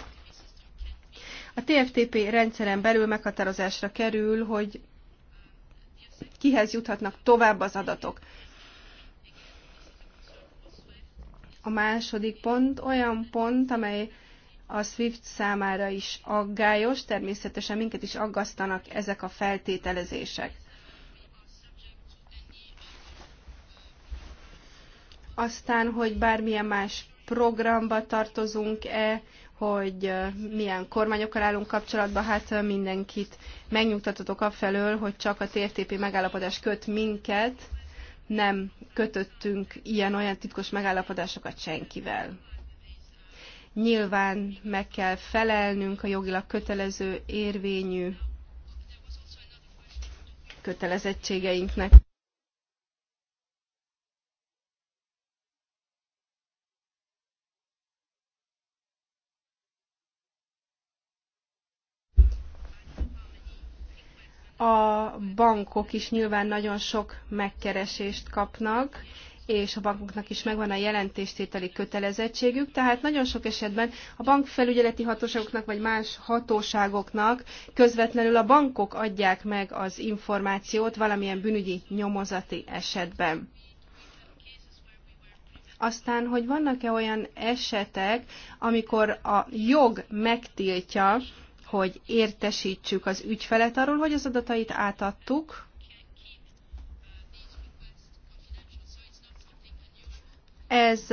S4: A TFTP rendszeren belül meghatározásra kerül, hogy kihez juthatnak tovább az adatok. A második pont olyan pont, amely a SWIFT számára is aggályos, természetesen minket is aggasztanak ezek a feltételezések. Aztán, hogy bármilyen más programba tartozunk-e, hogy milyen kormányokkal állunk kapcsolatban, hát mindenkit megnyugtatotok afelől, hogy csak a TFTP megállapodás köt minket, nem kötöttünk ilyen-olyan titkos megállapodásokat senkivel. Nyilván meg kell felelnünk a jogilag kötelező érvényű kötelezettségeinknek. a bankok is nyilván nagyon sok megkeresést kapnak, és a bankoknak is megvan a jelentéstételi kötelezettségük, tehát nagyon sok esetben a bankfelügyeleti hatóságoknak vagy más hatóságoknak közvetlenül a bankok adják meg az információt valamilyen bűnügyi nyomozati esetben. Aztán, hogy vannak-e olyan esetek, amikor a jog megtiltja, hogy értesítsük az ügyfelet arról, hogy az adatait átadtuk, ez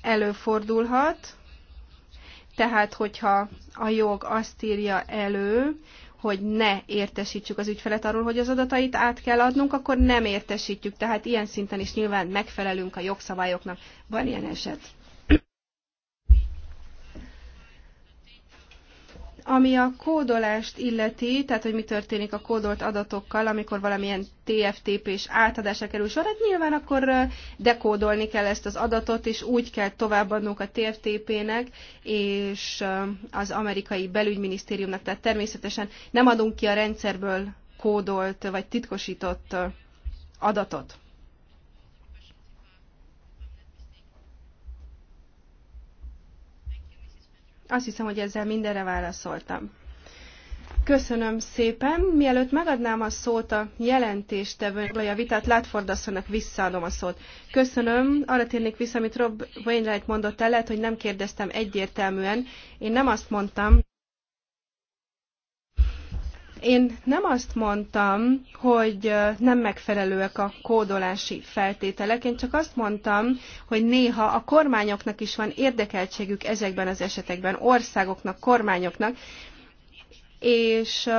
S4: előfordulhat, tehát hogyha a jog azt írja elő, hogy ne értesítsük az ügyfelet arról, hogy az adatait át kell adnunk, akkor nem értesítjük. Tehát ilyen szinten is nyilván megfelelünk a jogszabályoknak. Van ilyen eset? Ami a kódolást illeti, tehát hogy mi történik a kódolt adatokkal, amikor valamilyen tftp és átadásra kerül sor, hát nyilván akkor dekódolni kell ezt az adatot, és úgy kell továbbadnunk a TFTP-nek és az amerikai belügyminisztériumnak. Tehát természetesen nem adunk ki a rendszerből kódolt vagy titkosított adatot. Azt hiszem, hogy ezzel mindenre válaszoltam. Köszönöm szépen. Mielőtt megadnám a szót a jelentéstevőnek, a vitát Látford visszaadom a szót. Köszönöm. Arra térnék vissza, amit Rob Wainwright mondott el, lehet, hogy nem kérdeztem egyértelműen. Én nem azt mondtam, én nem azt mondtam, hogy nem megfelelőek a kódolási feltételek, én csak azt mondtam, hogy néha a kormányoknak is van érdekeltségük ezekben az esetekben, országoknak, kormányoknak, és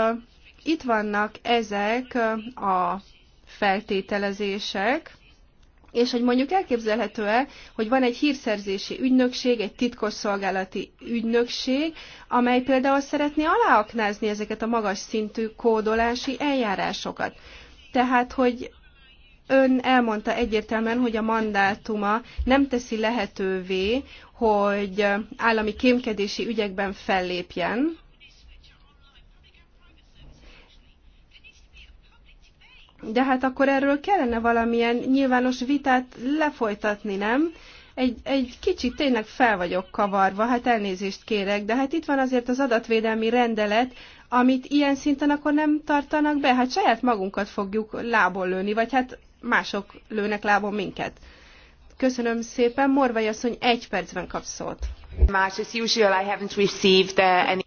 S4: itt vannak ezek a feltételezések, és hogy mondjuk elképzelhető-e, hogy van egy hírszerzési ügynökség, egy titkosszolgálati ügynökség, amely például szeretné aláaknázni ezeket a magas szintű kódolási eljárásokat. Tehát, hogy ön elmondta egyértelműen, hogy a mandátuma nem teszi lehetővé, hogy állami kémkedési ügyekben fellépjen, De hát akkor erről kellene valamilyen nyilvános vitát lefolytatni, nem? Egy, egy kicsit tényleg fel vagyok kavarva, hát elnézést kérek, de hát itt van azért az adatvédelmi rendelet, amit ilyen szinten akkor nem tartanak be, hát saját magunkat fogjuk lából lőni, vagy hát mások lőnek lábon minket. Köszönöm szépen, Morvai asszony egy percben kap szót. Much I
S3: haven't received uh, any...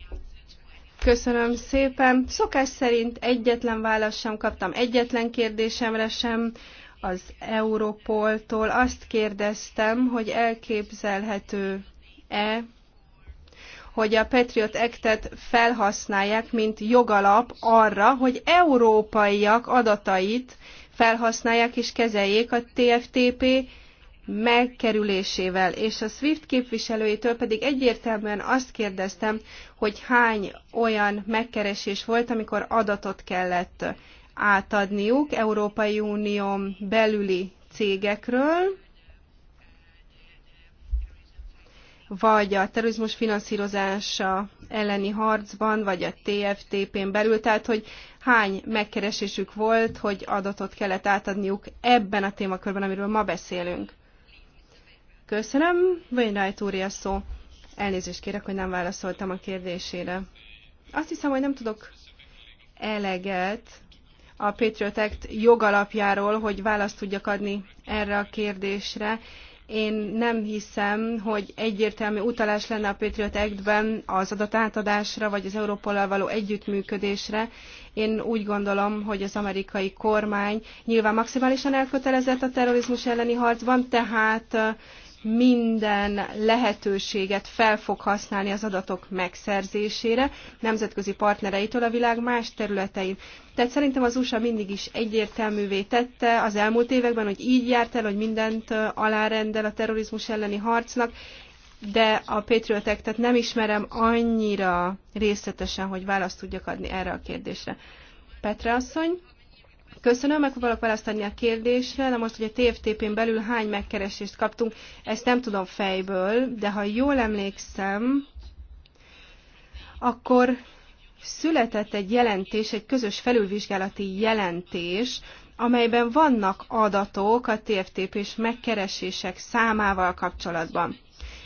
S4: Köszönöm szépen. Szokás szerint egyetlen választ sem kaptam, egyetlen kérdésemre sem az Europoltól. Azt kérdeztem, hogy elképzelhető-e, hogy a Patriot Act-et felhasználják, mint jogalap arra, hogy európaiak adatait felhasználják és kezeljék a TFTP megkerülésével, és a SWIFT képviselőjétől pedig egyértelműen azt kérdeztem, hogy hány olyan megkeresés volt, amikor adatot kellett átadniuk Európai Unión belüli cégekről, vagy a terrorizmus finanszírozása elleni harcban, vagy a TFTP-n belül, tehát hogy hány megkeresésük volt, hogy adatot kellett átadniuk ebben a témakörben, amiről ma beszélünk. Köszönöm, Wainwright úr, szó. Elnézést kérek, hogy nem válaszoltam a kérdésére. Azt hiszem, hogy nem tudok eleget a Patriot Act jogalapjáról, hogy választ tudjak adni erre a kérdésre. Én nem hiszem, hogy egyértelmű utalás lenne a Patriot Act-ben az adatátadásra, vagy az Európollal való együttműködésre. Én úgy gondolom, hogy az amerikai kormány nyilván maximálisan elkötelezett a terrorizmus elleni harcban, tehát minden lehetőséget fel fog használni az adatok megszerzésére nemzetközi partnereitől a világ más területein. Tehát szerintem az USA mindig is egyértelművé tette az elmúlt években, hogy így járt el, hogy mindent alárendel a terrorizmus elleni harcnak, de a Patriot act nem ismerem annyira részletesen, hogy választ tudjak adni erre a kérdésre. Petra asszony? Köszönöm, megpróbálok választani a kérdésre. Na most, hogy a TFTP-n belül hány megkeresést kaptunk, ezt nem tudom fejből, de ha jól emlékszem, akkor született egy jelentés, egy közös felülvizsgálati jelentés, amelyben vannak adatok a TFTP-s megkeresések számával kapcsolatban.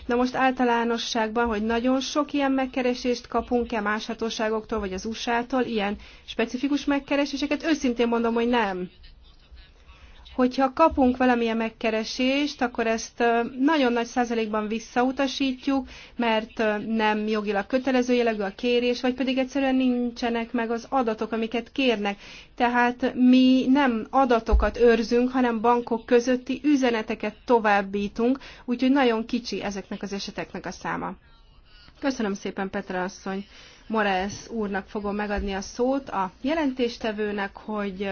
S4: Na most általánosságban, hogy nagyon sok ilyen megkeresést kapunk-e más hatóságoktól, vagy az USA-tól, ilyen specifikus megkereséseket, őszintén mondom, hogy nem hogyha kapunk valamilyen megkeresést, akkor ezt nagyon nagy százalékban visszautasítjuk, mert nem jogilag kötelező jellegű a kérés, vagy pedig egyszerűen nincsenek meg az adatok, amiket kérnek. Tehát mi nem adatokat őrzünk, hanem bankok közötti üzeneteket továbbítunk, úgyhogy nagyon kicsi ezeknek az eseteknek a száma. Köszönöm szépen, Petra asszony. Moraes úrnak fogom megadni a szót a jelentéstevőnek, hogy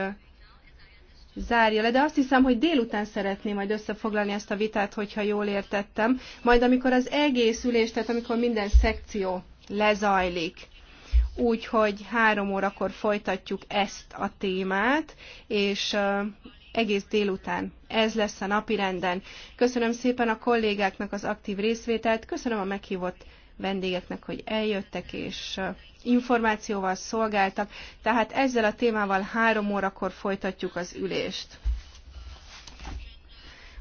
S4: zárja le, de azt hiszem, hogy délután szeretném majd összefoglalni ezt a vitát, hogyha jól értettem, majd amikor az egész ülés, tehát amikor minden szekció lezajlik, úgyhogy három órakor folytatjuk ezt a témát, és egész délután. Ez lesz a napi renden. Köszönöm szépen a kollégáknak az aktív részvételt, köszönöm a meghívott vendégeknek, hogy eljöttek és információval szolgáltak. Tehát ezzel a témával három órakor folytatjuk az ülést.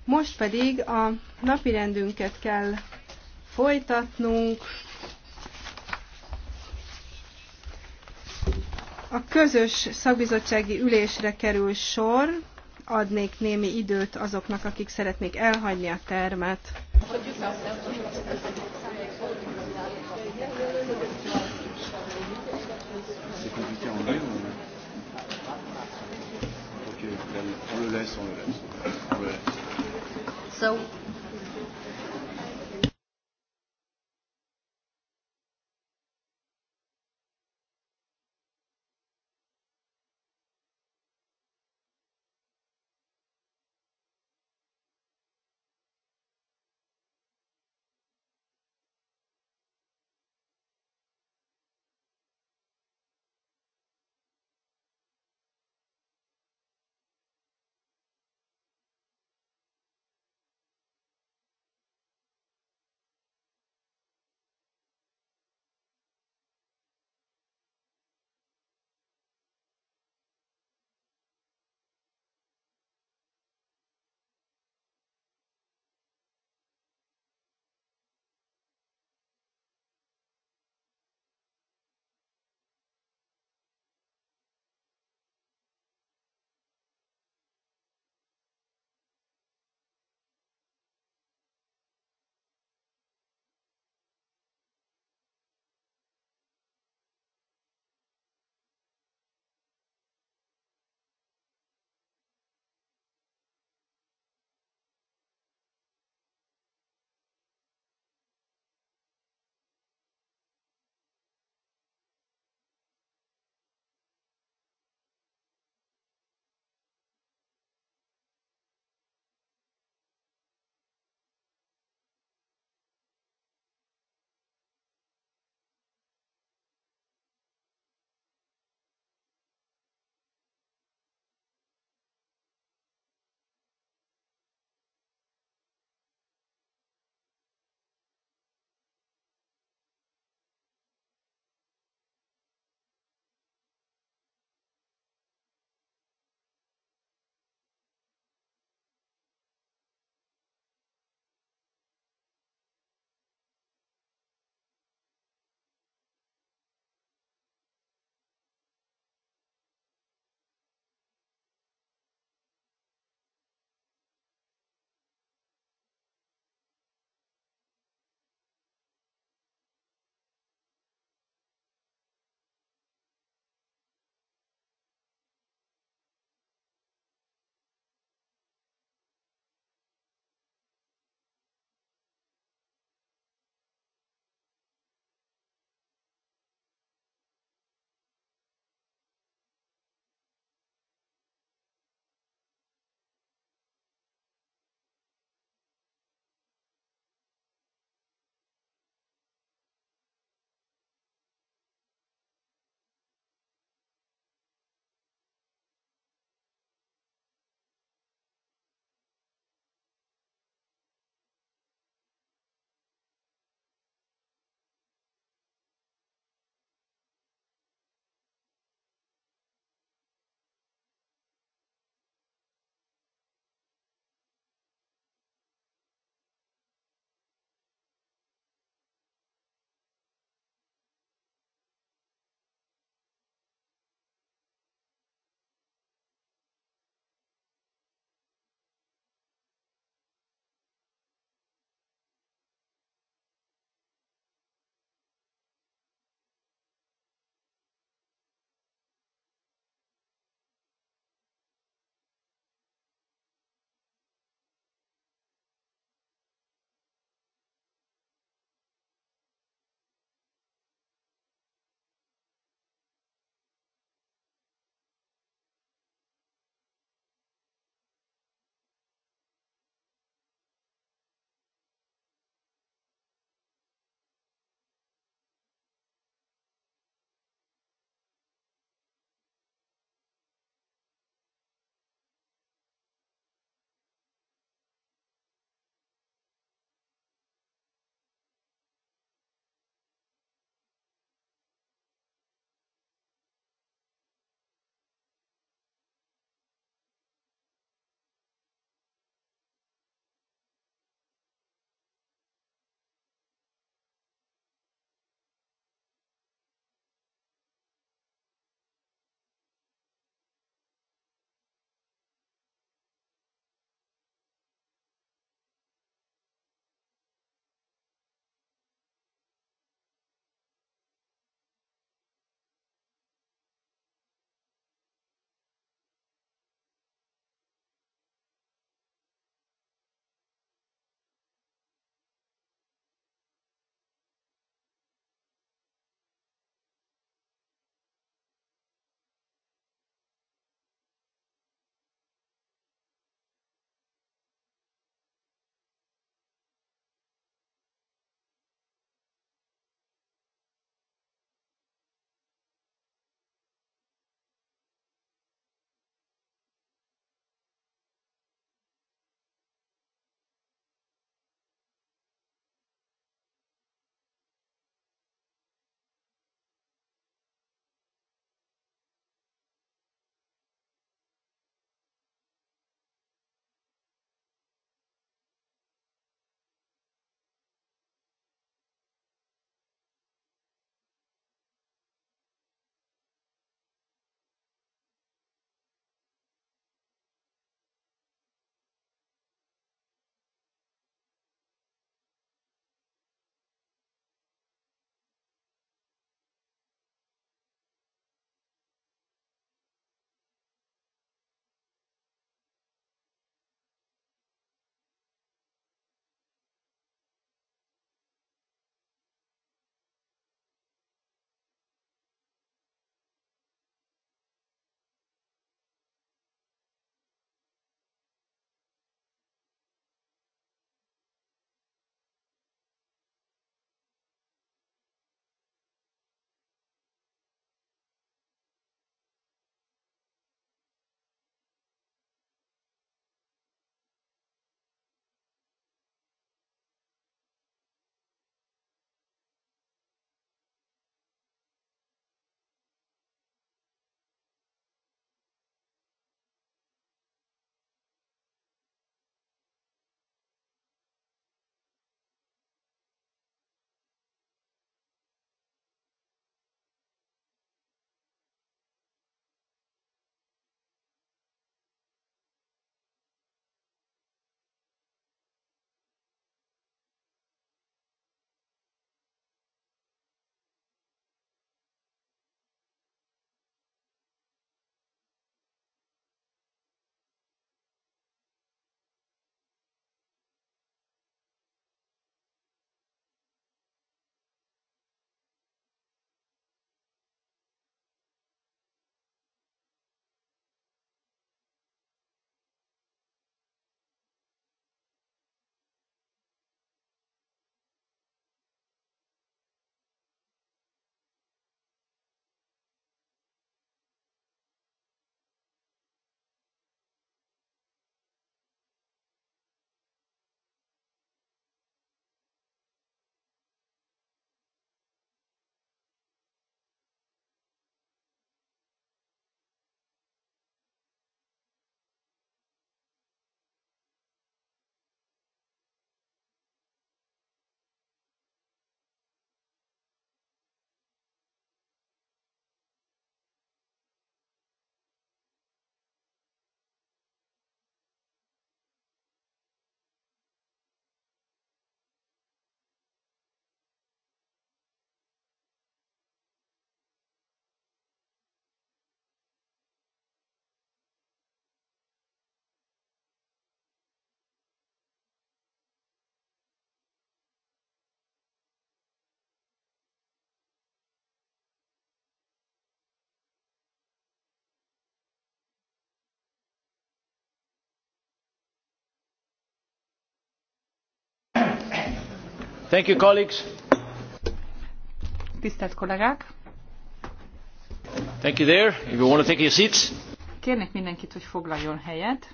S4: Most pedig a napirendünket kell folytatnunk. A közös szakbizottsági ülésre kerül sor. Adnék némi időt azoknak, akik szeretnék elhagyni a termet.
S1: le laisse, on le laisse. On le laisse. So
S2: Tisztelt kollégák!
S3: Thank you there. If you want to take your seats.
S2: Kérnék mindenkit, hogy foglaljon helyet.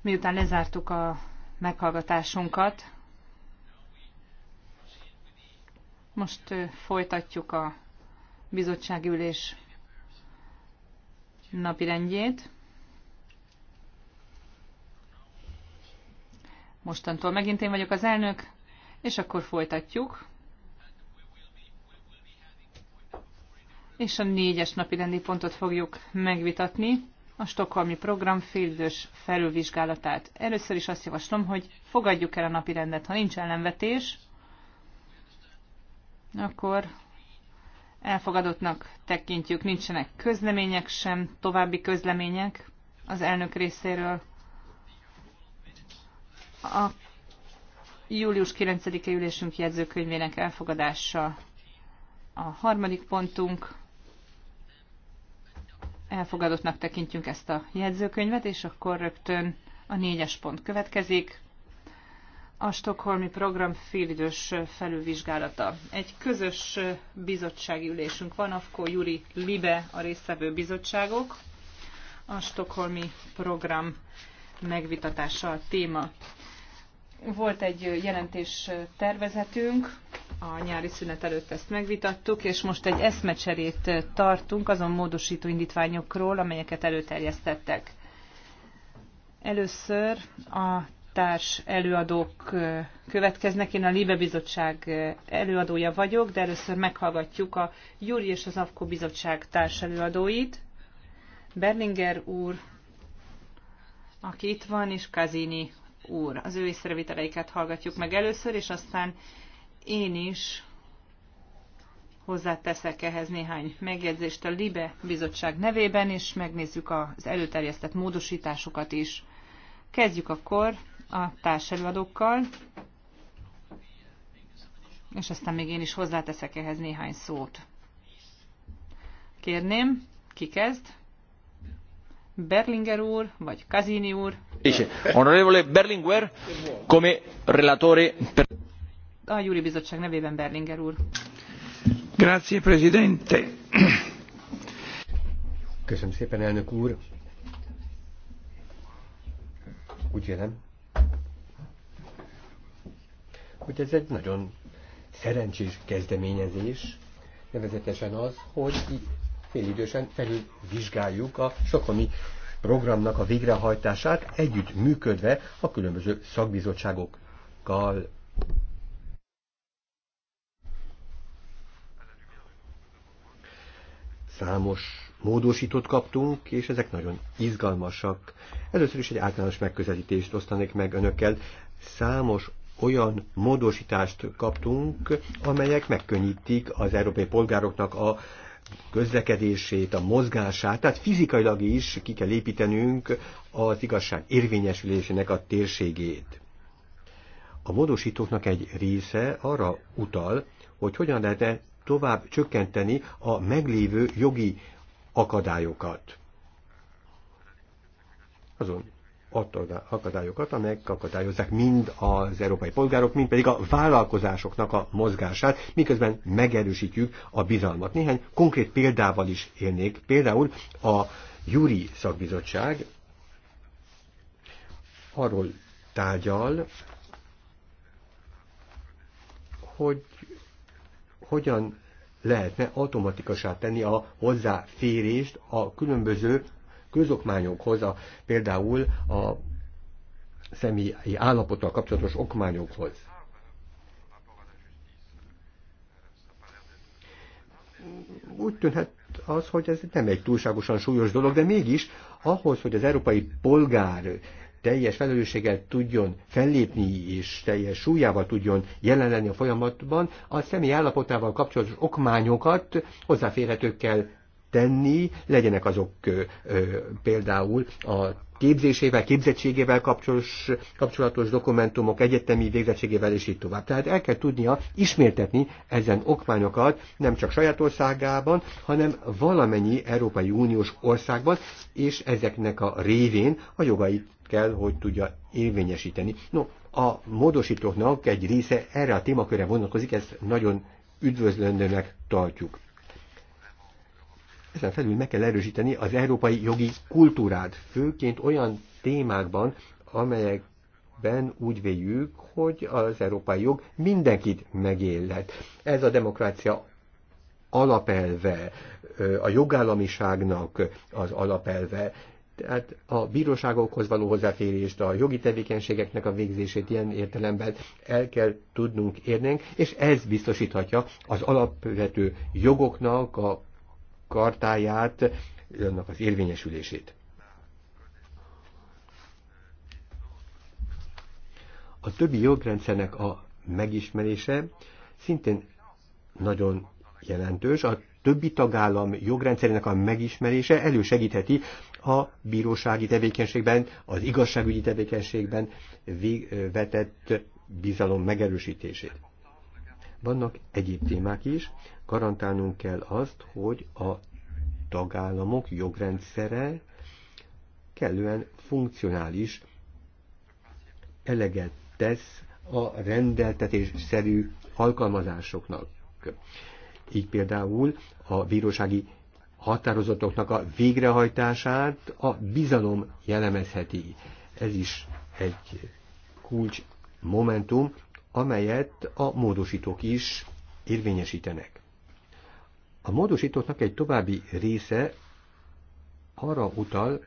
S2: Miután lezártuk a meghallgatásunkat, most folytatjuk a bizottsági ülés napirendjét. Mostantól megint én vagyok az elnök, és akkor folytatjuk. És a négyes napi rendi pontot fogjuk megvitatni, a stokholmi Program félidős felülvizsgálatát. Először is azt javaslom, hogy fogadjuk el a napi rendet, ha nincs ellenvetés, akkor elfogadottnak tekintjük, nincsenek közlemények sem, további közlemények az elnök részéről. A július 9-e ülésünk jegyzőkönyvének elfogadása a harmadik pontunk. Elfogadottnak tekintjük ezt a jegyzőkönyvet, és akkor rögtön a négyes pont következik a Stockholmi Program félidős felülvizsgálata. Egy közös bizottsági ülésünk van, Afko Juri Libe a résztvevő bizottságok. A Stockholmi Program megvitatása a téma. Volt egy jelentés tervezetünk, a nyári szünet előtt ezt megvitattuk, és most egy eszmecserét tartunk azon módosító indítványokról, amelyeket előterjesztettek. Először a társ előadók következnek. Én a Libe Bizottság előadója vagyok, de először meghallgatjuk a Júri és az AFKO Bizottság társ előadóit. Berlinger úr, aki itt van, és Kazini úr. Az ő észrevételeiket hallgatjuk meg először, és aztán én is hozzáteszek ehhez néhány megjegyzést a LIBE bizottság nevében, és megnézzük az előterjesztett módosításokat is. Kezdjük akkor a társelőadókkal, és aztán még én is hozzáteszek ehhez néhány szót. Kérném, ki kezd? Berlinger úr, vagy Kazini úr?
S1: Honorevole Berlinguer, come relatore... Per...
S2: A Júri Bizottság nevében Berlinger úr.
S1: Grazie, Presidente. Köszönöm szépen, elnök úr. Úgy vélem, hogy ez egy nagyon szerencsés kezdeményezés, nevezetesen az, hogy itt felül vizsgáljuk a stokholmi programnak a végrehajtását, együtt működve a különböző szakbizottságokkal. Számos módosítót kaptunk, és ezek nagyon izgalmasak. Először is egy általános megközelítést osztanék meg önökkel. Számos olyan módosítást kaptunk, amelyek megkönnyítik az európai polgároknak a közlekedését, a mozgását, tehát fizikailag is ki kell építenünk az igazság érvényesülésének a térségét. A módosítóknak egy része arra utal, hogy hogyan lehetne tovább csökkenteni a meglévő jogi akadályokat. Azon akadályokat, amelyek akadályozzák mind az európai polgárok, mind pedig a vállalkozásoknak a mozgását, miközben megerősítjük a bizalmat. Néhány konkrét példával is élnék. Például a Júri Szakbizottság arról tárgyal, hogy hogyan lehetne automatikusá tenni a hozzáférést a különböző közokmányokhoz, a, például a személyi állapottal kapcsolatos okmányokhoz. Úgy tűnhet az, hogy ez nem egy túlságosan súlyos dolog, de mégis ahhoz, hogy az európai polgár teljes felelősséggel tudjon fellépni és teljes súlyával tudjon jelen lenni a folyamatban, a személy állapotával kapcsolatos okmányokat hozzáférhetőkkel tenni, legyenek azok ö, ö, például a képzésével, képzettségével kapcsolatos, kapcsolatos dokumentumok, egyetemi végzettségével és így tovább. Tehát el kell tudnia ismertetni ezen okmányokat nem csak saját országában, hanem valamennyi Európai Uniós országban, és ezeknek a révén a jogait kell, hogy tudja érvényesíteni. No, a módosítóknak egy része erre a témakörre vonatkozik, ezt nagyon üdvözlendőnek tartjuk. Ezen felül meg kell erősíteni az európai jogi kultúrát, főként olyan témákban, amelyek ben úgy véljük, hogy az európai jog mindenkit megélhet. Ez a demokrácia alapelve, a jogállamiságnak az alapelve, tehát a bíróságokhoz való hozzáférést, a jogi tevékenységeknek a végzését ilyen értelemben el kell tudnunk érnünk, és ez biztosíthatja az alapvető jogoknak a kartáját, annak az érvényesülését. A többi jogrendszernek a megismerése szintén nagyon jelentős. A többi tagállam jogrendszerének a megismerése elősegítheti a bírósági tevékenységben, az igazságügyi tevékenységben vetett bizalom megerősítését. Vannak egyéb témák is, garantálnunk kell azt, hogy a tagállamok jogrendszere kellően funkcionális eleget tesz a rendeltetésszerű alkalmazásoknak. Így például a bírósági határozatoknak a végrehajtását a bizalom jellemezheti. Ez is egy kulcs momentum amelyet a módosítók is érvényesítenek. A módosítóknak egy további része arra utal,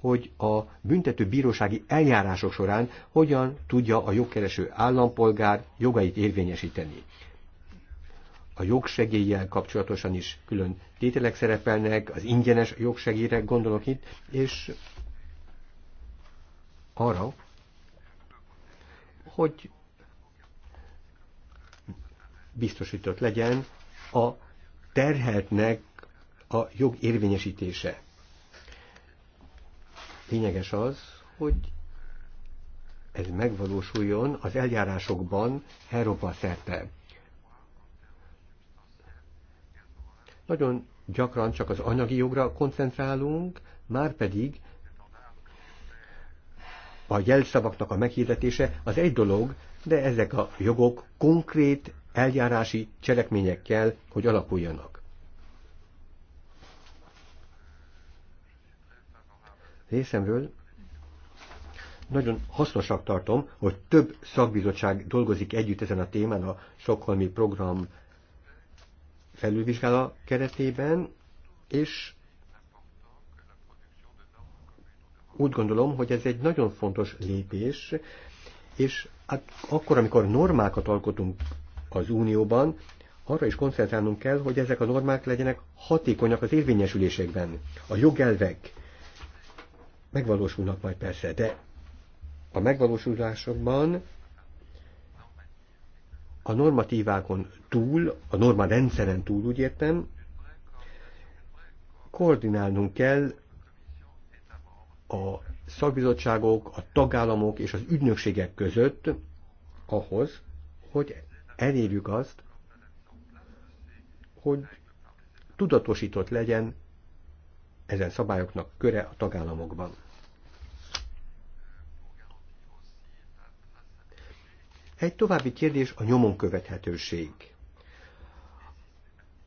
S1: hogy a büntető bírósági eljárások során hogyan tudja a jogkereső állampolgár jogait érvényesíteni. A jogsegéllyel kapcsolatosan is külön tételek szerepelnek, az ingyenes jogsegélyre gondolok itt, és arra, hogy biztosított legyen a terheltnek a jog érvényesítése. Lényeges az, hogy ez megvalósuljon az eljárásokban Európa szerte. Nagyon gyakran csak az anyagi jogra koncentrálunk, már pedig a jelszavaknak a meghirdetése az egy dolog, de ezek a jogok konkrét eljárási cselekmények kell, hogy alakuljanak. Részemről nagyon hasznosak tartom, hogy több szakbizottság dolgozik együtt ezen a témán a sokholmi program felülvizsgála keretében, és úgy gondolom, hogy ez egy nagyon fontos lépés, és hát akkor, amikor normákat alkotunk az Unióban, arra is koncentrálnunk kell, hogy ezek a normák legyenek hatékonyak az érvényesülésekben. A jogelvek megvalósulnak majd persze, de a megvalósulásokban a normatívákon túl, a norma rendszeren túl úgy értem, koordinálnunk kell a szakbizottságok, a tagállamok és az ügynökségek között ahhoz, hogy elérjük azt, hogy tudatosított legyen ezen szabályoknak köre a tagállamokban. Egy további kérdés a nyomon követhetőség.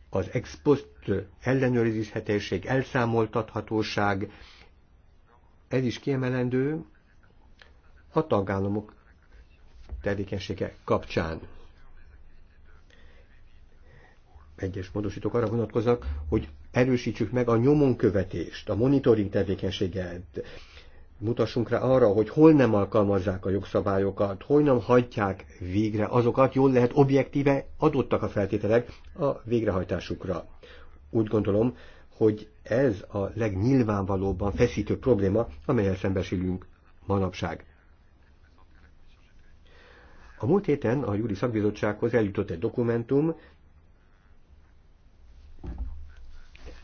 S1: Az ex post ellenőrizhetőség, elszámoltathatóság, ez is kiemelendő a tagállamok tevékenysége kapcsán egyes módosítók arra vonatkoznak, hogy erősítsük meg a nyomonkövetést, a monitoring tevékenységet, mutassunk rá arra, hogy hol nem alkalmazzák a jogszabályokat, hol nem hagyják végre azokat, jól lehet objektíve adottak a feltételek a végrehajtásukra. Úgy gondolom, hogy ez a legnyilvánvalóbban feszítő probléma, amelyel szembesülünk manapság. A múlt héten a Júri Szakbizottsághoz eljutott egy dokumentum,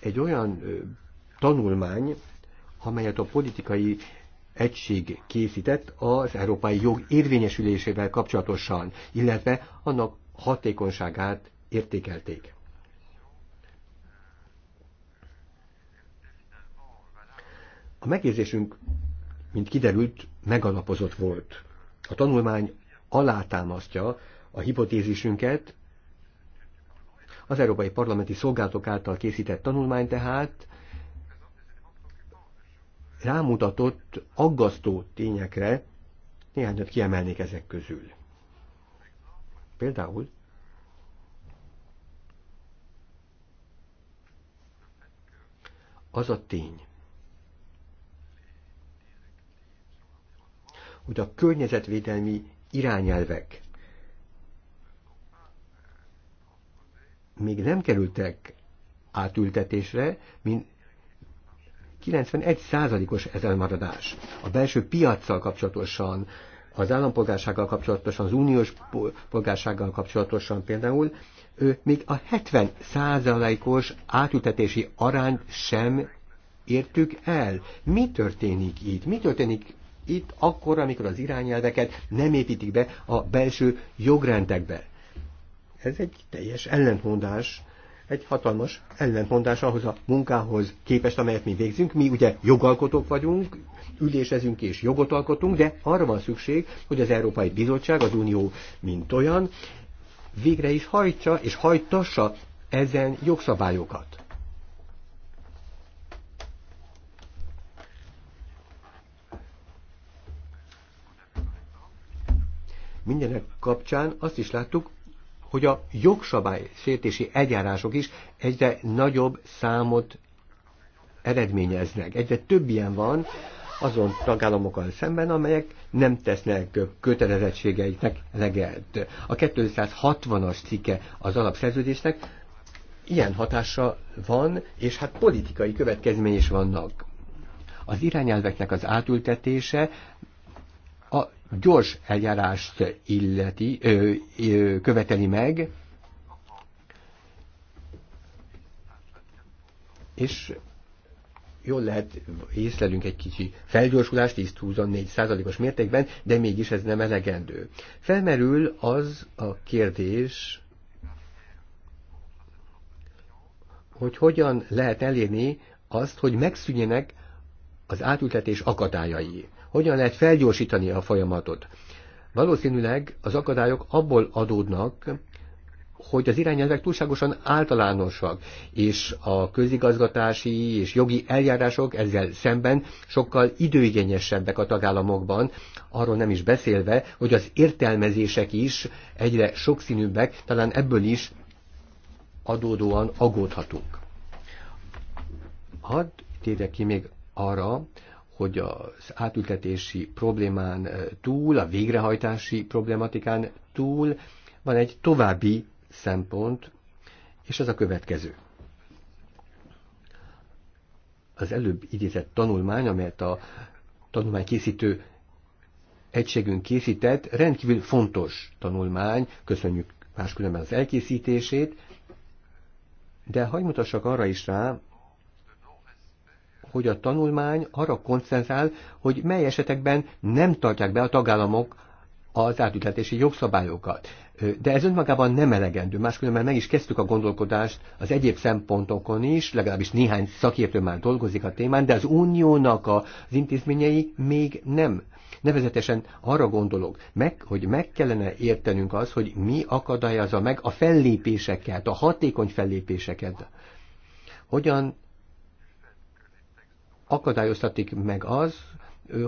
S1: egy olyan tanulmány, amelyet a politikai egység készített az európai jog érvényesülésével kapcsolatosan, illetve annak hatékonyságát értékelték. A megérzésünk, mint kiderült, megalapozott volt. A tanulmány alátámasztja a hipotézisünket, az Európai Parlamenti Szolgálatok által készített tanulmány tehát rámutatott aggasztó tényekre, néhányat kiemelnék ezek közül. Például az a tény, hogy a környezetvédelmi irányelvek még nem kerültek átültetésre, mint 91 százalékos ez elmaradás. A belső piaccal kapcsolatosan, az állampolgársággal kapcsolatosan, az uniós polgársággal kapcsolatosan például, ő még a 70 százalékos átültetési arányt sem értük el. Mi történik itt? Mi történik itt akkor, amikor az irányelveket nem építik be a belső jogrendekbe? Ez egy teljes ellentmondás, egy hatalmas ellentmondás ahhoz a munkához képest, amelyet mi végzünk. Mi ugye jogalkotók vagyunk, ülésezünk és jogot alkotunk, de arra van szükség, hogy az Európai Bizottság, az Unió mint olyan, végre is hajtsa és hajtassa ezen jogszabályokat. Mindenek kapcsán azt is láttuk, hogy a jogszabály sértési eljárások is egyre nagyobb számot eredményeznek. Egyre több ilyen van azon tagállamokkal szemben, amelyek nem tesznek kötelezettségeiknek legelt. A 260-as cikke az alapszerződésnek ilyen hatása van, és hát politikai következmény is vannak. Az irányelveknek az átültetése gyors eljárást illeti, ö, ö, követeli meg, és jól lehet észlelünk egy kicsi felgyorsulást, 10-24 százalékos mértékben, de mégis ez nem elegendő. Felmerül az a kérdés, hogy hogyan lehet elérni azt, hogy megszűnjenek az átültetés akadályai hogyan lehet felgyorsítani a folyamatot. Valószínűleg az akadályok abból adódnak, hogy az irányelvek túlságosan általánosak, és a közigazgatási és jogi eljárások ezzel szemben sokkal időigényesebbek a tagállamokban, arról nem is beszélve, hogy az értelmezések is egyre sokszínűbbek, talán ebből is adódóan agódhatunk. Hadd térjek ki még arra, hogy az átültetési problémán eh, túl, a végrehajtási problematikán túl van egy további szempont, és ez a következő. Az előbb idézett tanulmány, amelyet a tanulmánykészítő egységünk készített, rendkívül fontos tanulmány, köszönjük máskülönben az elkészítését, de hagy mutassak arra is rá, hogy a tanulmány arra koncentrál, hogy mely esetekben nem tartják be a tagállamok az átültetési jogszabályokat. De ez önmagában nem elegendő, máskülönben meg is kezdtük a gondolkodást az egyéb szempontokon is, legalábbis néhány szakértő már dolgozik a témán, de az uniónak az intézményei még nem. Nevezetesen arra gondolok, meg, hogy meg kellene értenünk az, hogy mi akadályozza meg a fellépéseket, a hatékony fellépéseket. Hogyan akadályoztatik meg az,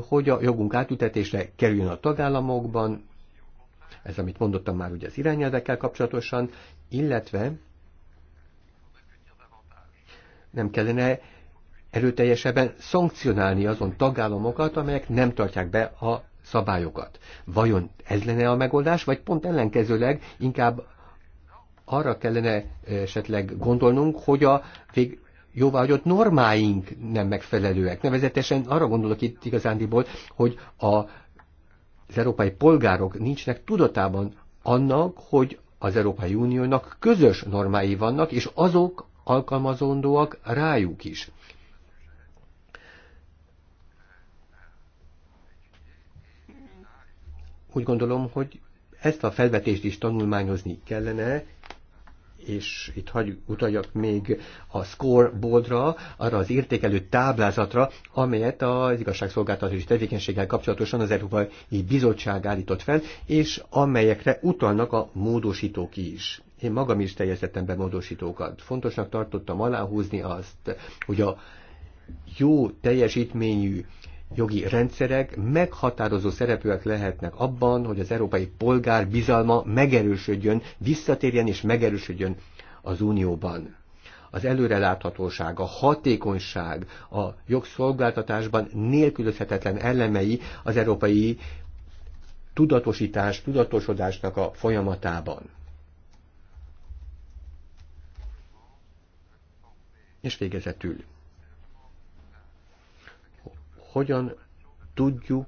S1: hogy a jogunk átütetésre kerüljön a tagállamokban, ez amit mondottam már ugye az irányelvekkel kapcsolatosan, illetve nem kellene erőteljesebben szankcionálni azon tagállamokat, amelyek nem tartják be a szabályokat. Vajon ez lenne a megoldás, vagy pont ellenkezőleg inkább arra kellene esetleg gondolnunk, hogy a vég jóváhagyott normáink nem megfelelőek. Nevezetesen arra gondolok itt igazándiból, hogy a, az európai polgárok nincsnek tudatában annak, hogy az Európai Uniónak közös normái vannak, és azok alkalmazandóak rájuk is. Úgy gondolom, hogy ezt a felvetést is tanulmányozni kellene, és itt hagy utaljak még a scoreboardra, arra az értékelő táblázatra, amelyet az igazságszolgáltatási tevékenységgel kapcsolatosan az Európai Bizottság állított fel, és amelyekre utalnak a módosítók is. Én magam is teljesítettem be módosítókat. Fontosnak tartottam aláhúzni azt, hogy a jó teljesítményű jogi rendszerek meghatározó szerepűek lehetnek abban, hogy az európai polgár bizalma megerősödjön, visszatérjen és megerősödjön az Unióban az előreláthatóság, a hatékonyság a jogszolgáltatásban nélkülözhetetlen elemei az európai tudatosítás, tudatosodásnak a folyamatában. És végezetül hogyan tudjuk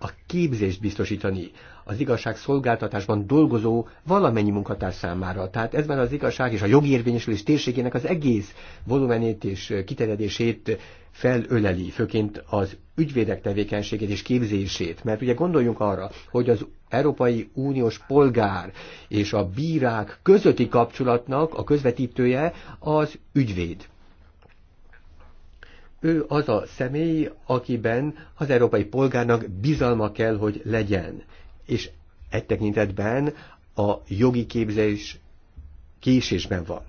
S1: a képzést biztosítani az igazság szolgáltatásban dolgozó valamennyi munkatárs számára. Tehát ezben az igazság és a jogi érvényesülés térségének az egész volumenét és kiterjedését felöleli, főként az ügyvédek tevékenységét és képzését. Mert ugye gondoljunk arra, hogy az Európai Uniós polgár és a bírák közötti kapcsolatnak a közvetítője az ügyvéd ő az a személy, akiben az európai polgárnak bizalma kell, hogy legyen. És e tekintetben a jogi képzés késésben van.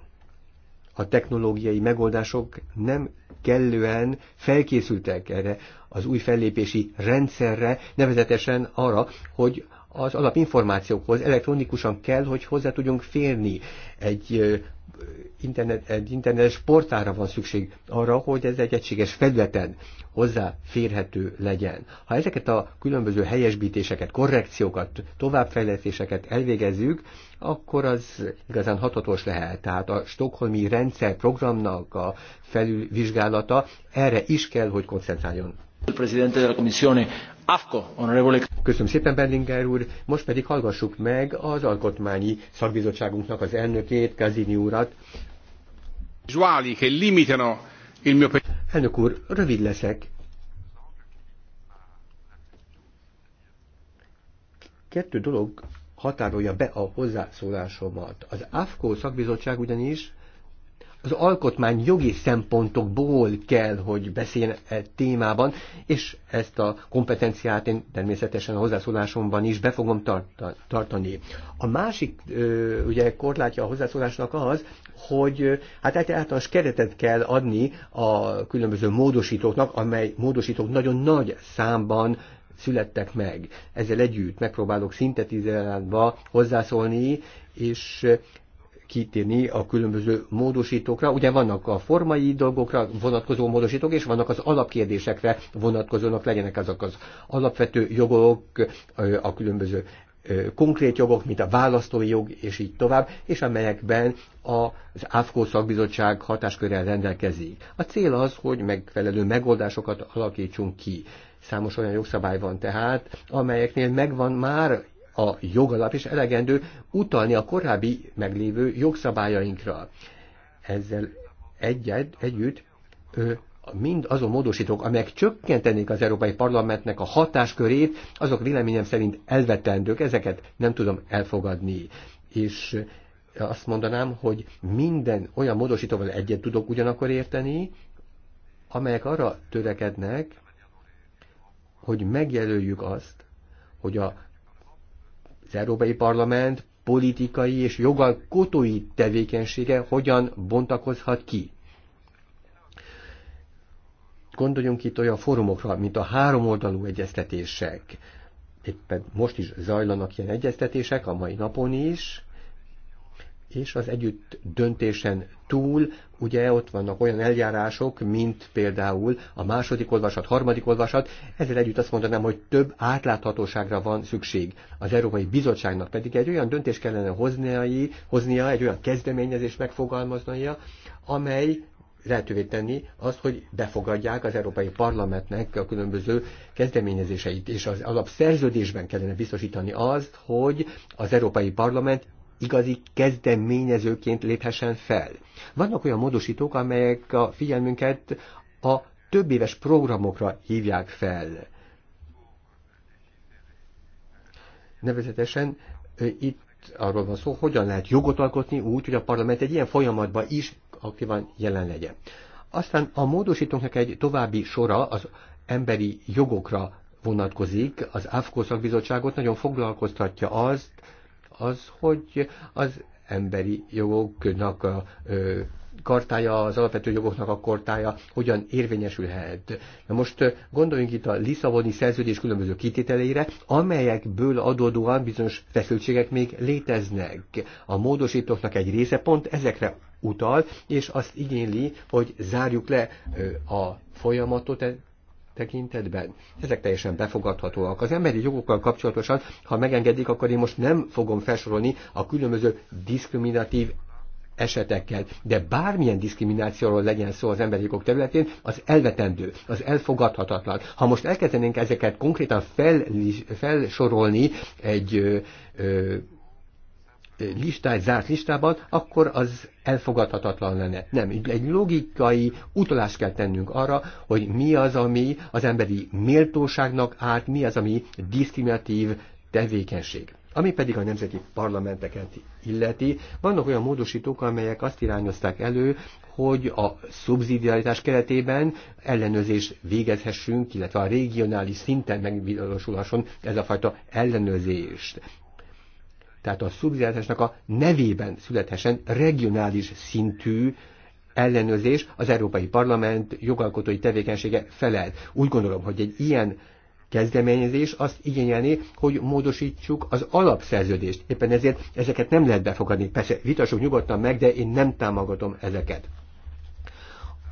S1: A technológiai megoldások nem kellően felkészültek erre az új fellépési rendszerre, nevezetesen arra, hogy az alapinformációkhoz elektronikusan kell, hogy hozzá tudjunk férni. Egy internet, egy internetes portára van szükség arra, hogy ez egy egységes felületen hozzáférhető legyen. Ha ezeket a különböző helyesbítéseket, korrekciókat, továbbfejlesztéseket elvégezzük, akkor az igazán hatatos lehet. Tehát a stokholmi rendszer programnak a felülvizsgálata erre is kell, hogy koncentráljon. Köszönöm szépen, Berlinger úr. Most pedig hallgassuk meg az alkotmányi szakbizottságunknak az elnökét, Kazini urat, Elnök úr, rövid leszek. 2 dolog határolja be a hozzászólásomat. Az AFKO szakbizottság ugyanis az alkotmány jogi szempontokból kell, hogy beszéljen e témában, és ezt a kompetenciát én természetesen a hozzászólásomban is be fogom tartani. A másik ö, ugye korlátja a hozzászólásnak az, hogy hát általános keretet kell adni a különböző módosítóknak, amely módosítók nagyon nagy számban születtek meg. Ezzel együtt megpróbálok szintetizálva hozzászólni, és kitérni a különböző módosítókra. Ugye vannak a formai dolgokra vonatkozó módosítók, és vannak az alapkérdésekre vonatkozónak legyenek azok az alapvető jogok, a különböző konkrét jogok, mint a választói jog, és így tovább, és amelyekben az AFKO szakbizottság hatáskörrel rendelkezik. A cél az, hogy megfelelő megoldásokat alakítsunk ki. Számos olyan jogszabály van tehát, amelyeknél megvan már a jogalap is elegendő utalni a korábbi meglévő jogszabályainkra. Ezzel egyed együtt ő mind azon módosítók, amelyek csökkentenék az Európai Parlamentnek a hatáskörét, azok véleményem szerint elvetendők, ezeket nem tudom elfogadni. És azt mondanám, hogy minden olyan módosítóval egyet tudok ugyanakkor érteni, amelyek arra törekednek, hogy megjelöljük azt, hogy a az Európai Parlament politikai és jogalkotói tevékenysége hogyan bontakozhat ki. Gondoljunk itt olyan fórumokra, mint a háromoldalú egyeztetések. Éppen most is zajlanak ilyen egyeztetések, a mai napon is, és az együtt döntésen túl, ugye ott vannak olyan eljárások, mint például a második olvasat, harmadik olvasat, ezzel együtt azt mondanám, hogy több átláthatóságra van szükség. Az Európai Bizottságnak pedig egy olyan döntés kellene hoznia, hoznia egy olyan kezdeményezés megfogalmaznia, amely lehetővé tenni azt, hogy befogadják az Európai Parlamentnek a különböző kezdeményezéseit, és az alapszerződésben kellene biztosítani azt, hogy az Európai Parlament igazi kezdeményezőként léphessen fel. Vannak olyan módosítók, amelyek a figyelmünket a több éves programokra hívják fel. Nevezetesen itt arról van szó, hogyan lehet jogot alkotni úgy, hogy a parlament egy ilyen folyamatban is aktívan jelen legyen. Aztán a módosítóknak egy további sora az emberi jogokra vonatkozik. Az AFKO bizottságot nagyon foglalkoztatja azt, az, hogy az emberi jogoknak a kartája, az alapvető jogoknak a kortája hogyan érvényesülhet. Na most gondoljunk itt a Lisszaboni szerződés különböző kitételeire, amelyekből adódóan bizonyos feszültségek még léteznek. A módosítóknak egy része pont ezekre utal, és azt igényli, hogy zárjuk le a folyamatot e- tekintetben. Ezek teljesen befogadhatóak. Az emberi jogokkal kapcsolatosan, ha megengedik, akkor én most nem fogom felsorolni a különböző diszkriminatív esetekkel de bármilyen diszkriminációról legyen szó az emberi jogok területén, az elvetendő, az elfogadhatatlan. Ha most elkezdenénk ezeket konkrétan fel, felsorolni egy ö, ö, egy zárt listában, akkor az elfogadhatatlan lenne. Nem, egy logikai utalást kell tennünk arra, hogy mi az, ami az emberi méltóságnak árt, mi az, ami diszkriminatív tevékenység. Ami pedig a nemzeti parlamenteket illeti, vannak olyan módosítók, amelyek azt irányozták elő, hogy a szubszidiaritás keretében ellenőrzés végezhessünk, illetve a regionális szinten megvilágosulhasson ez a fajta ellenőrzést tehát a szubszidiaritásnak a nevében születhessen regionális szintű ellenőrzés az Európai Parlament jogalkotói tevékenysége felelt. Úgy gondolom, hogy egy ilyen kezdeményezés azt igényelni, hogy módosítsuk az alapszerződést. Éppen ezért ezeket nem lehet befogadni. Persze vitassuk nyugodtan meg, de én nem támogatom ezeket.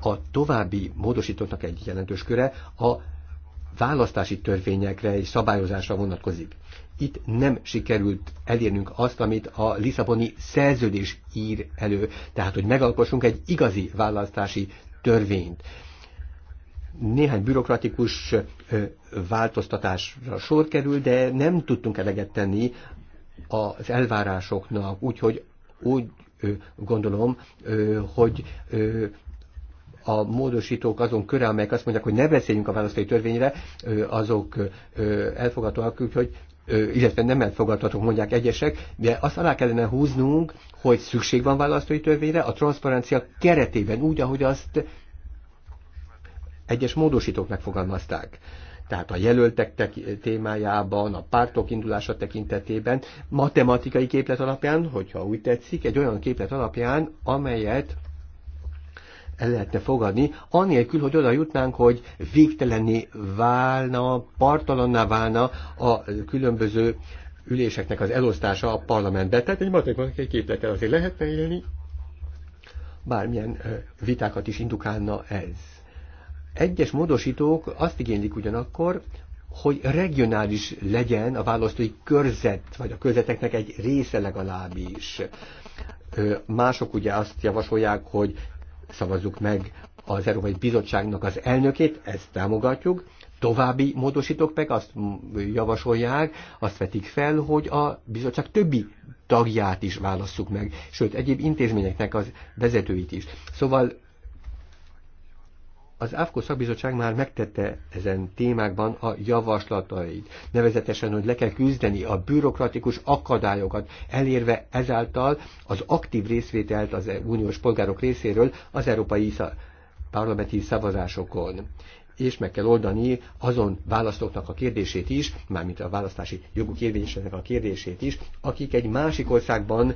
S1: A további módosítottnak egy jelentős köre a választási törvényekre és szabályozásra vonatkozik itt nem sikerült elérnünk azt, amit a Lisszaboni szerződés ír elő, tehát hogy megalkossunk egy igazi választási törvényt. Néhány bürokratikus változtatásra sor kerül, de nem tudtunk eleget tenni az elvárásoknak, úgyhogy úgy gondolom, hogy a módosítók azon köre, amelyek azt mondják, hogy ne beszéljünk a választói törvényre, azok elfogadóak, úgyhogy illetve nem elfogadhatók, mondják egyesek, de azt alá kellene húznunk, hogy szükség van választói törvényre a transzparencia keretében, úgy, ahogy azt egyes módosítók megfogalmazták tehát a jelöltek témájában, a pártok indulása tekintetében, matematikai képlet alapján, hogyha úgy tetszik, egy olyan képlet alapján, amelyet el lehetne fogadni, anélkül, hogy oda jutnánk, hogy végtelenné válna, partalanná válna a különböző üléseknek az elosztása a parlamentbe. Tehát egy matematikai képlettel azért lehetne élni, bármilyen vitákat is indukálna ez. Egyes módosítók azt igénylik ugyanakkor, hogy regionális legyen a választói körzet, vagy a körzeteknek egy része legalábbis. Mások ugye azt javasolják, hogy szavazzuk meg az Európai Bizottságnak az elnökét, ezt támogatjuk, További módosítók meg azt javasolják, azt vetik fel, hogy a bizottság többi tagját is válasszuk meg, sőt egyéb intézményeknek az vezetőit is. Szóval az AFKO szakbizottság már megtette ezen témákban a javaslatait, nevezetesen, hogy le kell küzdeni a bürokratikus akadályokat, elérve ezáltal az aktív részvételt az uniós polgárok részéről az európai parlamenti szavazásokon és meg kell oldani azon választóknak a kérdését is, mármint a választási joguk érvényesének a kérdését is, akik egy másik országban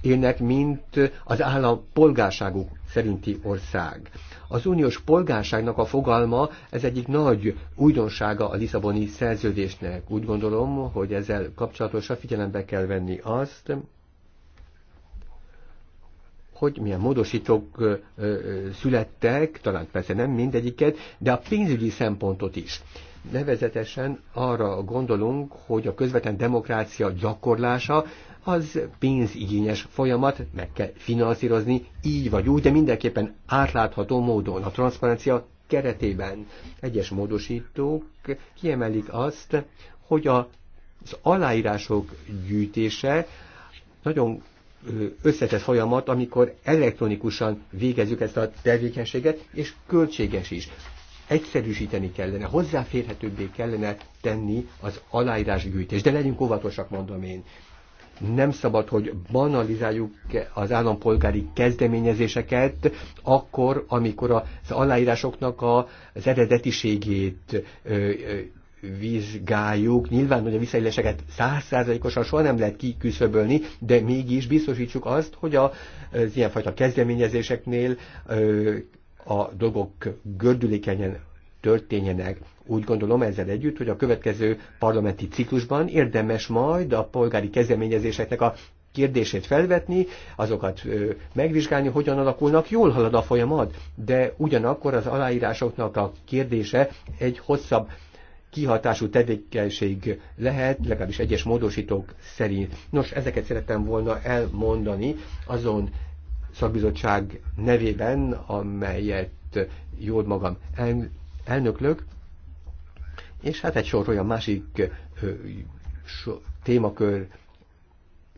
S1: élnek, mint az állam polgárságuk szerinti ország. Az uniós polgárságnak a fogalma, ez egyik nagy újdonsága a Lisszaboni szerződésnek. Úgy gondolom, hogy ezzel kapcsolatosan figyelembe kell venni azt, hogy milyen módosítók születtek, talán persze nem mindegyiket, de a pénzügyi szempontot is. Nevezetesen arra gondolunk, hogy a közvetlen demokrácia gyakorlása az pénzigényes folyamat, meg kell finanszírozni, így vagy úgy, de mindenképpen átlátható módon, a transzparencia keretében. Egyes módosítók kiemelik azt, hogy a, az aláírások gyűjtése nagyon összetett folyamat, amikor elektronikusan végezzük ezt a tevékenységet, és költséges is. Egyszerűsíteni kellene, hozzáférhetőbbé kellene tenni az aláírás gyűjtés. De legyünk óvatosak, mondom én nem szabad, hogy banalizáljuk az állampolgári kezdeményezéseket, akkor, amikor az aláírásoknak az eredetiségét vizsgáljuk. Nyilván, hogy a visszaéléseket százszázalékosan soha nem lehet kiküszöbölni, de mégis biztosítsuk azt, hogy az ilyenfajta kezdeményezéseknél a dolgok gördülékenyen történjenek. Úgy gondolom ezzel együtt, hogy a következő parlamenti ciklusban érdemes majd a polgári kezdeményezéseknek a kérdését felvetni, azokat ö, megvizsgálni, hogyan alakulnak, jól halad a folyamat, de ugyanakkor az aláírásoknak a kérdése egy hosszabb kihatású tevékenység lehet, legalábbis egyes módosítók szerint. Nos, ezeket szerettem volna elmondani azon szakbizottság nevében, amelyet jól magam elnöklök, és hát egy sor olyan másik ö, so, témakör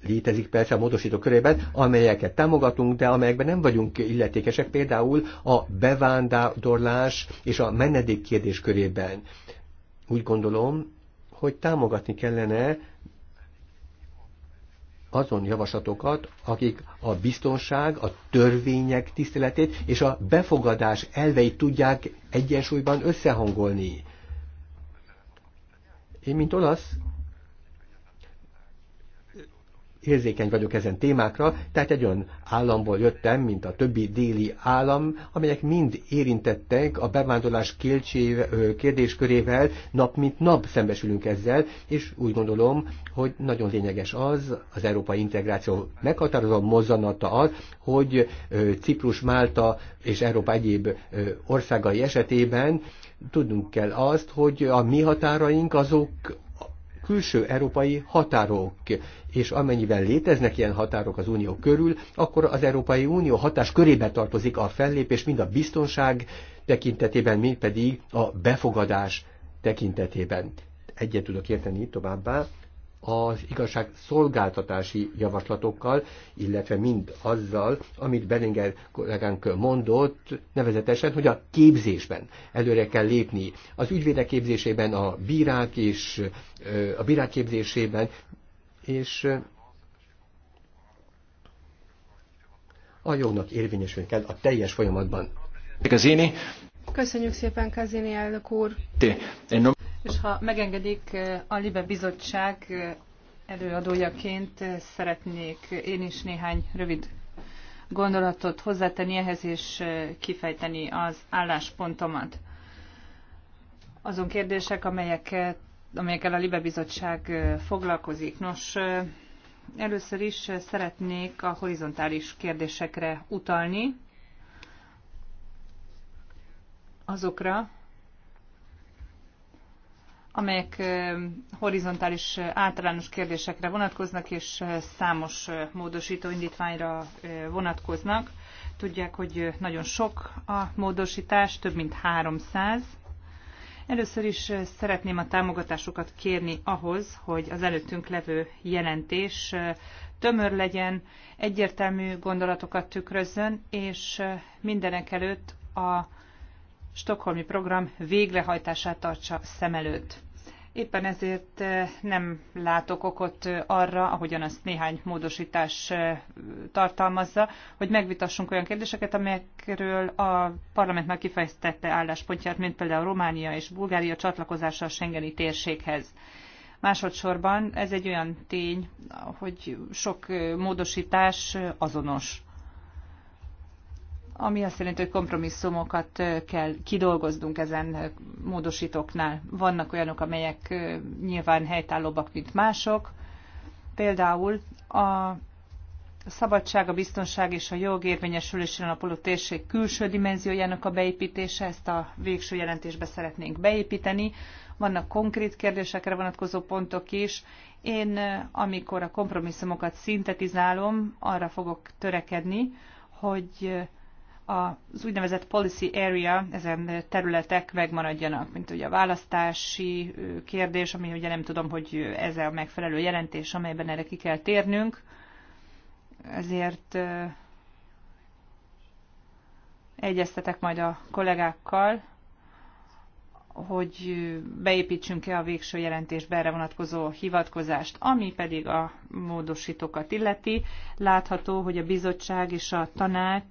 S1: létezik persze a módosító körében, amelyeket támogatunk, de amelyekben nem vagyunk illetékesek, például a bevándorlás és a menedék kérdés körében. Úgy gondolom, hogy támogatni kellene azon javaslatokat, akik a biztonság, a törvények tiszteletét és a befogadás elveit tudják egyensúlyban összehangolni. Én, mint olasz, érzékeny vagyok ezen témákra, tehát egy olyan államból jöttem, mint a többi déli állam, amelyek mind érintettek a bevándorlás kérdéskörével, nap mint nap szembesülünk ezzel, és úgy gondolom, hogy nagyon lényeges az, az európai integráció meghatározó mozzanata az, hogy Ciprus, Málta és Európa egyéb országai esetében tudnunk kell azt, hogy a mi határaink azok külső európai határok, és amennyiben léteznek ilyen határok az Unió körül, akkor az Európai Unió hatás körébe tartozik a fellépés mind a biztonság tekintetében, mind pedig a befogadás tekintetében. Egyet tudok érteni továbbá az igazság szolgáltatási javaslatokkal, illetve mind azzal, amit Beringer kollégánk mondott, nevezetesen, hogy a képzésben előre kell lépni. Az ügyvédek képzésében, a bírák és a bírák képzésében, és a jognak érvényesülni kell a teljes folyamatban.
S4: Köszönjük szépen, Kazini
S2: elnök úr! És ha megengedik, a Libe Bizottság előadójaként szeretnék én is néhány rövid gondolatot hozzátenni ehhez, és kifejteni az álláspontomat. Azon kérdések, amelyeket, amelyekkel a Libe Bizottság foglalkozik. Nos, először is szeretnék a horizontális kérdésekre utalni, azokra, amelyek horizontális általános kérdésekre vonatkoznak, és számos módosító indítványra vonatkoznak. Tudják, hogy nagyon sok a módosítás, több mint 300. Először is szeretném a támogatásukat kérni ahhoz, hogy az előttünk levő jelentés tömör legyen, egyértelmű gondolatokat tükrözzön, és mindenek előtt a Stockholmi program végrehajtását tartsa szem előtt. Éppen ezért eh, nem látok okot eh, arra, ahogyan azt néhány módosítás eh, tartalmazza, hogy megvitassunk olyan kérdéseket, amelyekről a parlament már kifejeztette álláspontját, mint például Románia és Bulgária csatlakozása a Schengeni térséghez. Másodszorban ez egy olyan tény, hogy sok módosítás azonos ami azt jelenti, hogy kompromisszumokat kell kidolgoznunk ezen módosítóknál. Vannak olyanok, amelyek nyilván helytállóbbak, mint mások. Például a szabadság, a biztonság és a jog érvényesülésen alapuló térség külső dimenziójának a beépítése, ezt a végső jelentésbe szeretnénk beépíteni. Vannak konkrét kérdésekre vonatkozó pontok is. Én, amikor a kompromisszumokat szintetizálom, arra fogok törekedni, hogy az úgynevezett policy area, ezen területek megmaradjanak, mint ugye a választási kérdés, ami ugye nem tudom, hogy ez a megfelelő jelentés, amelyben erre ki kell térnünk. Ezért egyeztetek majd a kollégákkal, hogy beépítsünk-e a végső jelentésbe erre vonatkozó hivatkozást, ami pedig a módosítókat illeti. Látható, hogy a bizottság és a tanács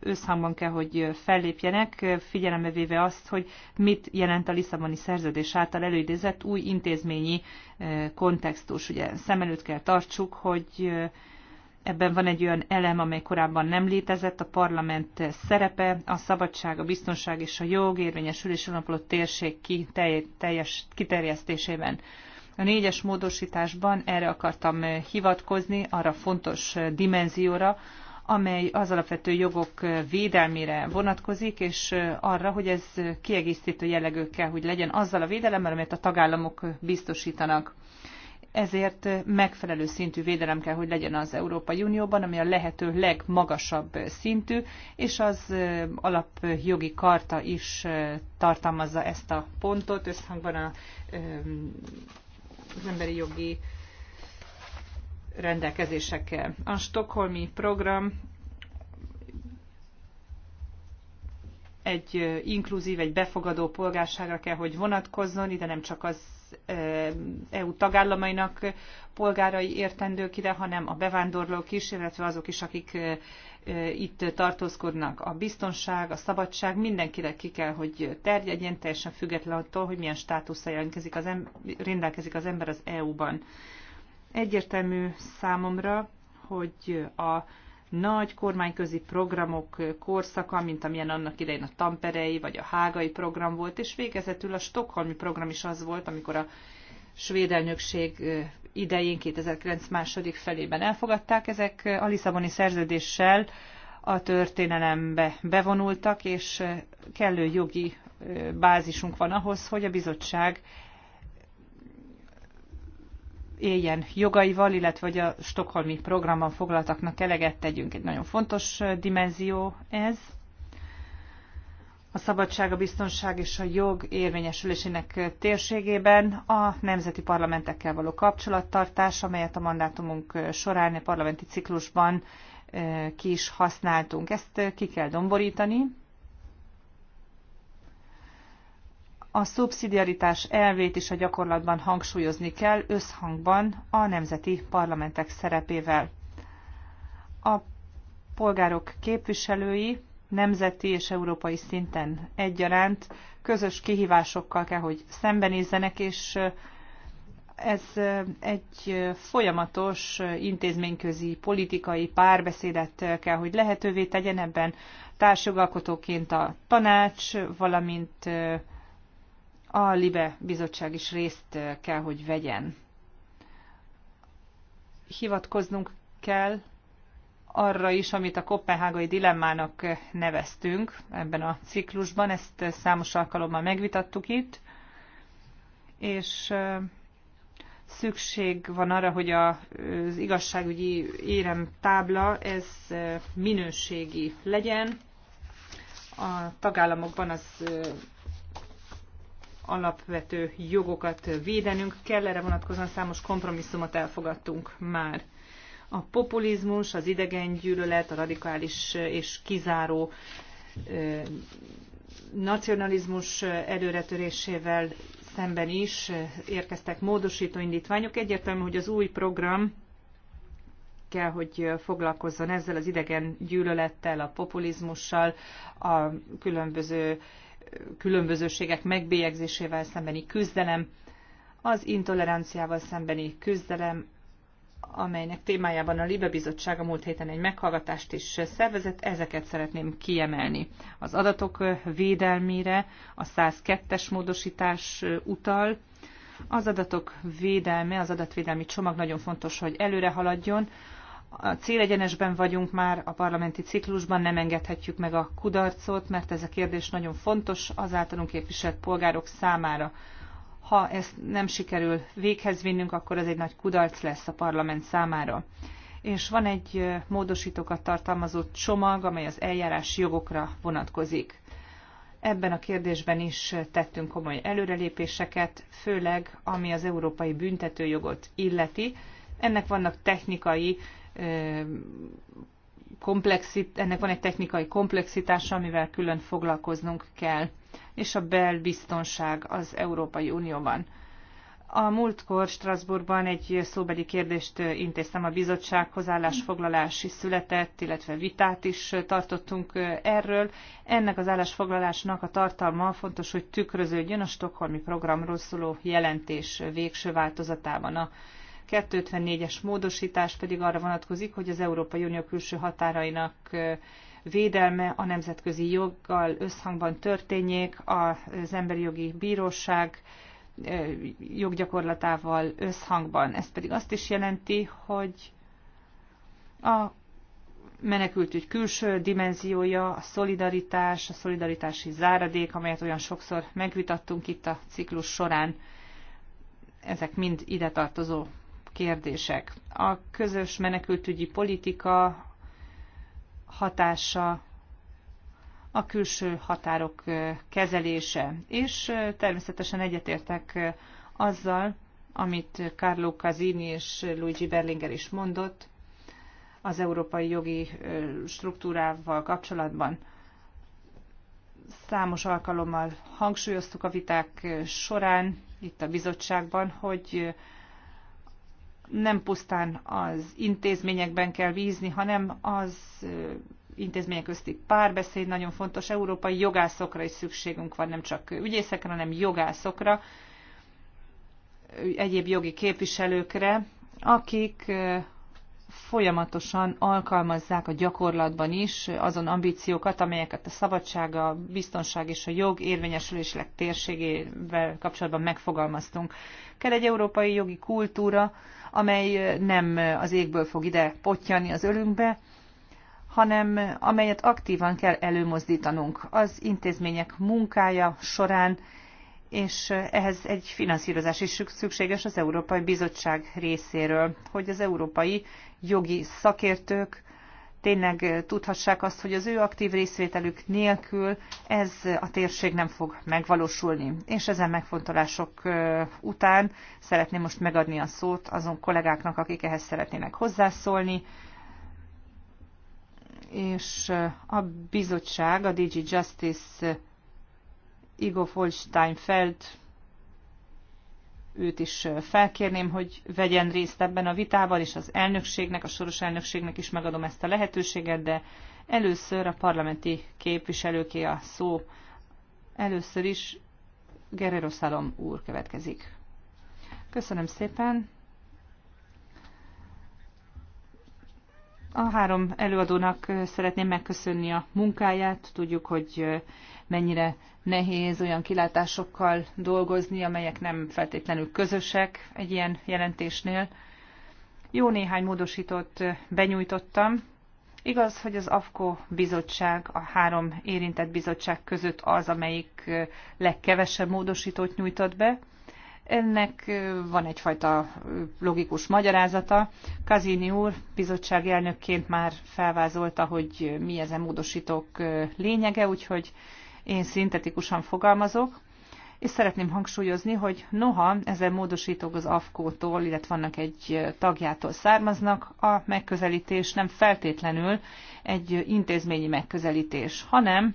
S2: összhangban kell, hogy fellépjenek, figyelembe véve azt, hogy mit jelent a Lisszaboni szerződés által előidézett új intézményi kontextus. Ugye szem előtt kell tartsuk, hogy ebben van egy olyan elem, amely korábban nem létezett, a parlament szerepe, a szabadság, a biztonság és a jog érvényesülés alapuló térség teljes kiterjesztésében. A négyes módosításban erre akartam hivatkozni, arra fontos dimenzióra, amely az alapvető jogok védelmére vonatkozik, és arra, hogy ez kiegészítő jellegű kell, hogy legyen azzal a védelemmel, amelyet a tagállamok biztosítanak. Ezért megfelelő szintű védelem kell, hogy legyen az Európai Unióban, ami a lehető legmagasabb szintű, és az alapjogi karta is tartalmazza ezt a pontot, összhangban a, az emberi jogi rendelkezésekkel. A Stockholmi program egy inkluzív, egy befogadó polgárságra kell, hogy vonatkozzon, ide nem csak az EU tagállamainak polgárai értendők ide, hanem a bevándorlók is, illetve azok is, akik itt tartózkodnak. A biztonság, a szabadság mindenkire ki kell, hogy terjedjen, teljesen független attól, hogy milyen státuszra rendelkezik az ember az EU-ban. Egyértelmű számomra, hogy a nagy kormányközi programok korszaka, mint amilyen annak idején a Tamperei vagy a Hágai program volt, és végezetül a Stockholmi program is az volt, amikor a svéd elnökség idején 2009 második felében elfogadták. Ezek a Lisszaboni szerződéssel a történelembe bevonultak, és kellő jogi bázisunk van ahhoz, hogy a bizottság éljen jogaival, illetve hogy a stokholmi programban foglaltaknak eleget tegyünk. Egy nagyon fontos dimenzió ez. A szabadság, a biztonság és a jog érvényesülésének térségében a nemzeti parlamentekkel való kapcsolattartás, amelyet a mandátumunk során a parlamenti ciklusban ki is használtunk. Ezt ki kell domborítani, a szubszidiaritás elvét is a gyakorlatban hangsúlyozni kell összhangban a nemzeti parlamentek szerepével. A polgárok képviselői nemzeti és európai szinten egyaránt közös kihívásokkal kell, hogy szembenézzenek, és ez egy folyamatos intézményközi politikai párbeszédet kell, hogy lehetővé tegyen ebben társjogalkotóként a tanács, valamint a LIBE bizottság is részt kell, hogy vegyen. Hivatkoznunk kell arra is, amit a kopenhágai dilemmának neveztünk ebben a ciklusban, ezt számos alkalommal megvitattuk itt, és szükség van arra, hogy az igazságügyi tábla ez minőségi legyen. A tagállamokban az alapvető jogokat védenünk kell, erre vonatkozóan számos kompromisszumot elfogadtunk már. A populizmus, az gyűlölet, a radikális és kizáró nacionalizmus előretörésével szemben is érkeztek módosító indítványok. Egyértelmű, hogy az új program kell, hogy foglalkozzon ezzel az idegen gyűlölettel, a populizmussal, a különböző különbözőségek megbélyegzésével szembeni küzdelem, az intoleranciával szembeni küzdelem, amelynek témájában a Libe Bizottság a múlt héten egy meghallgatást is szervezett, ezeket szeretném kiemelni. Az adatok védelmére a 102-es módosítás utal, az adatok védelme, az adatvédelmi csomag nagyon fontos, hogy előre haladjon a célegyenesben vagyunk már a parlamenti ciklusban, nem engedhetjük meg a kudarcot, mert ez a kérdés nagyon fontos az általunk képviselt polgárok számára. Ha ezt nem sikerül véghez vinnünk, akkor ez egy nagy kudarc lesz a parlament számára. És van egy módosítókat tartalmazó csomag, amely az eljárás jogokra vonatkozik. Ebben a kérdésben is tettünk komoly előrelépéseket, főleg ami az európai büntetőjogot illeti. Ennek vannak technikai komplexit, ennek van egy technikai komplexitása, amivel külön foglalkoznunk kell, és a belbiztonság az Európai Unióban. A múltkor Strasbourgban egy szóbeli kérdést intéztem a bizottsághoz, állásfoglalás is született, illetve vitát is tartottunk erről. Ennek az állásfoglalásnak a tartalma fontos, hogy tükröződjön a Stockholmi programról szóló jelentés végső változatában. A 254-es módosítás pedig arra vonatkozik, hogy az Európai Unió külső határainak védelme a nemzetközi joggal összhangban történjék, az Emberi Jogi Bíróság joggyakorlatával összhangban. Ez pedig azt is jelenti, hogy a menekültügy külső dimenziója, a szolidaritás, a szolidaritási záradék, amelyet olyan sokszor megvitattunk itt a ciklus során, ezek mind ide tartozó kérdések. A közös menekültügyi politika hatása, a külső határok kezelése, és természetesen egyetértek azzal, amit Carlo Casini és Luigi Berlinger is mondott az európai jogi struktúrával kapcsolatban. Számos alkalommal hangsúlyoztuk a viták során itt a bizottságban, hogy nem pusztán az intézményekben kell bízni, hanem az intézmények közti párbeszéd nagyon fontos. Európai jogászokra is szükségünk van, nem csak ügyészekre, hanem jogászokra, egyéb jogi képviselőkre, akik folyamatosan alkalmazzák a gyakorlatban is azon ambíciókat, amelyeket a szabadság, a biztonság és a jog érvényesülésleg térségével kapcsolatban megfogalmaztunk. Kell egy európai jogi kultúra, amely nem az égből fog ide potyani az ölünkbe, hanem amelyet aktívan kell előmozdítanunk az intézmények munkája során, és ehhez egy finanszírozás is szükséges az Európai Bizottság részéről, hogy az európai jogi szakértők tényleg tudhassák azt, hogy az ő aktív részvételük nélkül ez a térség nem fog megvalósulni. És ezen megfontolások után szeretném most megadni a szót azon kollégáknak, akik ehhez szeretnének hozzászólni, és a bizottság, a DG Justice Igo Folstein Feld őt is felkérném, hogy vegyen részt ebben a vitában, és az elnökségnek, a soros elnökségnek is megadom ezt a lehetőséget, de először a parlamenti képviselőké a szó. Először is Gerero Szalom úr következik. Köszönöm szépen. A három előadónak szeretném megköszönni a munkáját. Tudjuk, hogy mennyire nehéz olyan kilátásokkal dolgozni, amelyek nem feltétlenül közösek egy ilyen jelentésnél. Jó néhány módosított benyújtottam. Igaz, hogy az AFKO bizottság, a három érintett bizottság között az, amelyik legkevesebb módosítót nyújtott be, ennek van egyfajta logikus magyarázata. Kazini úr bizottság elnökként már felvázolta, hogy mi ezen módosítók lényege, úgyhogy én szintetikusan fogalmazok. És szeretném hangsúlyozni, hogy noha ezen módosítók az AFKO-tól, illetve vannak egy tagjától származnak, a megközelítés nem feltétlenül egy intézményi megközelítés, hanem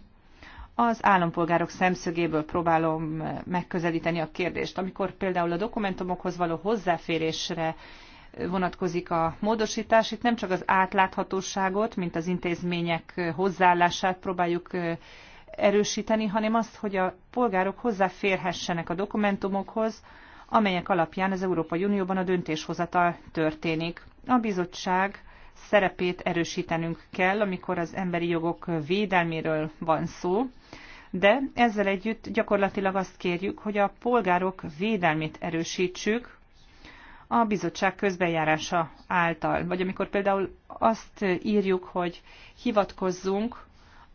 S2: az állampolgárok szemszögéből próbálom eh, megközelíteni a kérdést. Amikor például a dokumentumokhoz való hozzáférésre eh, vonatkozik a módosítás, itt nem csak az átláthatóságot, mint az intézmények eh, hozzáállását próbáljuk erősíteni, hanem azt, hogy a polgárok hozzáférhessenek a dokumentumokhoz, amelyek alapján az Európai Unióban a döntéshozatal történik. A bizottság szerepét erősítenünk kell, amikor az emberi jogok védelméről van szó, de ezzel együtt gyakorlatilag azt kérjük, hogy a polgárok védelmét erősítsük a bizottság közbejárása által. Vagy amikor például azt írjuk, hogy hivatkozzunk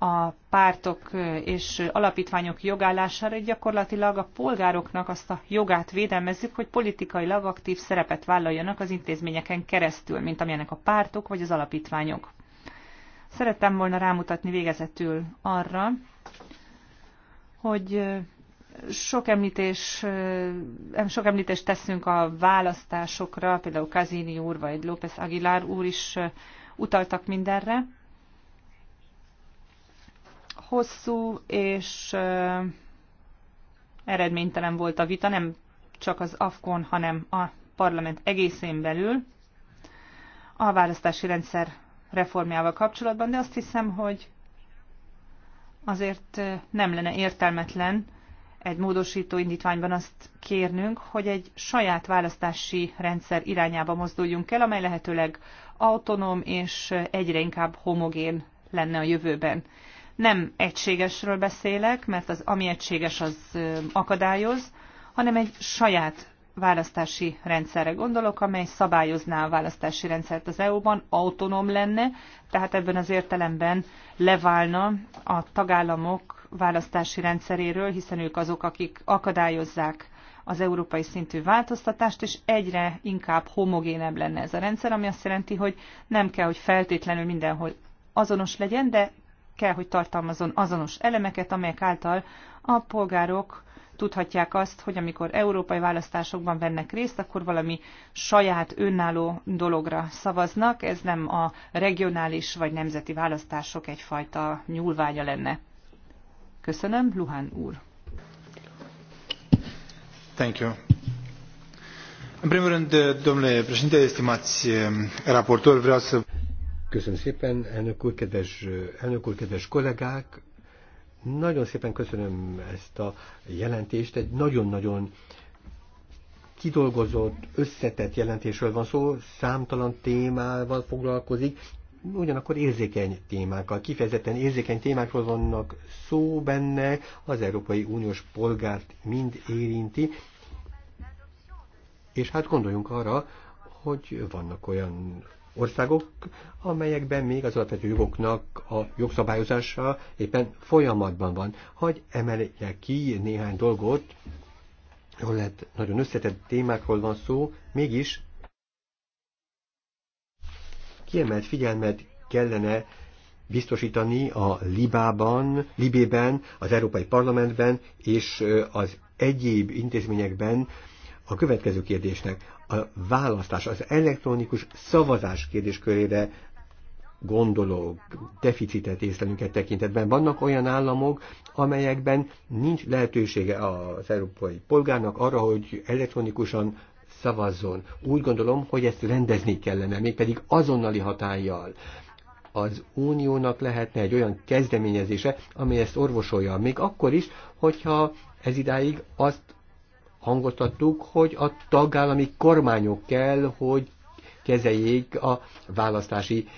S2: a pártok és alapítványok jogállására, hogy gyakorlatilag a polgároknak azt a jogát védelmezzük, hogy politikailag aktív szerepet vállaljanak az intézményeken keresztül, mint amilyenek a pártok vagy az alapítványok. Szerettem volna rámutatni végezetül arra, hogy sok, említés, sok említést teszünk a választásokra, például Kazini úr vagy López Aguilar úr is utaltak mindenre, Hosszú és eredménytelen volt a vita, nem csak az AFKON, hanem a parlament egészén belül a választási rendszer reformjával kapcsolatban, de azt hiszem, hogy azért nem lenne értelmetlen egy módosító indítványban azt kérnünk, hogy egy saját választási rendszer irányába mozduljunk el, amely lehetőleg autonóm és egyre inkább homogén lenne a jövőben. Nem egységesről beszélek, mert az ami egységes az akadályoz, hanem egy saját választási rendszerre gondolok, amely szabályozná a választási rendszert az EU-ban, autonóm lenne, tehát ebben az értelemben leválna a tagállamok választási rendszeréről, hiszen ők azok, akik akadályozzák az európai szintű változtatást, és egyre inkább homogénebb lenne ez a rendszer, ami azt jelenti, hogy nem kell, hogy feltétlenül mindenhol azonos legyen, de kell, hogy tartalmazon azonos elemeket, amelyek által a polgárok tudhatják azt, hogy amikor európai választásokban vennek részt, akkor valami saját önálló dologra szavaznak, ez nem a regionális vagy nemzeti választások egyfajta nyúlványa lenne. Köszönöm, Luhán úr.
S1: Thank you. În primul rând, domnule președinte, estimați eh, raportori, vreau să Köszönöm szépen, elnök úr, kedves, elnök úr, kedves kollégák! Nagyon szépen köszönöm ezt a jelentést, egy nagyon-nagyon kidolgozott, összetett jelentésről van szó, számtalan témával foglalkozik, ugyanakkor érzékeny témákkal, kifejezetten érzékeny témákról vannak szó benne, az Európai Uniós polgárt mind érinti, és hát gondoljunk arra, hogy vannak olyan országok, amelyekben még az alapvető jogoknak a jogszabályozása éppen folyamatban van. Hagy emeljek ki néhány dolgot, ahol lehet, nagyon összetett témákról van szó, mégis kiemelt figyelmet kellene biztosítani a Libában, Libében, az Európai Parlamentben és az egyéb intézményekben a következő kérdésnek a választás, az elektronikus szavazás kérdéskörére gondolók deficitet észlelünk tekintetben. Vannak olyan államok, amelyekben nincs lehetősége az európai polgárnak arra, hogy elektronikusan szavazzon. Úgy gondolom, hogy ezt rendezni kellene, mégpedig azonnali hatállyal. Az uniónak lehetne egy olyan kezdeményezése, amely ezt orvosolja, még akkor is, hogyha ez idáig azt hangot adtuk, hogy a tagállami kormányok kell, hogy kezeljék a választási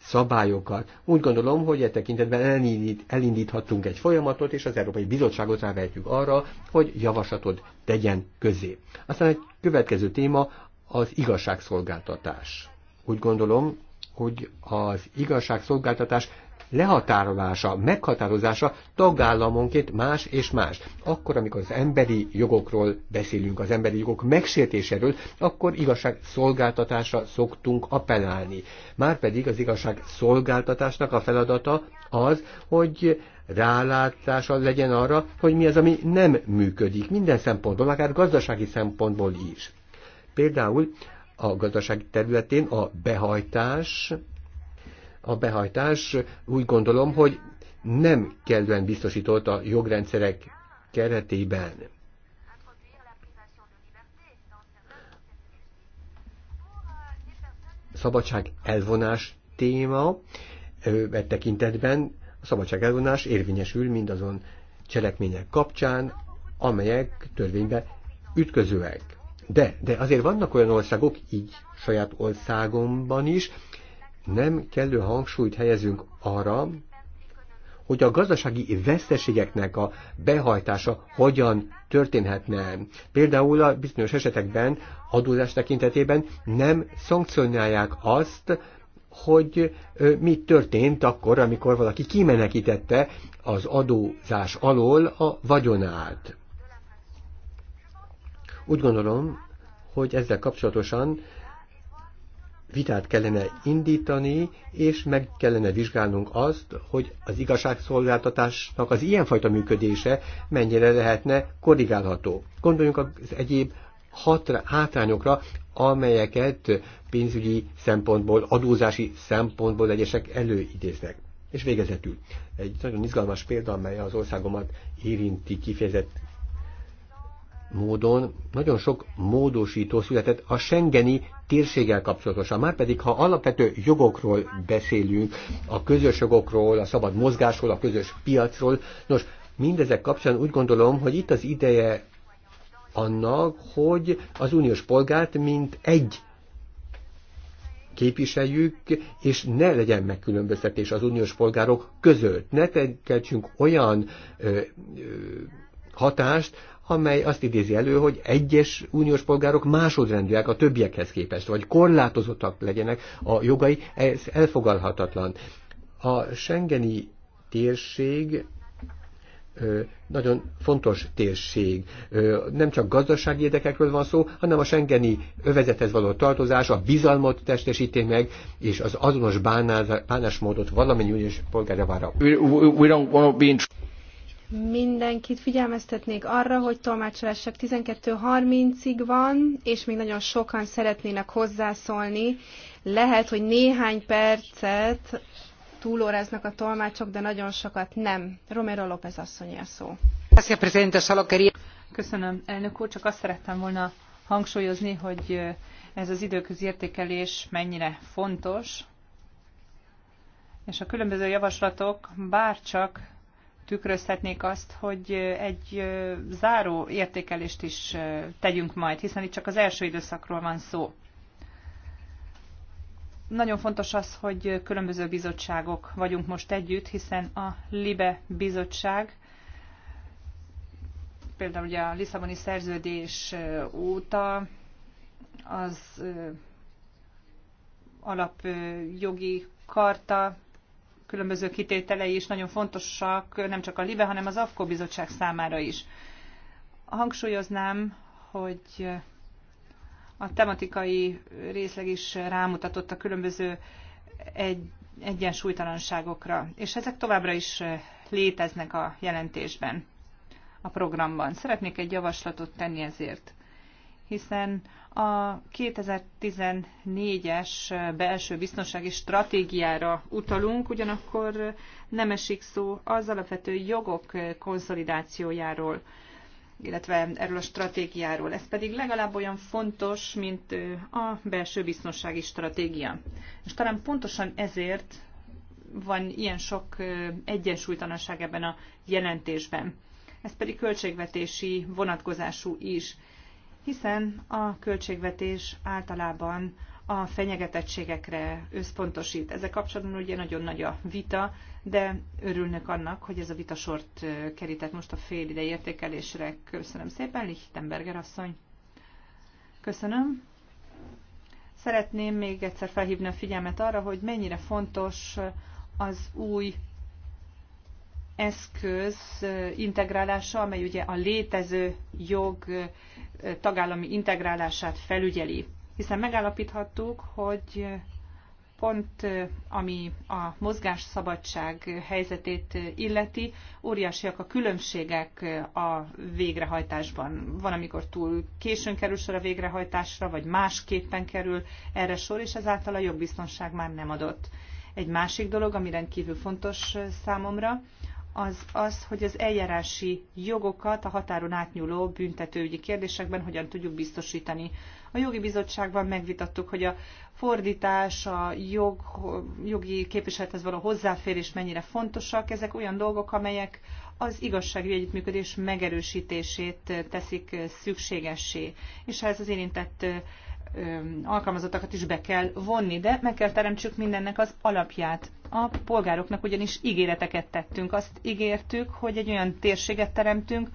S1: szabályokat. Úgy gondolom, hogy e tekintetben elindít, elindíthattunk egy folyamatot, és az Európai Bizottságot rávehetjük arra, hogy javaslatot tegyen közé. Aztán egy következő téma az igazságszolgáltatás. Úgy gondolom, hogy az igazságszolgáltatás lehatárolása, meghatározása tagállamonként más és más. Akkor, amikor az emberi jogokról beszélünk, az emberi jogok megsértéséről, akkor igazság szolgáltatásra szoktunk appellálni. Márpedig az igazság szolgáltatásnak a feladata az, hogy rálátása legyen arra, hogy mi az, ami nem működik minden szempontból, akár gazdasági szempontból is. Például a gazdasági területén a behajtás a behajtás úgy gondolom, hogy nem kellően biztosított a jogrendszerek keretében. Szabadság elvonás téma e tekintetben a szabadság elvonás érvényesül mindazon cselekmények kapcsán, amelyek törvénybe ütközőek. De, de azért vannak olyan országok, így saját országomban is, nem kellő hangsúlyt helyezünk arra, hogy a gazdasági veszteségeknek a behajtása hogyan történhetne. Például a bizonyos esetekben adózás tekintetében nem szankcionálják azt, hogy mi történt akkor, amikor valaki kimenekítette az adózás alól a vagyonát. Úgy gondolom, hogy ezzel kapcsolatosan vitát kellene indítani, és meg kellene vizsgálnunk azt, hogy az igazságszolgáltatásnak az ilyenfajta működése mennyire lehetne korrigálható. Gondoljunk az egyéb hatra, hátrányokra, amelyeket pénzügyi szempontból, adózási szempontból egyesek előidéznek. És végezetül egy nagyon izgalmas példa, amely az országomat érinti kifejezett módon nagyon sok módosító született a Schengeni térséggel kapcsolatosan. Márpedig, ha alapvető jogokról beszélünk, a közös jogokról, a szabad mozgásról, a közös piacról, nos, mindezek kapcsán úgy gondolom, hogy itt az ideje annak, hogy az uniós polgárt mint egy képviseljük, és ne legyen megkülönböztetés az uniós polgárok között. Ne tekeltsünk olyan ö, ö, hatást, amely azt idézi elő, hogy egyes uniós polgárok másodrendűek a többiekhez képest, vagy korlátozottak legyenek a jogai, ez elfogalhatatlan. A Schengeni térség nagyon fontos térség. Nem csak gazdasági érdekekről van szó, hanem a Schengeni övezethez való tartozás a bizalmat testesíti meg, és az azonos bánásmódot valamennyi uniós polgára vára.
S4: Mindenkit figyelmeztetnék arra, hogy tolmácsolások 12.30-ig van, és még nagyon sokan szeretnének hozzászólni. Lehet, hogy néhány percet túlóráznak a
S2: tolmácsok, de nagyon sokat nem. Romero López asszony a szó. Köszönöm, elnök úr. Csak azt szerettem volna hangsúlyozni, hogy eh, ez az időközi értékelés mennyire fontos, és a különböző javaslatok bárcsak tükrözhetnék azt, hogy egy záró értékelést is tegyünk majd, hiszen itt csak az első időszakról van szó. Nagyon fontos az, hogy különböző bizottságok vagyunk most együtt, hiszen a LIBE bizottság például ugye a Lisszaboni szerződés óta az alapjogi karta különböző kitételei is nagyon fontosak, nem csak a LIBE, hanem az AFKO bizottság számára is. Hangsúlyoznám, hogy a tematikai részleg is rámutatott a különböző egy, egyensúlytalanságokra, és ezek továbbra is léteznek a jelentésben, a programban. Szeretnék egy javaslatot tenni ezért hiszen a 2014-es belső biztonsági stratégiára utalunk, ugyanakkor nem esik szó az alapvető jogok konszolidációjáról illetve erről a stratégiáról. Ez pedig legalább olyan fontos, mint a belső biztonsági stratégia. És talán pontosan ezért van ilyen sok egyensúlytalanság ebben a jelentésben. Ez pedig költségvetési vonatkozású is, hiszen a költségvetés általában a fenyegetettségekre összpontosít. Ezzel kapcsolatban ugye nagyon nagy a vita, de örülnök annak, hogy ez a vitasort kerített most a fél ide értékelésre. Köszönöm szépen, Lichtenberger asszony. Köszönöm. Szeretném még egyszer felhívni a figyelmet arra, hogy mennyire fontos az új eszköz integrálása, amely ugye a létező jog tagállami integrálását felügyeli. Hiszen megállapíthattuk, hogy pont ami a mozgásszabadság helyzetét illeti, óriásiak a különbségek a végrehajtásban. Van, amikor túl későn kerül sor a végrehajtásra, vagy másképpen kerül erre sor, és ezáltal a jogbiztonság már nem adott. Egy másik dolog, ami rendkívül fontos számomra, az az, hogy az eljárási jogokat a határon átnyúló büntetőügyi kérdésekben hogyan tudjuk biztosítani. A jogi bizottságban megvitattuk, hogy a fordítás, a jog, jogi képviselethez való hozzáférés mennyire fontosak. Ezek olyan dolgok, amelyek az igazságügyi együttműködés megerősítését teszik szükségessé. És ez az érintett alkalmazottakat is be kell vonni, de meg kell teremtsük mindennek az alapját. A polgároknak ugyanis ígéreteket tettünk. Azt ígértük, hogy egy olyan térséget teremtünk,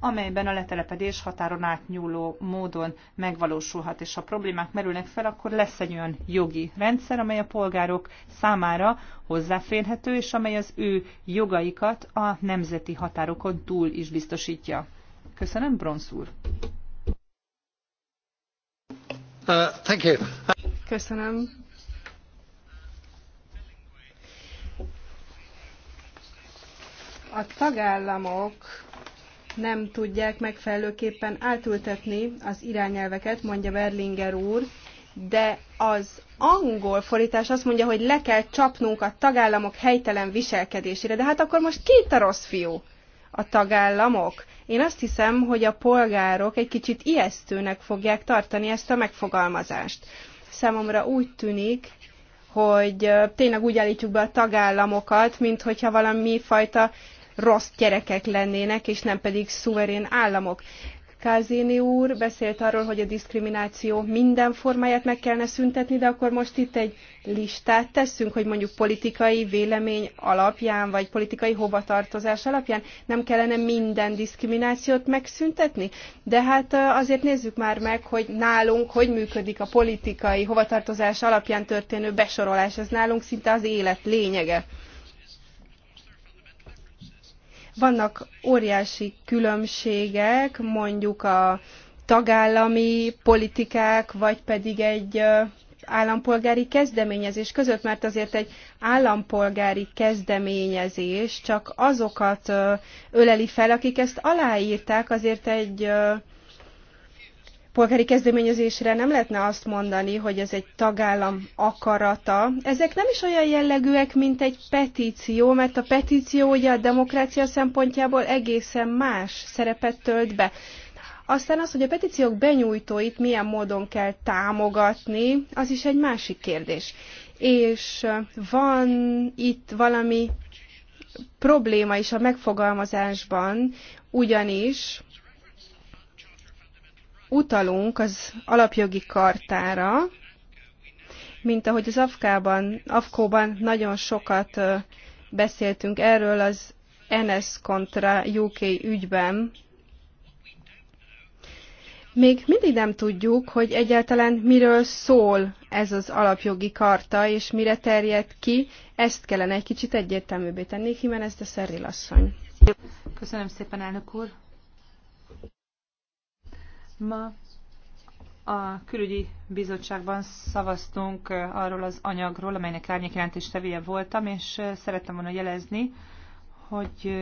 S2: amelyben a letelepedés határon átnyúló módon megvalósulhat, és ha problémák merülnek fel, akkor lesz egy olyan jogi rendszer, amely a polgárok számára hozzáférhető, és amely az ő jogaikat a nemzeti határokon túl is biztosítja. Köszönöm, Bronsz úr!
S1: Uh,
S4: Köszönöm. A tagállamok nem tudják megfelelőképpen átültetni az irányelveket, mondja Berlinger úr, de az angol fordítás azt mondja, hogy le kell csapnunk a tagállamok helytelen viselkedésére. De hát akkor most ki itt a rossz fiú? a tagállamok? Én azt hiszem, hogy a polgárok egy kicsit ijesztőnek fogják tartani ezt a megfogalmazást. Számomra úgy tűnik, hogy tényleg úgy állítjuk be a tagállamokat, mint hogyha valami fajta rossz gyerekek lennének, és nem pedig szuverén államok. Kázéni úr beszélt arról, hogy a diszkrimináció minden formáját meg kellene szüntetni, de akkor most itt egy listát teszünk, hogy mondjuk politikai vélemény alapján, vagy politikai hovatartozás alapján nem kellene minden diszkriminációt megszüntetni? De hát azért nézzük már meg, hogy nálunk hogy működik a politikai hovatartozás alapján történő besorolás. Ez nálunk szinte az élet lényege. Vannak óriási különbségek, mondjuk a tagállami politikák, vagy pedig egy állampolgári kezdeményezés között, mert azért egy állampolgári kezdeményezés csak azokat öleli fel, akik ezt aláírták, azért egy polgári kezdeményezésre nem lehetne azt mondani, hogy ez egy tagállam akarata. Ezek nem is olyan jellegűek, mint egy petíció, mert a petíció ugye a demokrácia szempontjából egészen más szerepet tölt be. Aztán az, hogy a petíciók benyújtóit milyen módon kell támogatni, az is egy másik kérdés. És van itt valami probléma is a megfogalmazásban, ugyanis utalunk az alapjogi kartára, mint ahogy az Afkában, Afkóban nagyon sokat beszéltünk erről az NS kontra UK ügyben. Még mindig nem tudjuk, hogy egyáltalán miről szól ez az alapjogi karta, és mire terjed ki, ezt kellene egy kicsit egyértelműbbé tenni, Jimenez de Szerril asszony. Köszönöm szépen, elnök úr!
S2: Ma a külügyi bizottságban szavaztunk arról az anyagról, amelynek tevéje voltam, és szerettem volna jelezni, hogy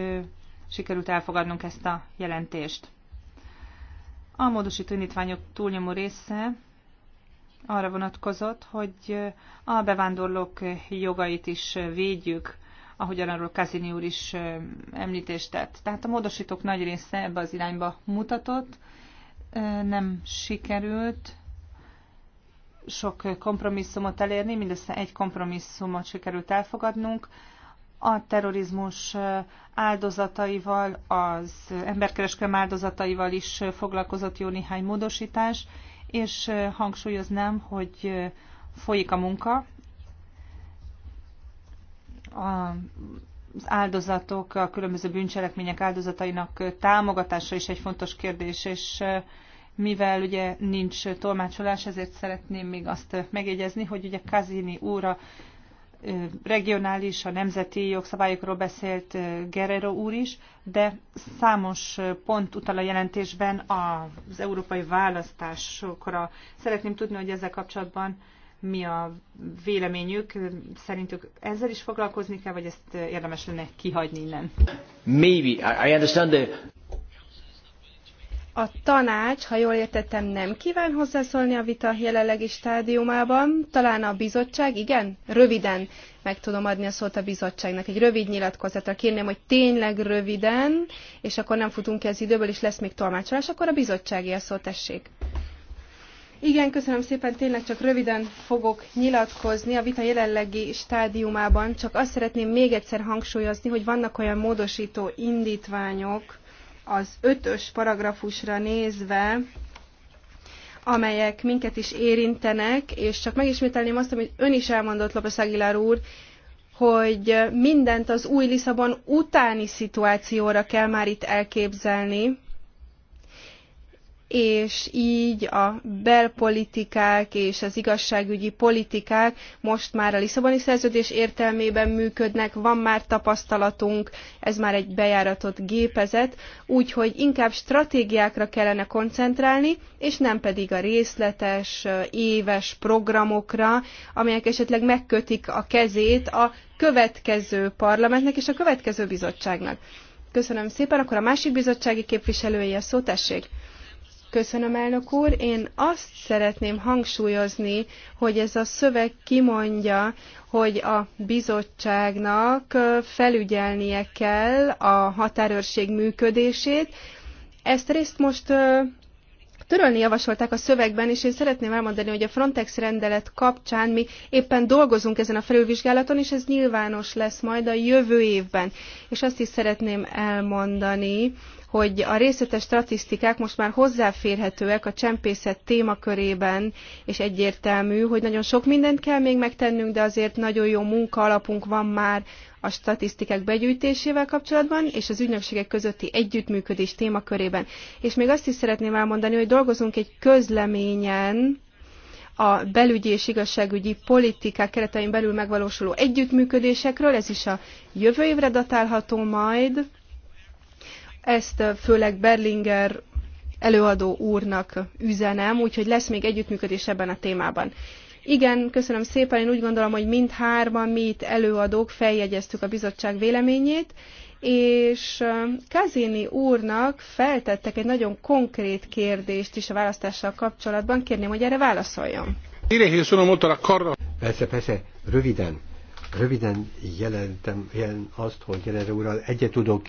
S2: sikerült elfogadnunk ezt a jelentést. A módosító indítványok túlnyomó része arra vonatkozott, hogy a bevándorlók jogait is védjük, ahogyan arról Kazini úr is említést tett. Tehát a módosítók nagy része ebbe az irányba mutatott, nem sikerült sok kompromisszumot elérni, mindössze egy kompromisszumot sikerült elfogadnunk. A terrorizmus áldozataival, az emberkereskedelem áldozataival is foglalkozott jó néhány módosítás, és hangsúlyoznám, hogy folyik a munka. A az áldozatok, a különböző bűncselekmények áldozatainak támogatása is egy fontos kérdés, és mivel ugye nincs tolmácsolás, ezért szeretném még azt megjegyezni, hogy ugye Kazini úr regionális, a nemzeti jogszabályokról beszélt Guerrero úr is, de számos pont utal a jelentésben az európai választásokra. Szeretném tudni, hogy ezzel kapcsolatban mi a véleményük. Szerintük ezzel is foglalkozni kell, vagy ezt érdemes lenne kihagyni innen?
S1: Maybe. I understand the...
S4: A tanács, ha jól értettem, nem kíván hozzászólni a vita jelenlegi stádiumában. Talán a bizottság, igen? Röviden meg tudom adni a szót a bizottságnak. Egy rövid nyilatkozatra kérném, hogy tényleg röviden, és akkor nem futunk ki az időből, és lesz még tolmácsolás, akkor a bizottsági a szót tessék. Igen, köszönöm szépen, tényleg csak röviden fogok nyilatkozni a vita jelenlegi stádiumában, csak azt szeretném még egyszer hangsúlyozni, hogy vannak olyan módosító indítványok az ötös paragrafusra nézve, amelyek minket is érintenek, és csak megismételném azt, amit ön is elmondott, Lopes Aguilar úr, hogy mindent az új Lisszabon utáni szituációra kell már itt elképzelni, és így a belpolitikák és az igazságügyi politikák most már a Lisszaboni szerződés értelmében működnek, van már tapasztalatunk, ez már egy bejáratott gépezet, úgyhogy inkább stratégiákra kellene koncentrálni, és nem pedig a részletes, éves programokra, amelyek esetleg megkötik a kezét a következő parlamentnek és a következő bizottságnak. Köszönöm szépen, akkor a másik bizottsági képviselője szó, tessék! Köszönöm, elnök úr. Én azt szeretném hangsúlyozni, hogy ez a szöveg kimondja, hogy a bizottságnak felügyelnie kell a határőrség működését. Ezt részt most törölni javasolták a szövegben, és én szeretném elmondani, hogy a Frontex rendelet kapcsán mi éppen dolgozunk ezen a felülvizsgálaton, és ez nyilvános lesz majd a jövő évben. És azt is szeretném elmondani, hogy a részletes statisztikák most már hozzáférhetőek a csempészet témakörében, és egyértelmű, hogy nagyon sok mindent kell még megtennünk, de azért nagyon jó munka alapunk van már a statisztikák begyűjtésével kapcsolatban, és az ügynökségek közötti együttműködés témakörében. És még azt is szeretném elmondani, hogy dolgozunk egy közleményen, a belügyi és igazságügyi politikák keretein belül megvalósuló együttműködésekről, ez is a jövő évre datálható majd, ezt főleg Berlinger előadó úrnak üzenem, úgyhogy lesz még együttműködés ebben a témában. Igen, köszönöm szépen, én úgy gondolom, hogy mindhárman mi itt előadók feljegyeztük a bizottság véleményét, és Kazini úrnak feltettek egy nagyon konkrét kérdést is a választással kapcsolatban, kérném, hogy erre válaszoljon.
S1: Persze, persze, röviden. Röviden jelentem jelen azt, hogy jelenre úrral egyet tudok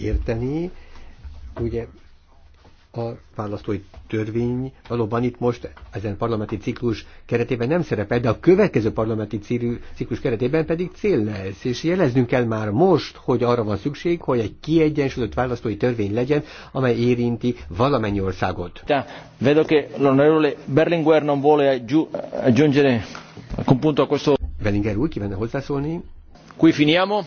S1: érteni. Ugye a választói törvény valóban itt most ezen parlamenti ciklus keretében nem szerepel, de a következő parlamenti ciklus keretében pedig cél lesz, és jeleznünk kell már most, hogy arra van szükség, hogy egy kiegyensúlyozott választói törvény legyen, amely érinti valamennyi országot. Vedo che l'onorevole Berlinguer non vuole aggiungere alcun punto a questo. Berlinguer úr kívánna hozzászólni. Qui finiamo.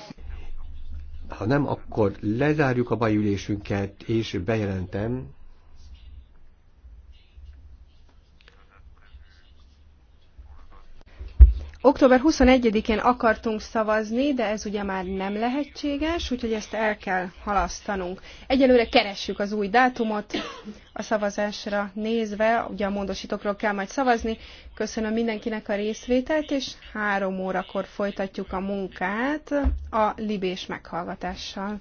S1: Ha nem, akkor lezárjuk a bajülésünket, és bejelentem,
S4: Október 21-én akartunk szavazni, de ez ugye már nem lehetséges, úgyhogy ezt el kell halasztanunk. Egyelőre keressük az új dátumot a szavazásra nézve, ugye a módosítókról kell majd szavazni. Köszönöm mindenkinek a részvételt, és három órakor folytatjuk a munkát a libés meghallgatással.